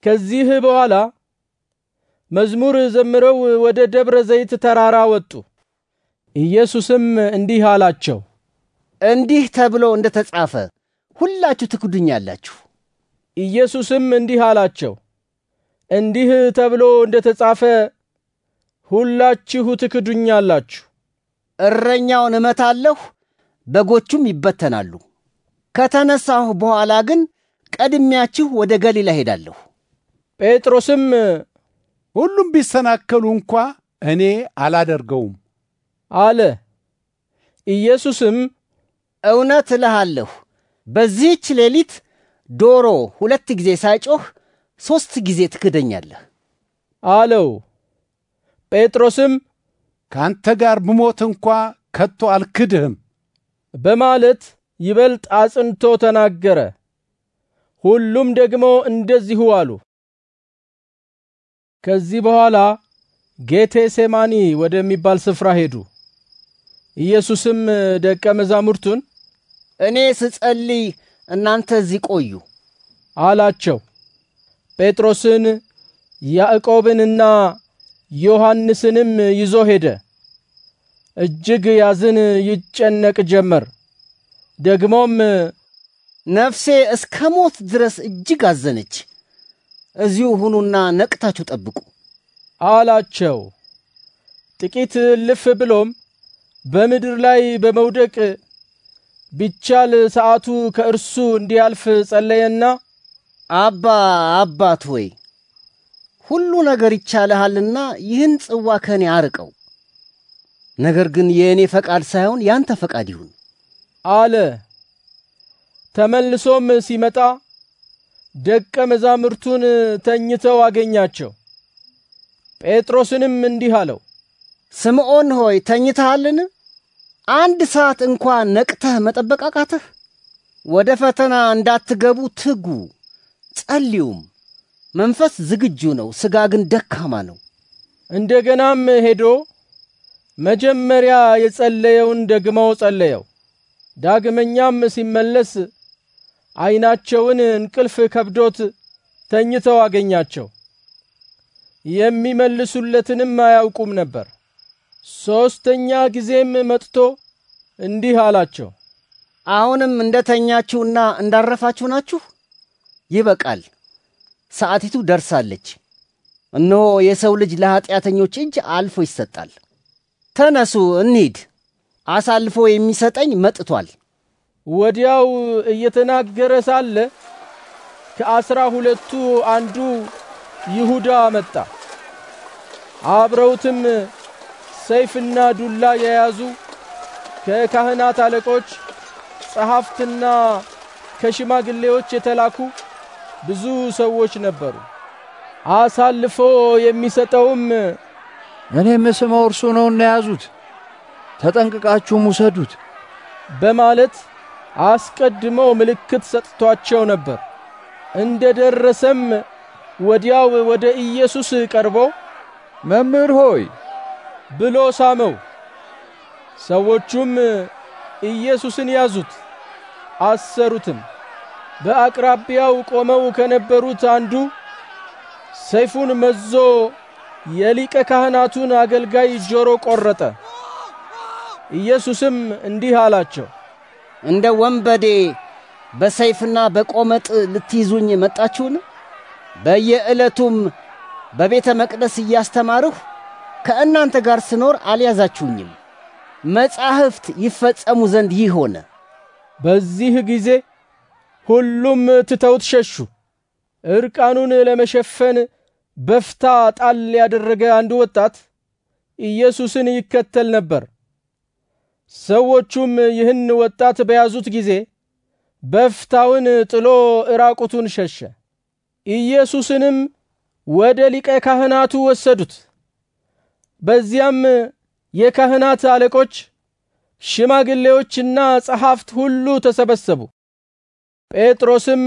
ከዚህ በኋላ መዝሙር ዘምረው ወደ ደብረ ዘይት ተራራ ወጡ። ኢየሱስም እንዲህ አላቸው፣ እንዲህ ተብሎ እንደ ተጻፈ ሁላችሁ ትክዱኛላችሁ። ኢየሱስም እንዲህ አላቸው፣ እንዲህ ተብሎ እንደ ተጻፈ ሁላችሁ ትክዱኛላችሁ። እረኛውን እመታለሁ፣ በጎቹም ይበተናሉ። ከተነሳሁ በኋላ ግን ቀድሚያችሁ ወደ ገሊላ ሄዳለሁ። ጴጥሮስም ሁሉም ቢሰናከሉ እንኳ እኔ አላደርገውም አለ። ኢየሱስም እውነት እልሃለሁ በዚህች ሌሊት ዶሮ ሁለት ጊዜ ሳይጮህ ሦስት ጊዜ ትክደኛለህ አለው። ጴጥሮስም ከአንተ ጋር ብሞት እንኳ ከቶ አልክድህም በማለት ይበልጥ አጽንቶ ተናገረ። ሁሉም ደግሞ እንደዚሁ አሉ። ከዚህ በኋላ ጌቴ ሴማኒ ወደሚባል ስፍራ ሄዱ። ኢየሱስም ደቀ መዛሙርቱን እኔ ስጸልይ እናንተ እዚህ ቆዩ አላቸው። ጴጥሮስን ያዕቆብንና ዮሐንስንም ይዞ ሄደ። እጅግ ያዝን፣ ይጨነቅ ጀመር። ደግሞም ነፍሴ እስከ ሞት ድረስ እጅግ አዘነች እዚሁ ሁኑና ነቅታችሁ ጠብቁ አላቸው። ጥቂት ልፍ ብሎም በምድር ላይ በመውደቅ ቢቻል ሰዓቱ ከእርሱ እንዲያልፍ ጸለየና፣ አባ አባት ሆይ ሁሉ ነገር ይቻልሃልና ይህን ጽዋ ከኔ አርቀው፣ ነገር ግን የእኔ ፈቃድ ሳይሆን ያንተ ፈቃድ ይሁን አለ። ተመልሶም ሲመጣ ደቀ መዛሙርቱን ተኝተው አገኛቸው። ጴጥሮስንም እንዲህ አለው፣ ስምዖን ሆይ ተኝተሃልን? አንድ ሰዓት እንኳ ነቅተህ መጠበቅ አቃተህ? ወደ ፈተና እንዳትገቡ ትጉ፣ ጸልዩም። መንፈስ ዝግጁ ነው፣ ሥጋ ግን ደካማ ነው። እንደገናም ሄዶ መጀመሪያ የጸለየውን ደግመው ጸለየው። ዳግመኛም ሲመለስ ዓይናቸውን እንቅልፍ ከብዶት ተኝተው አገኛቸው። የሚመልሱለትንም አያውቁም ነበር። ሶስተኛ ጊዜም መጥቶ እንዲህ አላቸው፣ አሁንም እንደ ተኛችሁና እንዳረፋችሁ ናችሁ? ይበቃል፣ ሰዓቲቱ ደርሳለች። እነሆ የሰው ልጅ ለኀጢአተኞች እጅ አልፎ ይሰጣል። ተነሱ እንሂድ፣ አሳልፎ የሚሰጠኝ መጥቷል። ወዲያው እየተናገረ ሳለ ከአስራ ሁለቱ አንዱ ይሁዳ መጣ። አብረውትም ሰይፍና ዱላ የያዙ ከካህናት አለቆች ጸሐፍትና ከሽማግሌዎች የተላኩ ብዙ ሰዎች ነበሩ። አሳልፎ የሚሰጠውም እኔ የምስመው እርሱ ነው እና ያዙት፣ ተጠንቅቃችሁም ውሰዱት በማለት አስቀድመው ምልክት ሰጥቷቸው ነበር። እንደ ደረሰም ወዲያው ወደ ኢየሱስ ቀርቦ መምህር ሆይ ብሎ ሳመው። ሰዎቹም ኢየሱስን ያዙት፣ አሰሩትም። በአቅራቢያው ቆመው ከነበሩት አንዱ ሰይፉን መዞ የሊቀ ካህናቱን አገልጋይ ጆሮ ቆረጠ! ኢየሱስም እንዲህ አላቸው፣ እንደ ወንበዴ በሰይፍና በቆመጥ ልትይዙኝ መጣችሁን? በየዕለቱም በቤተ መቅደስ እያስተማርሁ ከእናንተ ጋር ስኖር አልያዛችሁኝም። መጻሕፍት ይፈጸሙ ዘንድ ይህ ሆነ። በዚህ ጊዜ ሁሉም ትተውት ሸሹ። ዕርቃኑን ለመሸፈን በፍታ ጣል ያደረገ አንድ ወጣት ኢየሱስን ይከተል ነበር። ሰዎቹም ይህን ወጣት በያዙት ጊዜ በፍታውን ጥሎ እራቁቱን ሸሸ። ኢየሱስንም ወደ ሊቀ ካህናቱ ወሰዱት። በዚያም የካህናት አለቆች፣ ሽማግሌዎችና ጸሐፍት ሁሉ ተሰበሰቡ። ጴጥሮስም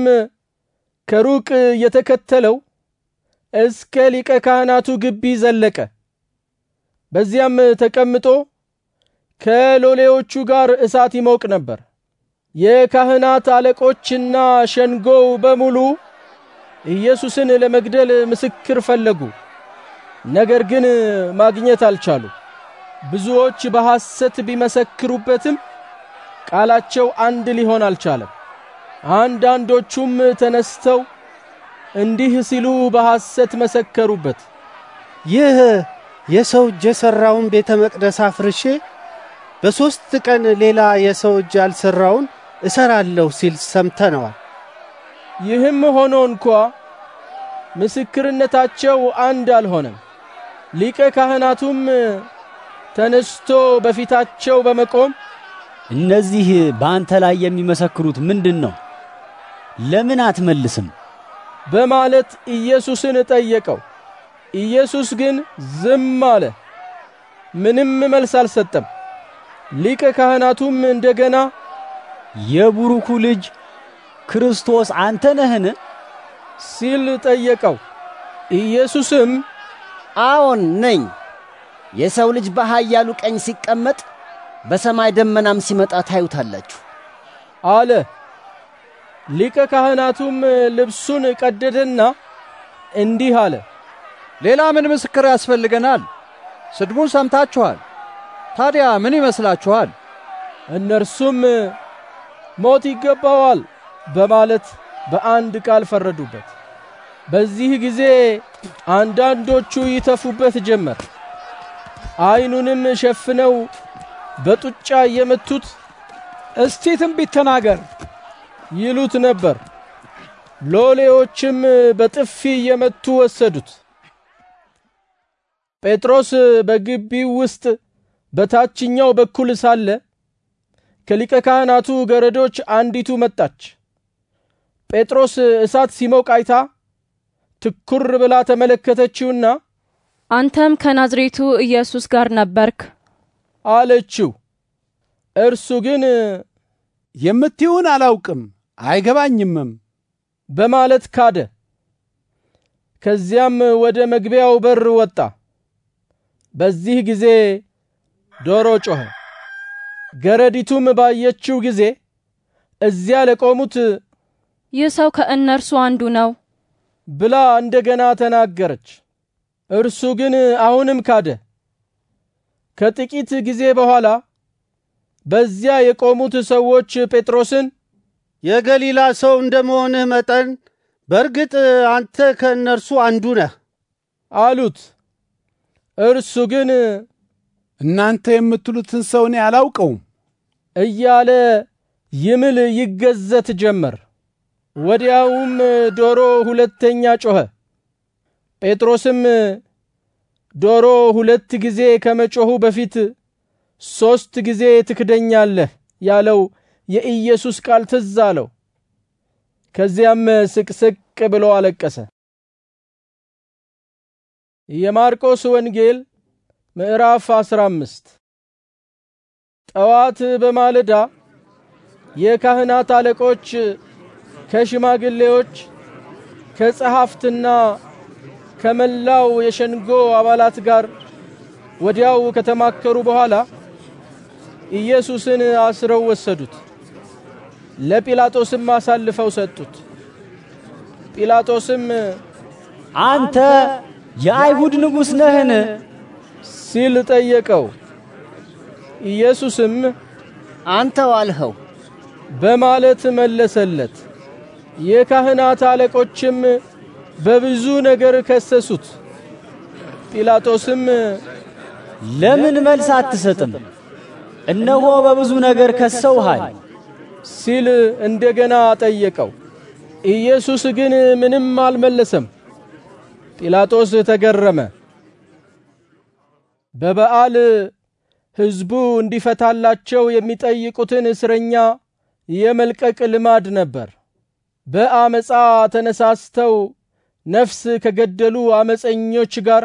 ከሩቅ የተከተለው እስከ ሊቀ ካህናቱ ግቢ ዘለቀ። በዚያም ተቀምጦ ከሎሌዎቹ ጋር እሳት ይሞቅ ነበር። የካህናት አለቆችና ሸንጎው በሙሉ ኢየሱስን ለመግደል ምስክር ፈለጉ፣ ነገር ግን ማግኘት አልቻሉ። ብዙዎች በሐሰት ቢመሰክሩበትም ቃላቸው አንድ ሊሆን አልቻለም። አንዳንዶቹም ተነስተው እንዲህ ሲሉ በሐሰት መሰከሩበት፣ ይህ የሰው እጅ የሠራውን ቤተ መቅደስ አፍርሼ በሶስት ቀን ሌላ የሰው እጅ ያልሰራውን እሰራለሁ ሲል ሰምተነዋል። ይህም ሆኖ እንኳ ምስክርነታቸው አንድ አልሆነም። ሊቀ ካህናቱም ተነስቶ በፊታቸው በመቆም እነዚህ በአንተ ላይ የሚመሰክሩት ምንድን ነው? ለምን አትመልስም? በማለት ኢየሱስን ጠየቀው። ኢየሱስ ግን ዝም አለ፣ ምንም መልስ አልሰጠም። ሊቀ ካህናቱም እንደገና የቡሩኩ ልጅ ክርስቶስ አንተ ነህን? ሲል ጠየቀው። ኢየሱስም አዎን ነኝ፣ የሰው ልጅ በኃያሉ ቀኝ ሲቀመጥ በሰማይ ደመናም ሲመጣ ታዩታላችሁ አለ። ሊቀ ካህናቱም ልብሱን ቀደደና እንዲህ አለ፣ ሌላ ምን ምስክር ያስፈልገናል? ስድቡን ሰምታችኋል። ታዲያ ምን ይመስላችኋል? እነርሱም ሞት ይገባዋል በማለት በአንድ ቃል ፈረዱበት። በዚህ ጊዜ አንዳንዶቹ ይተፉበት ጀመር። ዓይኑንም ሸፍነው በጡጫ እየመቱት እስቲ ትንቢት ተናገር ይሉት ነበር። ሎሌዎችም በጥፊ እየመቱ ወሰዱት። ጴጥሮስ በግቢው ውስጥ በታችኛው በኩል ሳለ ከሊቀ ካህናቱ ገረዶች አንዲቱ መጣች። ጴጥሮስ እሳት ሲሞቅ አይታ ትኩር ብላ ተመለከተችውና አንተም ከናዝሬቱ ኢየሱስ ጋር ነበርክ አለችው። እርሱ ግን የምትይውን አላውቅም አይገባኝምም በማለት ካደ። ከዚያም ወደ መግቢያው በር ወጣ። በዚህ ጊዜ ዶሮ ጮኸ። ገረዲቱም ባየችው ጊዜ እዚያ ለቆሙት ይህ ሰው ከእነርሱ አንዱ ነው ብላ እንደገና ተናገረች። እርሱ ግን አሁንም ካደ። ከጥቂት ጊዜ በኋላ በዚያ የቆሙት ሰዎች ጴጥሮስን የገሊላ ሰው እንደመሆንህ መጠን በእርግጥ አንተ ከእነርሱ አንዱ ነህ አሉት። እርሱ ግን እናንተ የምትሉትን ሰው እኔ አላውቀውም እያለ ይምል ይገዘት ጀመር። ወዲያውም ዶሮ ሁለተኛ ጮኸ። ጴጥሮስም ዶሮ ሁለት ጊዜ ከመጮኹ በፊት ሶስት ጊዜ ትክደኛለህ ያለው የኢየሱስ ቃል ትዝ አለው። ከዚያም ስቅስቅ ብሎ አለቀሰ። የማርቆስ ወንጌል ምዕራፍ 15 ጠዋት በማለዳ የካህናት አለቆች ከሽማግሌዎች ከጸሐፍትና ከመላው የሸንጎ አባላት ጋር ወዲያው ከተማከሩ በኋላ ኢየሱስን አስረው ወሰዱት። ለጲላጦስም አሳልፈው ሰጡት። ጲላጦስም አንተ የአይሁድ ንጉሥ ነህን ሲል ጠየቀው። ኢየሱስም አንተው አልኸው በማለት መለሰለት። የካህናት አለቆችም በብዙ ነገር ከሰሱት። ጲላጦስም ለምን መልስ አትሰጥም? እነሆ በብዙ ነገር ከሰውሃል ሲል እንደገና ጠየቀው። ኢየሱስ ግን ምንም አልመለሰም። ጲላጦስ ተገረመ። በበዓል ሕዝቡ እንዲፈታላቸው የሚጠይቁትን እስረኛ የመልቀቅ ልማድ ነበር። በአመፃ ተነሳስተው ነፍስ ከገደሉ አመፀኞች ጋር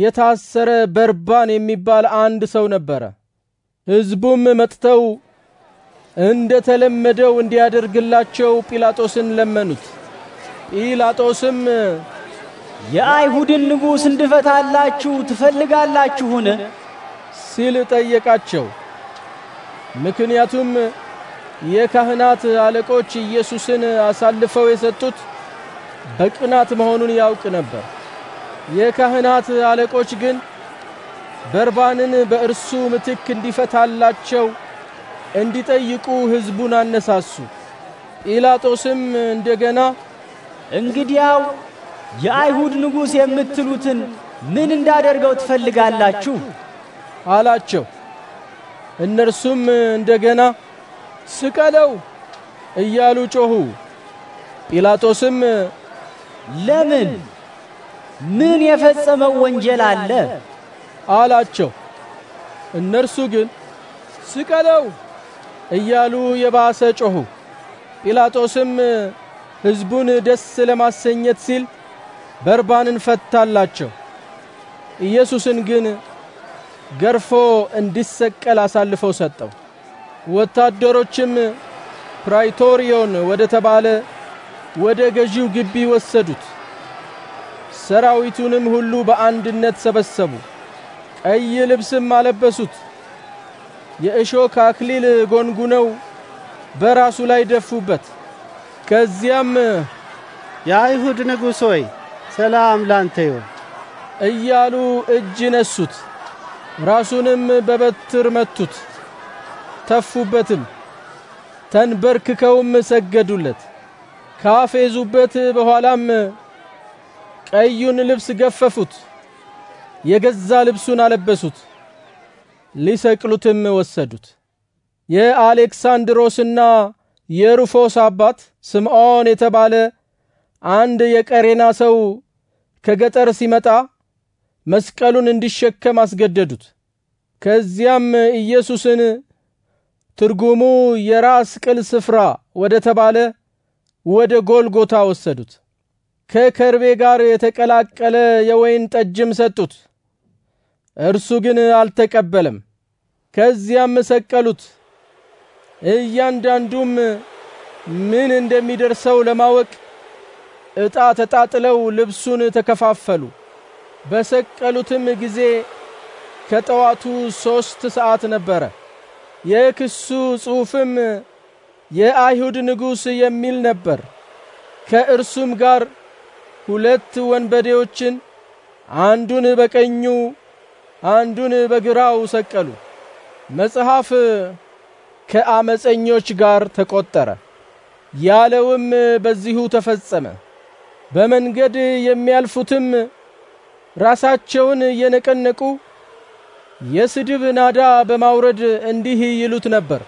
የታሰረ በርባን የሚባል አንድ ሰው ነበረ። ሕዝቡም መጥተው እንደ ተለመደው እንዲያደርግላቸው ጲላጦስን ለመኑት። ጲላጦስም የአይሁድን ንጉሥ እንድፈታላችሁ ትፈልጋላችሁን? ሲል ጠየቃቸው። ምክንያቱም የካህናት አለቆች ኢየሱስን አሳልፈው የሰጡት በቅናት መሆኑን ያውቅ ነበር። የካህናት አለቆች ግን በርባንን በእርሱ ምትክ እንዲፈታላቸው እንዲጠይቁ ሕዝቡን አነሳሱ። ጲላጦስም እንደገና እንግዲያው የአይሁድ ንጉሥ የምትሉትን ምን እንዳደርገው ትፈልጋላችሁ? አላቸው። እነርሱም እንደገና ስቀለው እያሉ ጮኹ። ጲላጦስም ለምን ምን የፈጸመው ወንጀል አለ? አላቸው። እነርሱ ግን ስቀለው እያሉ የባሰ ጮኹ። ጲላጦስም ሕዝቡን ደስ ለማሰኘት ሲል በርባንን ፈታላቸው። ኢየሱስን ግን ገርፎ እንዲሰቀል አሳልፈው ሰጠው። ወታደሮችም ፕራይቶሪዮን ወደ ተባለ ወደ ገዢው ግቢ ወሰዱት። ሰራዊቱንም ሁሉ በአንድነት ሰበሰቡ። ቀይ ልብስም አለበሱት። የእሾክ አክሊል ጎንጉነው በራሱ ላይ ደፉበት። ከዚያም የአይሁድ ንጉሥ ሆይ ሰላም ላንተ ይሁን እያሉ እጅ ነሱት። ራሱንም በበትር መቱት፣ ተፉበትም፣ ተንበርክከውም ሰገዱለት። ካፌዙበት በኋላም ቀዩን ልብስ ገፈፉት፣ የገዛ ልብሱን አለበሱት፣ ሊሰቅሉትም ወሰዱት። የአሌክሳንድሮስና የሩፎስ አባት ስምዖን የተባለ አንድ የቀሬና ሰው ከገጠር ሲመጣ መስቀሉን እንዲሸከም አስገደዱት። ከዚያም ኢየሱስን ትርጉሙ የራስ ቅል ስፍራ ወደ ተባለ ወደ ጎልጎታ ወሰዱት። ከከርቤ ጋር የተቀላቀለ የወይን ጠጅም ሰጡት። እርሱ ግን አልተቀበለም። ከዚያም ሰቀሉት። እያንዳንዱም ምን እንደሚደርሰው ለማወቅ ዕጣ ተጣጥለው ልብሱን ተከፋፈሉ። በሰቀሉትም ጊዜ ከጠዋቱ ሦስት ሰዓት ነበረ። የክሱ ጽሑፍም የአይሁድ ንጉሥ የሚል ነበር። ከእርሱም ጋር ሁለት ወንበዴዎችን አንዱን በቀኙ አንዱን በግራው ሰቀሉ። መጽሐፍ ከአመፀኞች ጋር ተቆጠረ ያለውም በዚሁ ተፈጸመ። በመንገድ የሚያልፉትም ራሳቸውን እየነቀነቁ የስድብ ናዳ በማውረድ እንዲህ ይሉት ነበር።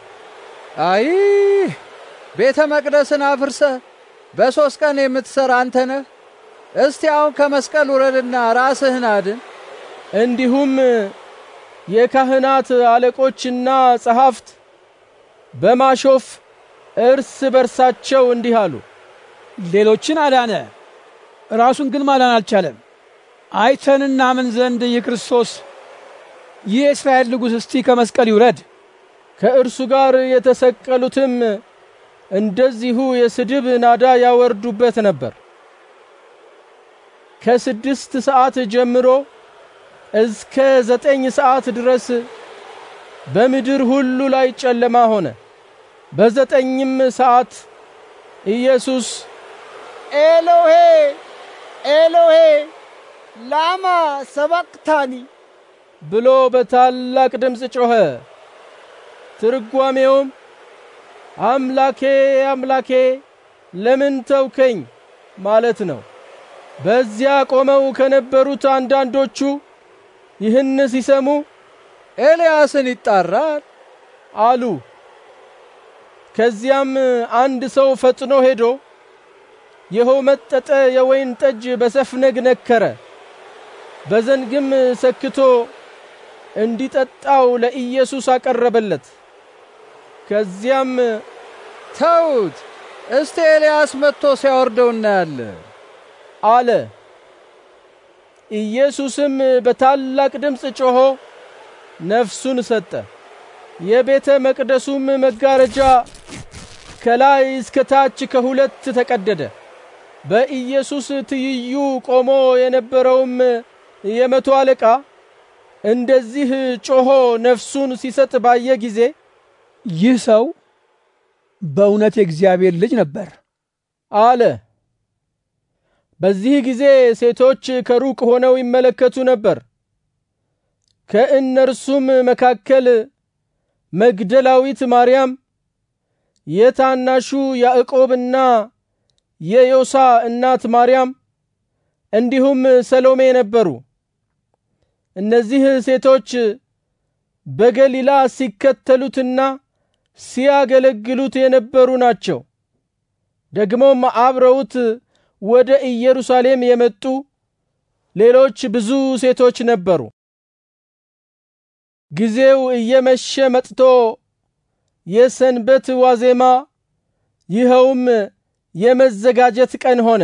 አይ ቤተ መቅደስን አፍርሰ በሶስት ቀን የምትሰራ አንተ ነህ? እስቲ አሁን ከመስቀል ውረድና ራስህን አድን። እንዲሁም የካህናት አለቆችና ጸሐፍት በማሾፍ እርስ በርሳቸው እንዲህ አሉ፣ ሌሎችን አዳነ ራሱን ግን ማዳን አልቻለም። አይተን እናምን ዘንድ የክርስቶስ የእስራኤል ንጉሥ እስቲ ከመስቀል ይውረድ፣ ከእርሱ ጋር የተሰቀሉትም እንደዚሁ የስድብ ናዳ ያወርዱበት ነበር። ከስድስት ሰዓት ጀምሮ እስከ ዘጠኝ ሰዓት ድረስ በምድር ሁሉ ላይ ጨለማ ሆነ። በዘጠኝም ሰዓት ኢየሱስ ኤሎሄ ኤሎሄ ላማ ሰባቅታኒ ብሎ በታላቅ ድምፅ ጮኸ። ትርጓሜውም አምላኬ አምላኬ ለምን ተውከኝ ማለት ነው። በዚያ ቆመው ከነበሩት አንዳንዶቹ ይህን ሲሰሙ ኤልያስን ይጣራል አሉ። ከዚያም አንድ ሰው ፈጥኖ ሄዶ ይኸው መጠጠ የወይን ጠጅ በሰፍነግ ነከረ፣ በዘንግም ሰክቶ እንዲጠጣው ለኢየሱስ አቀረበለት። ከዚያም ተውት፣ እስቲ ኤልያስ መጥቶ ሲያወርደው እናያለን አለ። ኢየሱስም በታላቅ ድምፅ ጮሆ ነፍሱን ሰጠ። የቤተ መቅደሱም መጋረጃ ከላይ እስከ ታች ከሁለት ተቀደደ። በኢየሱስ ትይዩ ቆሞ የነበረውም የመቶ አለቃ እንደዚህ ጮሆ ነፍሱን ሲሰጥ ባየ ጊዜ ይህ ሰው በእውነት የእግዚአብሔር ልጅ ነበር አለ። በዚህ ጊዜ ሴቶች ከሩቅ ሆነው ይመለከቱ ነበር። ከእነርሱም መካከል መግደላዊት ማርያም፣ የታናሹ ያዕቆብና የዮሳ እናት ማርያም እንዲሁም ሰሎሜ ነበሩ። እነዚህ ሴቶች በገሊላ ሲከተሉትና ሲያገለግሉት የነበሩ ናቸው። ደግሞም አብረውት ወደ ኢየሩሳሌም የመጡ ሌሎች ብዙ ሴቶች ነበሩ። ጊዜው እየመሸ መጥቶ የሰንበት ዋዜማ ይኸውም የመዘጋጀት ቀን ሆነ።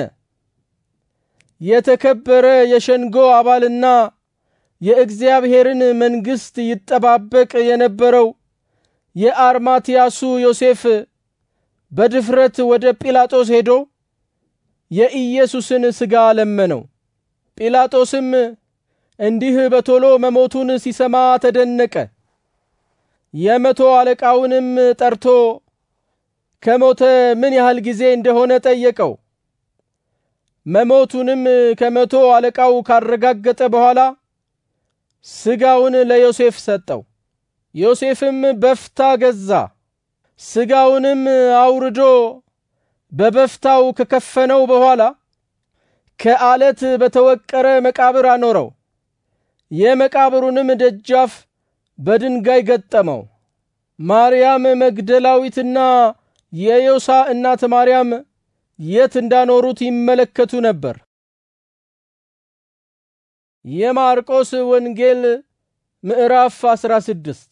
የተከበረ የሸንጎ አባልና የእግዚአብሔርን መንግሥት ይጠባበቅ የነበረው የአርማትያሱ ዮሴፍ በድፍረት ወደ ጲላጦስ ሄዶ የኢየሱስን ሥጋ ለመነው። ጲላጦስም እንዲህ በቶሎ መሞቱን ሲሰማ ተደነቀ። የመቶ አለቃውንም ጠርቶ ከሞተ ምን ያህል ጊዜ እንደሆነ ጠየቀው። መሞቱንም ከመቶ አለቃው ካረጋገጠ በኋላ ስጋውን ለዮሴፍ ሰጠው። ዮሴፍም በፍታ ገዛ። ስጋውንም አውርዶ በበፍታው ከከፈነው በኋላ ከአለት በተወቀረ መቃብር አኖረው። የመቃብሩንም ደጃፍ በድንጋይ ገጠመው። ማርያም መግደላዊትና የዮሳ እናት ማርያም የት እንዳኖሩት ይመለከቱ ነበር። የማርቆስ ወንጌል ምዕራፍ 16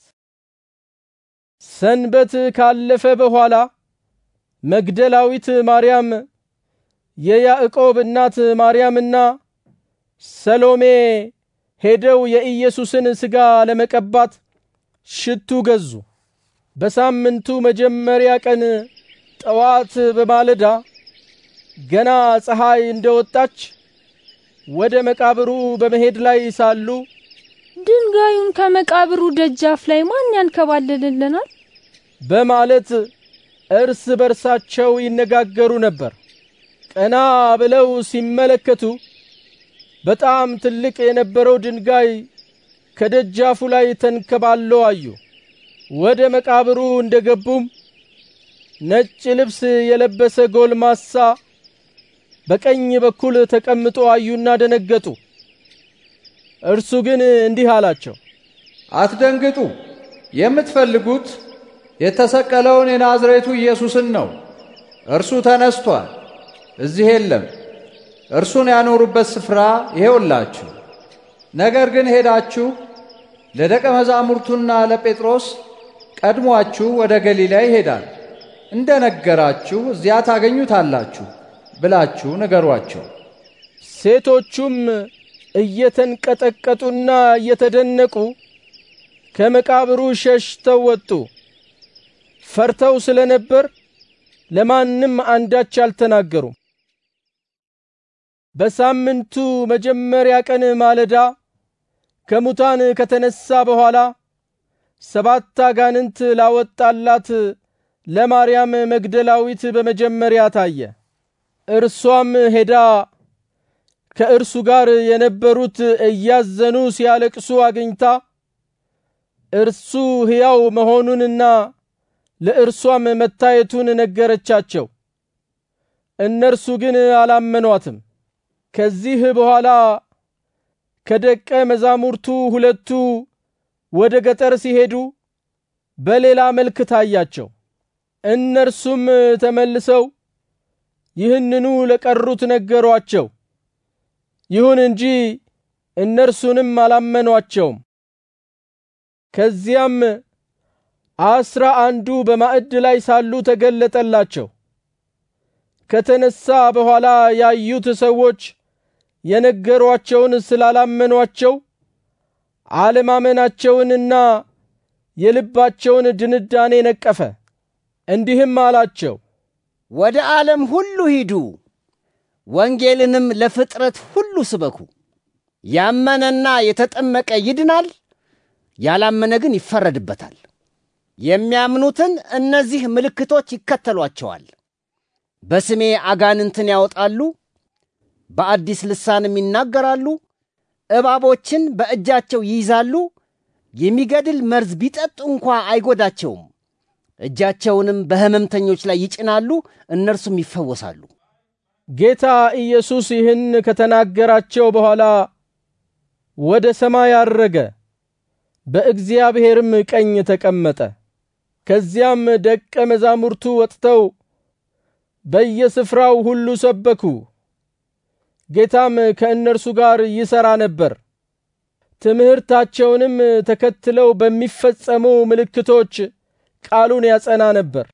ሰንበት ካለፈ በኋላ መግደላዊት ማርያም፣ የያዕቆብ እናት ማርያምና ሰሎሜ ሄደው የኢየሱስን ሥጋ ለመቀባት ሽቱ ገዙ። በሳምንቱ መጀመሪያ ቀን ጠዋት በማለዳ ገና ፀሐይ እንደወጣች ወደ መቃብሩ በመሄድ ላይ ሳሉ ድንጋዩን ከመቃብሩ ደጃፍ ላይ ማን ያንከባልልልናል? በማለት እርስ በርሳቸው ይነጋገሩ ነበር። ቀና ብለው ሲመለከቱ በጣም ትልቅ የነበረው ድንጋይ ከደጃፉ ላይ ተንከባሎ አዩ። ወደ መቃብሩ እንደገቡም ነጭ ልብስ የለበሰ ጎልማሳ በቀኝ በኩል ተቀምጦ አዩና ደነገጡ። እርሱ ግን እንዲህ አላቸው፣ አትደንግጡ። የምትፈልጉት የተሰቀለውን የናዝሬቱ ኢየሱስን ነው። እርሱ ተነስቷል፣ እዚህ የለም። እርሱን ያኖሩበት ስፍራ ይሄውላችሁ። ነገር ግን ሄዳችሁ ለደቀ መዛሙርቱና ለጴጥሮስ ቀድሟችሁ ወደ ገሊላ ይሄዳል፣ እንደ ነገራችሁ እዚያ ታገኙታላችሁ ብላችሁ ንገሯቸው። ሴቶቹም እየተንቀጠቀጡና እየተደነቁ ከመቃብሩ ሸሽተው ወጡ። ፈርተው ስለነበር ለማንም አንዳች አልተናገሩም። በሳምንቱ መጀመሪያ ቀን ማለዳ ከሙታን ከተነሳ በኋላ ሰባት አጋንንት ላወጣላት ለማርያም መግደላዊት በመጀመሪያ ታየ። እርሷም ሄዳ ከእርሱ ጋር የነበሩት እያዘኑ ሲያለቅሱ አግኝታ እርሱ ሕያው መሆኑንና ለእርሷም መታየቱን ነገረቻቸው። እነርሱ ግን አላመኗትም። ከዚህ በኋላ ከደቀ መዛሙርቱ ሁለቱ ወደ ገጠር ሲሄዱ በሌላ መልክ ታያቸው። እነርሱም ተመልሰው ይህንኑ ለቀሩት ነገሯቸው። ይሁን እንጂ እነርሱንም አላመኗቸውም። ከዚያም አስራ አንዱ በማዕድ ላይ ሳሉ ተገለጠላቸው። ከተነሳ በኋላ ያዩት ሰዎች የነገሯቸውን ስላላመኗቸው አለማመናቸውንና የልባቸውን ድንዳኔ ነቀፈ። እንዲህም አላቸው፣ ወደ ዓለም ሁሉ ሂዱ፣ ወንጌልንም ለፍጥረት ሁሉ ስበኩ። ያመነና የተጠመቀ ይድናል፣ ያላመነ ግን ይፈረድበታል። የሚያምኑትን እነዚህ ምልክቶች ይከተሏቸዋል። በስሜ አጋንንትን ያወጣሉ፣ በአዲስ ልሳንም ይናገራሉ፣ እባቦችን በእጃቸው ይይዛሉ፣ የሚገድል መርዝ ቢጠጡ እንኳ አይጎዳቸውም። እጃቸውንም በሕመምተኞች ላይ ይጭናሉ፣ እነርሱም ይፈወሳሉ። ጌታ ኢየሱስ ይህን ከተናገራቸው በኋላ ወደ ሰማይ አረገ፣ በእግዚአብሔርም ቀኝ ተቀመጠ። ከዚያም ደቀ መዛሙርቱ ወጥተው በየስፍራው ሁሉ ሰበኩ። ጌታም ከእነርሱ ጋር ይሰራ ነበር። ትምህርታቸውንም ተከትለው በሚፈጸሙ ምልክቶች ቃሉን ያጸና ነበር።